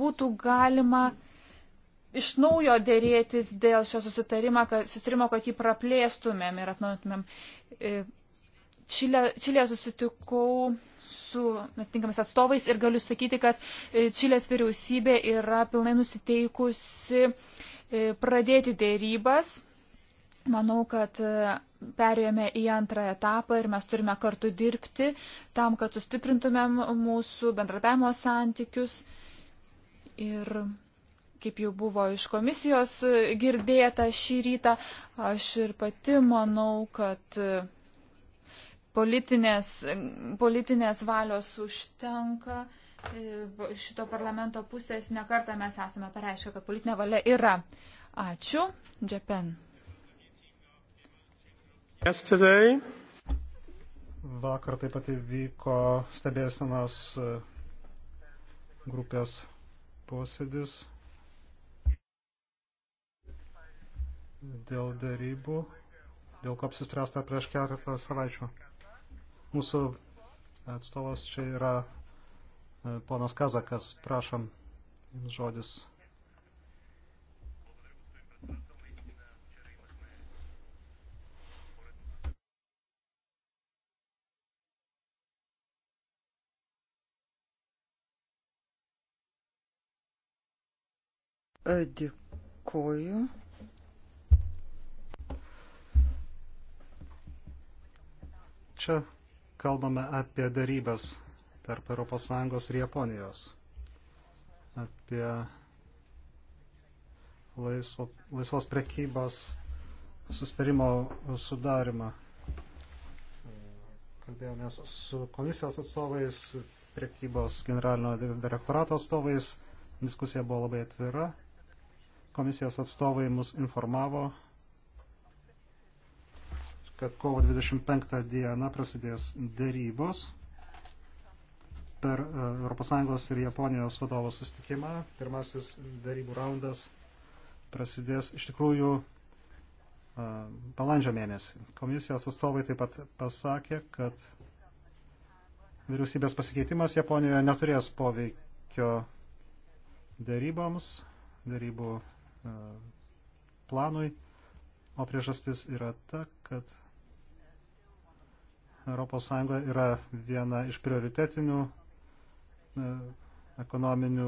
Speaker 3: būtų galima iš naujo dėrėtis dėl šio susitarimo, kad, susitarimo, kad jį praplėstumėm ir atnaujintumėm? E, Čilė, Čilėje susitikau su atitinkamais atstovais ir galiu sakyti, kad e, Čilės vyriausybė yra pilnai nusiteikusi e, pradėti dėrybas. Manau, kad e, perėjome į antrą etapą ir mes turime kartu dirbti tam, kad sustiprintumėm mūsų bendradarbiavimo santykius. Ir kaip jau buvo iš komisijos girdėta šį rytą, aš ir pati manau, kad politinės, politinės valios užtenka. E, šito parlamento pusės nekartą mes esame pareiškę, kad politinė valia yra. Ačiū. Japan.
Speaker 1: Yesterday. Vakar taip pat įvyko stebėsenos e, grupės posėdis dėl darybų, dėl ko apsispręsta prieš keletą savaičių. Mūsų atstovas čia yra e, ponas Kazakas. Prašom, jums žodis. E, dėkoju. Čia kalbame apie darybas tarp ES ir Japonijos, apie laisvo, laisvos prekybos sustarimo sudarimą. Kalbėjomės su komisijos atstovais, prekybos generalinio direktorato atstovais. Diskusija buvo labai atvira. Komisijos atstovai mus informavo kad kovo 25 dieną prasidės dėrybos per ES ir Japonijos vadovų sustikimą. Pirmasis dėrybų raundas prasidės iš tikrųjų e, balandžio mėnesį. Komisijos atstovai taip pat pasakė, kad vyriausybės pasikeitimas Japonijoje neturės poveikio dėryboms, dėrybų e, planui, o priežastis yra ta, kad ES yra viena iš prioritetinių e, ekonominių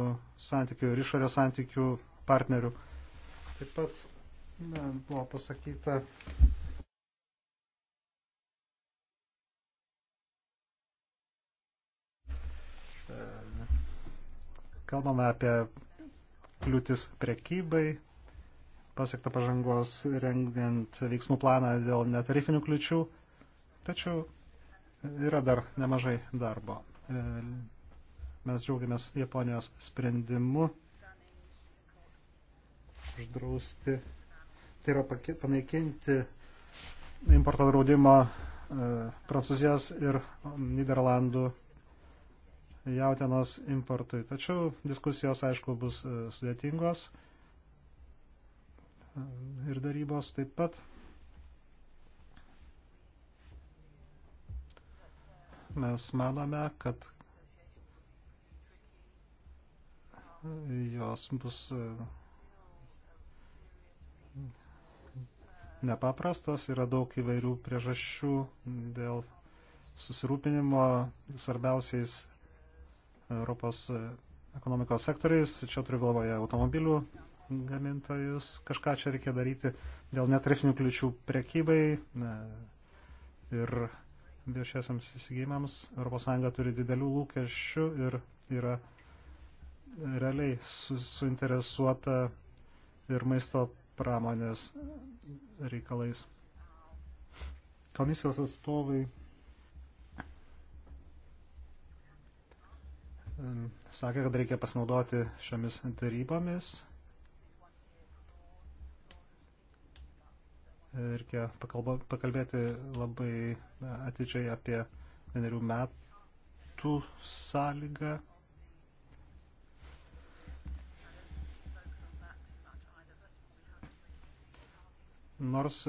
Speaker 1: santykių ir išorės santykių partnerių. Taip pat na, buvo pasakyta. E, Kalbame apie kliūtis prekybai, pasiektą pažangos rengiant veiksmų planą dėl netarifinių kliučių, tačiau yra dar nemažai darbo. E, mes džiaugiamės Japonijos sprendimu uždrausti, tai yra panaikinti importo draudimo e, Prancūzijos ir um, Niderlandų jautienos importui. Tačiau diskusijos, aišku, bus e, sudėtingos ir darybos taip pat. mes manome, kad jos bus e, nepaprastos, yra daug įvairių priežasčių dėl susirūpinimo svarbiausiais Europos ekonomikos sektoriais, čia turiu galvoje automobilių gamintojus, kažką čia reikia daryti dėl netarifinių kliučių prekybai e, ir viešiesiams įsigymams. ES turi didelių lūkesčių ir yra realiai su, suinteresuota ir maisto pramonės reikalais. Komisijos atstovai sakė, kad reikia pasinaudoti šiomis darybomis reikia pakalba, pakalbėti labai atidžiai apie vienerių metų sąlygą. Nors,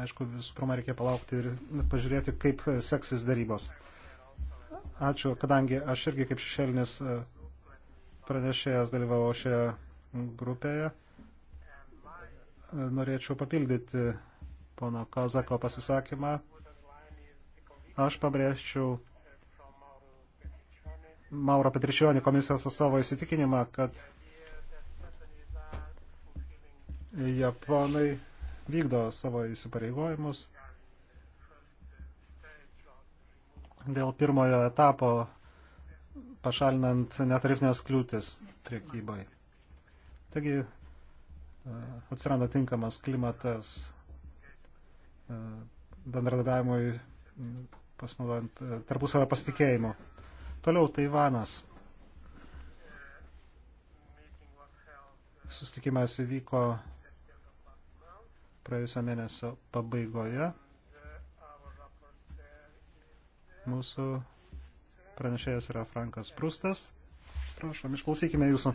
Speaker 1: aišku, visų pirma reikia palaukti ir pažiūrėti, kaip seksis darybos. Ačiū, kadangi aš irgi kaip šešėlinis pranešėjas dalyvavau šioje grupėje norėčiau papildyti pono Kozako pasisakymą. Aš pabrėžčiau Mauro Petričionį komisijos atstovo įsitikinimą, kad Japonai vykdo savo įsipareigojimus dėl pirmojo etapo pašalinant netarifinės kliūtis prekybai. Taigi E, atsiranda tinkamas klimatas e, bendradarbiavimui pasinaudojant e, tarpusavę pasitikėjimo. Toliau Taivanas. Sustikimas įvyko praėjusio mėnesio pabaigoje. Mūsų pranešėjas yra Frankas Prustas. Prašom, išklausykime jūsų.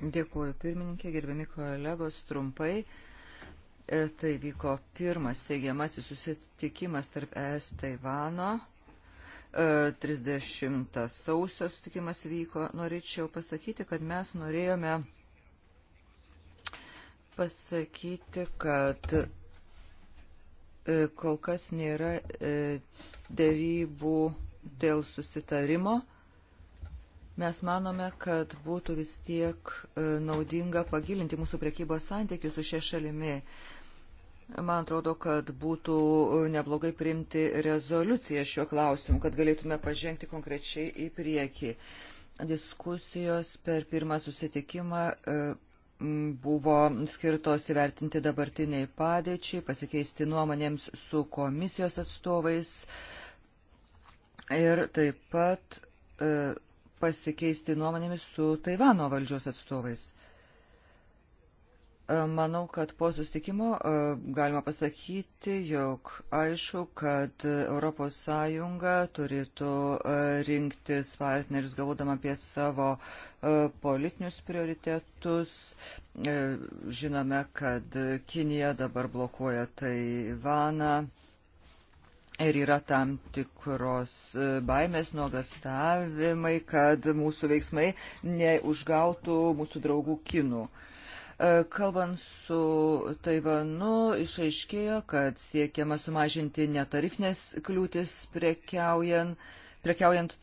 Speaker 1: Dėkuoju pirmininkė, gerbiami kolegos,
Speaker 2: trumpai. E, tai vyko pirmas teigiamasis susitikimas tarp ES Taivano. 30 e, sausio sutikimas vyko. Norėčiau pasakyti, kad mes norėjome pasakyti, kad e, kol kas nėra dėrybų dėl susitarimo Mes manome, kad būtų vis tiek e, naudinga pagilinti mūsų priekybos santykius su šia šalimi. Man atrodo, kad būtų e, neblogai priimti rezoliuciją šiuo klausimu, kad galėtume pažengti konkrečiai į priekį. Diskusijos per pirmą susitikimą e, buvo skirtos įvertinti dabartiniai padėčiai, pasikeisti nuomonėms su komisijos atstovais ir taip pat pasikeisti nuomonėmis su Taivano valdžios atstovais. E, manau, kad po sustikimo e, galima pasakyti, jog aišku, kad ES turėtų e, rinktis partnerius galvodama apie savo politinius prioritetus. Žinome, kad Kinija dabar blokuoja Taivaną. Ir yra tam tikros e, baimės, nuogastavimai, kad mūsų veiksmai neužgautų mūsų draugų kinų. E, kalbant su Taivanu, išaiškėjo, kad siekiama sumažinti netarifinės kliūtis prekiaujant, prekiaujant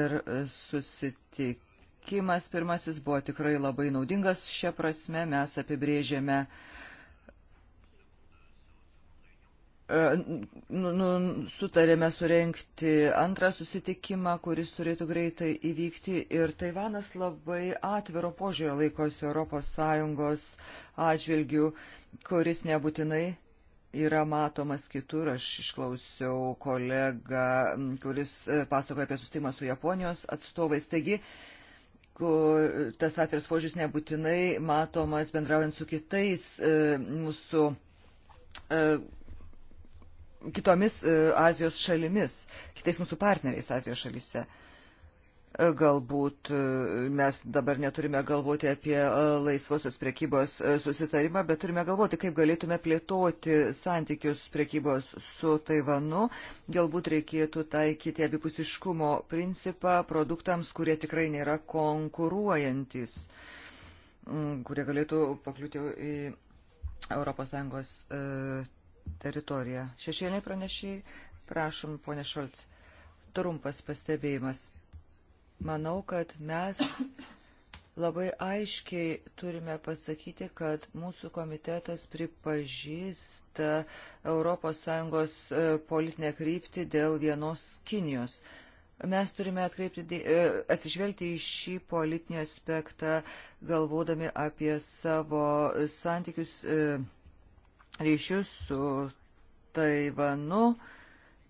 Speaker 2: ir susitikimas pirmasis buvo tikrai labai naudingas. Šią prasme mes apibrėžėme uh, E, nu, nu, sutarėme surenkti antrą susitikimą, kuris turėtų greitai įvykti ir Taivanas labai atviro požiūrio laikosi ES atžvilgių, kuris nebūtinai yra matomas kitur. Aš išklausiau kolegą, kuris e, pasakoja apie sustimą su Japonijos atstovais. Taigi, kur tas atviras požiūris nebūtinai matomas bendraujant su kitais e, mūsų e, kitomis e, Azijos šalimis, kitais mūsų partneriais Azijos šalyse. E, galbūt e, mes dabar neturime galvoti apie laisvosios prekybos susitarimą, bet turime galvoti, kaip galėtume plėtoti santykius prekybos su Taivanu. Galbūt reikėtų taikyti abipusiškumo principą produktams, kurie tikrai nėra konkuruojantis, kurie galėtų pakliūti į ES teritoriją. Šešėliniai pranešiai, prašom, ponė Šolc, trumpas pastebėjimas. Manau, kad mes labai aiškiai turime pasakyti, kad mūsų komitetas pripažįsta ES e, politinę kryptį dėl vienos Kinijos. Mes turime atkreipti, e, atsižvelgti į šį politinį aspektą, galvodami apie savo santykius e, ryšius su Taivanu.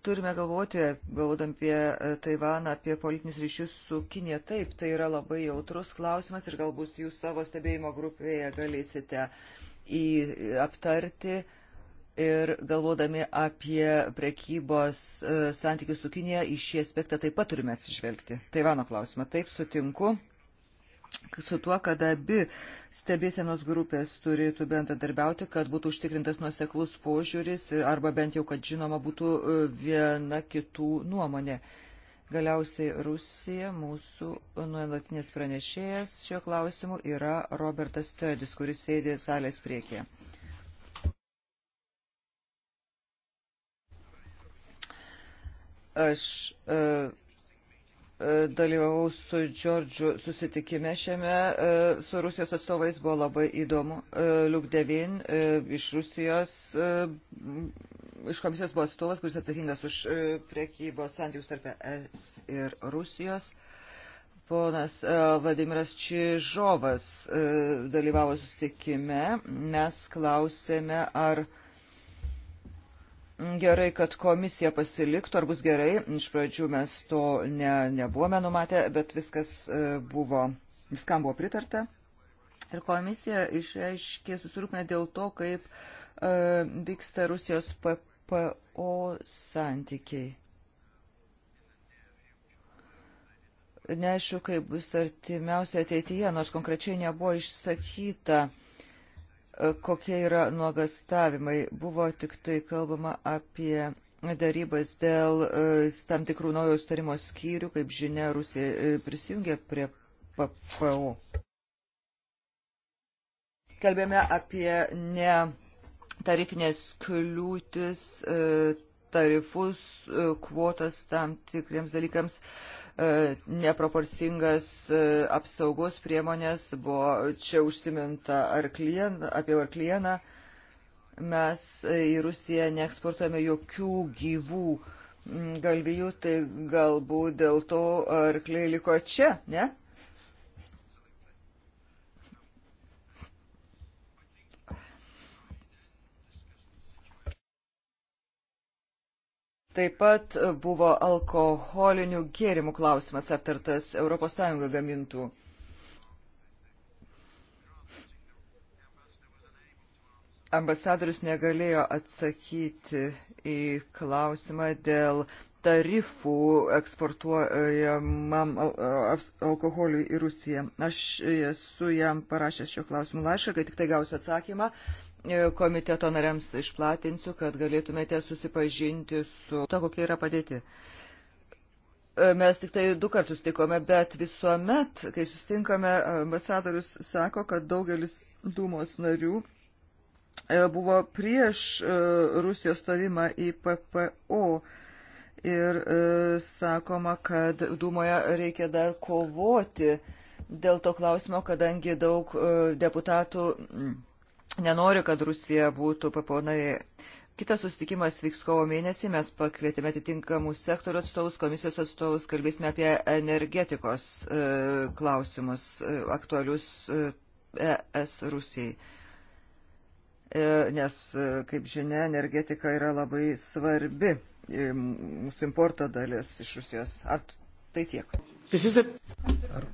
Speaker 2: Turime galvoti, galvodam apie e, Taivaną, apie politinius ryšius su Kinė. Taip, tai yra labai jautrus klausimas ir galbūt jūs savo stebėjimo grupėje galėsite į, aptarti. Ir galvodami apie prekybos e, santykius su Kinė, į šį aspektą taip pat turime atsižvelgti. Taivano klausimą. Taip, sutinku su tuo, kad abi stebėsenos grupės turėtų bendradarbiauti, kad būtų užtikrintas nuoseklus požiūris arba bent jau, kad žinoma būtų e, viena kitų nuomonė. Galiausiai Rusija, mūsų nuolatinis pranešėjas šiuo klausimu, yra Robertas Stedis, kuris sėdė salės priekėje. Aš uh, dalyvavau su Džordžu susitikime šiame e, su Rusijos atstovais, buvo labai įdomu. E, Liuk Devin e, iš Rusijos, iš komisijos buvo atstovas, kuris atsakingas už priekybos santykius tarp ES ir Rusijos. Ponas Vladimiras Čižovas dalyvavo susitikime. Mes klausėme, ar gerai, kad komisija pasiliktų, ar bus gerai. Iš pradžių mes to ne, nebuvome numatę, bet viskas e, buvo, viskam buvo pritarta. Ir komisija išreiškė susirūpinę dėl to, kaip uh, vyksta Rusijos PPO santykiai. Neaišku, kaip bus artimiausia ateityje, nors konkrečiai nebuvo išsakyta uh, kokie yra nuogastavimai. Buvo tik tai kalbama apie darybas dėl e, tam tikrų naujo starimo skyrių, kaip žinia, Rusija e, prisijungė prie PPO. Kalbėjome apie ne tarifinės kliūtis e, tarifus, e, kvotas tam tikriems dalykams, e, neproporcingas e, apsaugos priemonės, buvo čia užsiminta arklien, apie arklieną, mes į Rusiją neeksportuojame jokių gyvų galvijų, tai galbūt dėl to arkliai liko čia, ne? Taip pat buvo alkoholinių gėrimų klausimas aptartas ES gamintų. Ambasadorius negalėjo atsakyti į klausimą dėl tarifų eksportuojamam alkoholiui į Rusiją. Aš esu jam parašęs šio klausimų laišką, kai tik tai gausiu atsakymą, E, komiteto nariams išplatinsiu, kad galėtumėte susipažinti su to, kokia yra padėti. E, mes tik tai du kartus susitikome, bet visuomet, kai susitinkame, ambasadorius sako, kad daugelis Dūmos narių e, buvo prieš Rusijos stovimą į PPO ir sakoma, kad Dūmoje reikia dar kovoti dėl to klausimo, kadangi daug deputatų nenori, kad Rusija būtų PPO narė. Kitas susitikimas vyks kovo mėnesį, mes pakvietėme atitinkamų sektorių atstovus, komisijos atstovus, kalbėsime apie energetikos e, klausimus e, aktualius e, ES Rusijai. E, nes, e, kaip žinia, energetika yra labai svarbi e, mūsų importo dalis iš Rusijos. Ar tai tiek? Visi. Ar...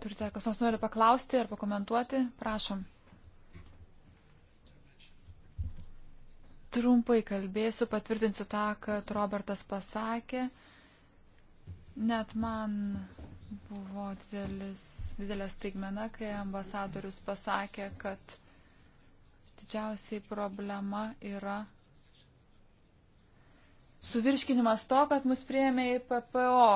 Speaker 3: Turite, kas nors nori paklausti ar pakomentuoti? Prašom. Trumpai kalbėsiu, patvirtinsiu tą, kad Robertas pasakė. Net man buvo didelis, didelė staigmena, kai ambasadorius pasakė, kad didžiausiai problema yra suvirškinimas to, kad mus prieėmė į PPO.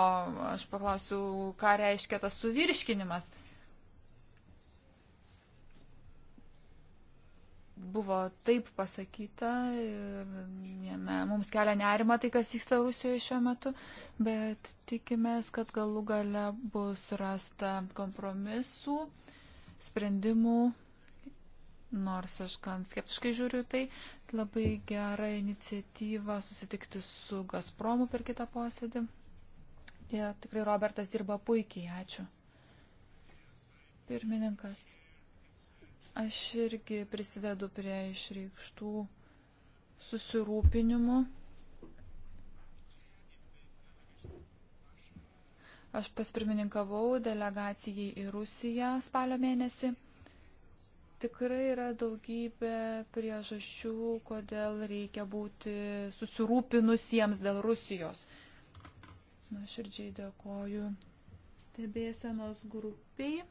Speaker 3: Aš paklausiu, ką reiškia tas suvirškinimas. buvo taip pasakyta ir jame mums kelia nerima tai, kas vyksta Rusijoje šiuo metu, bet tikimės, kad galų gale bus rasta kompromisų, sprendimų, nors aš gan skeptiškai žiūriu tai, labai gera iniciatyva susitikti su Gazpromu per kitą posėdį. Ja, tikrai Robertas dirba puikiai, ačiū. Pirmininkas. Aš irgi prisidedu prie išreikštų susirūpinimų. Aš paspirmininkavau delegacijai į Rusiją spalio mėnesį. Tikrai yra daugybė priežasčių, kodėl reikia būti susirūpinusiems dėl Rusijos. Nuoširdžiai dėkoju stebėsenos grupiai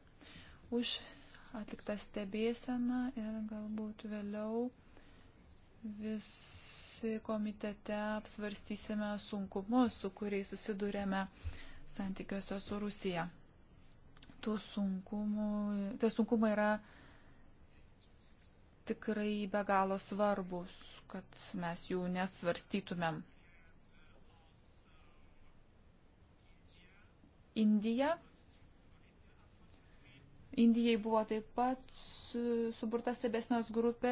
Speaker 3: už atlikta stebėsena ir galbūt vėliau visi komitete apsvarstysime sunkumus, su kuriais susidurėme santykiuose su Rusija. Tų sunkumų, tie sunkumai yra tikrai be galo svarbus, kad mes jų nesvarstytumėm. Indija Indijai buvo taip pat suburta stebėsnos grupė,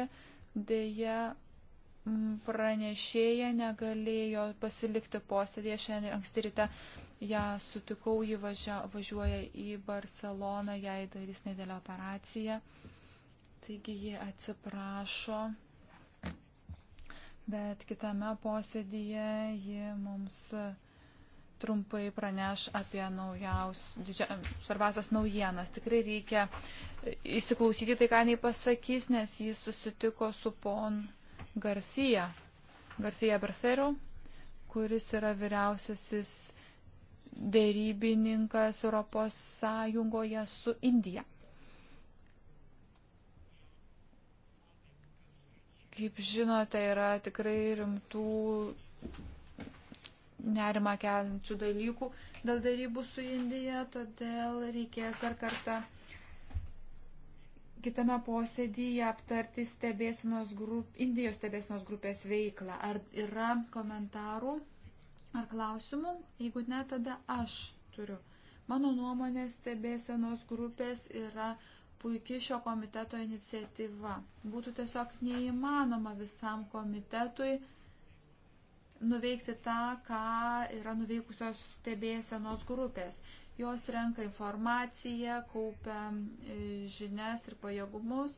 Speaker 3: dėja pranešėja negalėjo pasilikti posėdėje šiandien anksti ryte. Ja sutikau, ji važia, važiuoja į Barceloną, jai darys nedėlę operaciją. Taigi ji atsiprašo, bet kitame posėdėje ji mums trumpai praneš apie naujaus, didžia, svarbiausias naujienas. Tikrai reikia įsiklausyti tai, ką jinai pasakys, nes jis susitiko su pon Garcia, Garcia Bercero, kuris yra vyriausiasis dėrybininkas Europos Sąjungoje su Indija. Kaip žinote, yra tikrai rimtų nerima keliančių dalykų dėl darybų su Indija, todėl reikės dar kartą kitame posėdyje aptarti stebėsinos grup, Indijos stebėsinos grupės veiklą. Ar yra komentarų ar klausimų? Jeigu ne, tada aš turiu. Mano nuomonė stebėsinos grupės yra puikia šio komiteto iniciatyva. Būtų tiesiog neįmanoma visam komitetui nuveikti tą, ką yra nuveikusios stebėsenos grupės. Jos renka informaciją, kaupia e, žinias ir pajėgumus.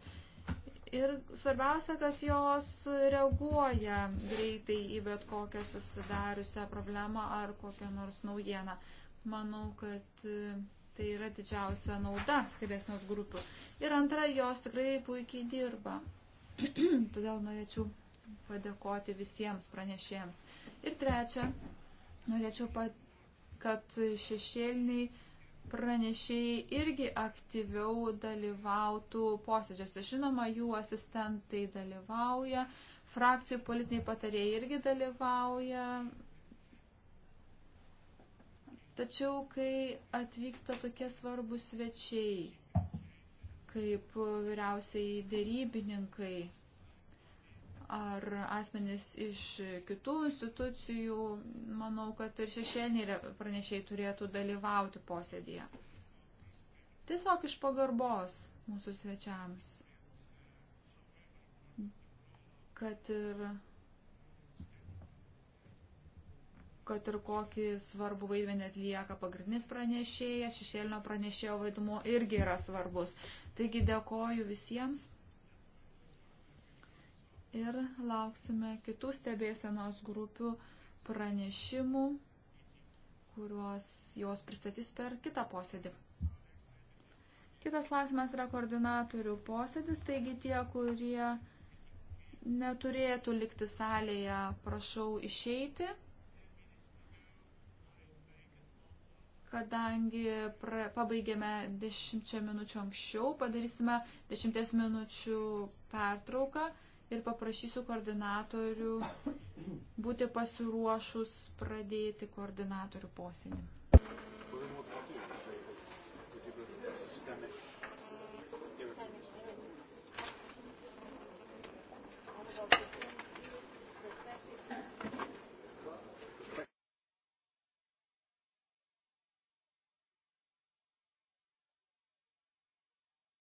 Speaker 3: Ir svarbiausia, kad jos reaguoja greitai į bet kokią susidariusią problemą ar kokią nors naujieną. Manau, kad e, tai yra didžiausia nauda stebėsnos grupių. Ir antra, jos tikrai puikiai dirba. Todėl norėčiau padėkoti visiems pranešėjams. Ir trečia, norėčiau, pat, kad šešėliniai pranešėjai irgi aktyviau dalyvautų posėdžiuose. Žinoma, jų asistentai dalyvauja, frakcijų politiniai patarėjai irgi dalyvauja. Tačiau, kai atvyksta tokie svarbus svečiai, kaip vyriausiai dėrybininkai, ar asmenys iš kitų institucijų, manau, kad ir šešėliniai pranešiai turėtų dalyvauti posėdėje. Tiesiog iš pagarbos mūsų svečiams. Kad ir, kad ir kokį svarbų vaidmenį atlieka pagrindinis pranešėjas, šešėlinio pranešėjo vaidmuo irgi yra svarbus. Taigi dėkoju visiems ir lauksime kitų stebėsenos grupių pranešimų, kuriuos jos pristatys per kitą posėdį. Kitas klausimas yra koordinatorių posėdis, taigi tie, kurie neturėtų likti salėje, prašau išeiti. kadangi pra, pabaigėme 10 minučių anksčiau, padarysime 10 minučių pertrauką ir paprašysiu koordinatorių būti pasiruošus pradėti koordinatorių posėdį.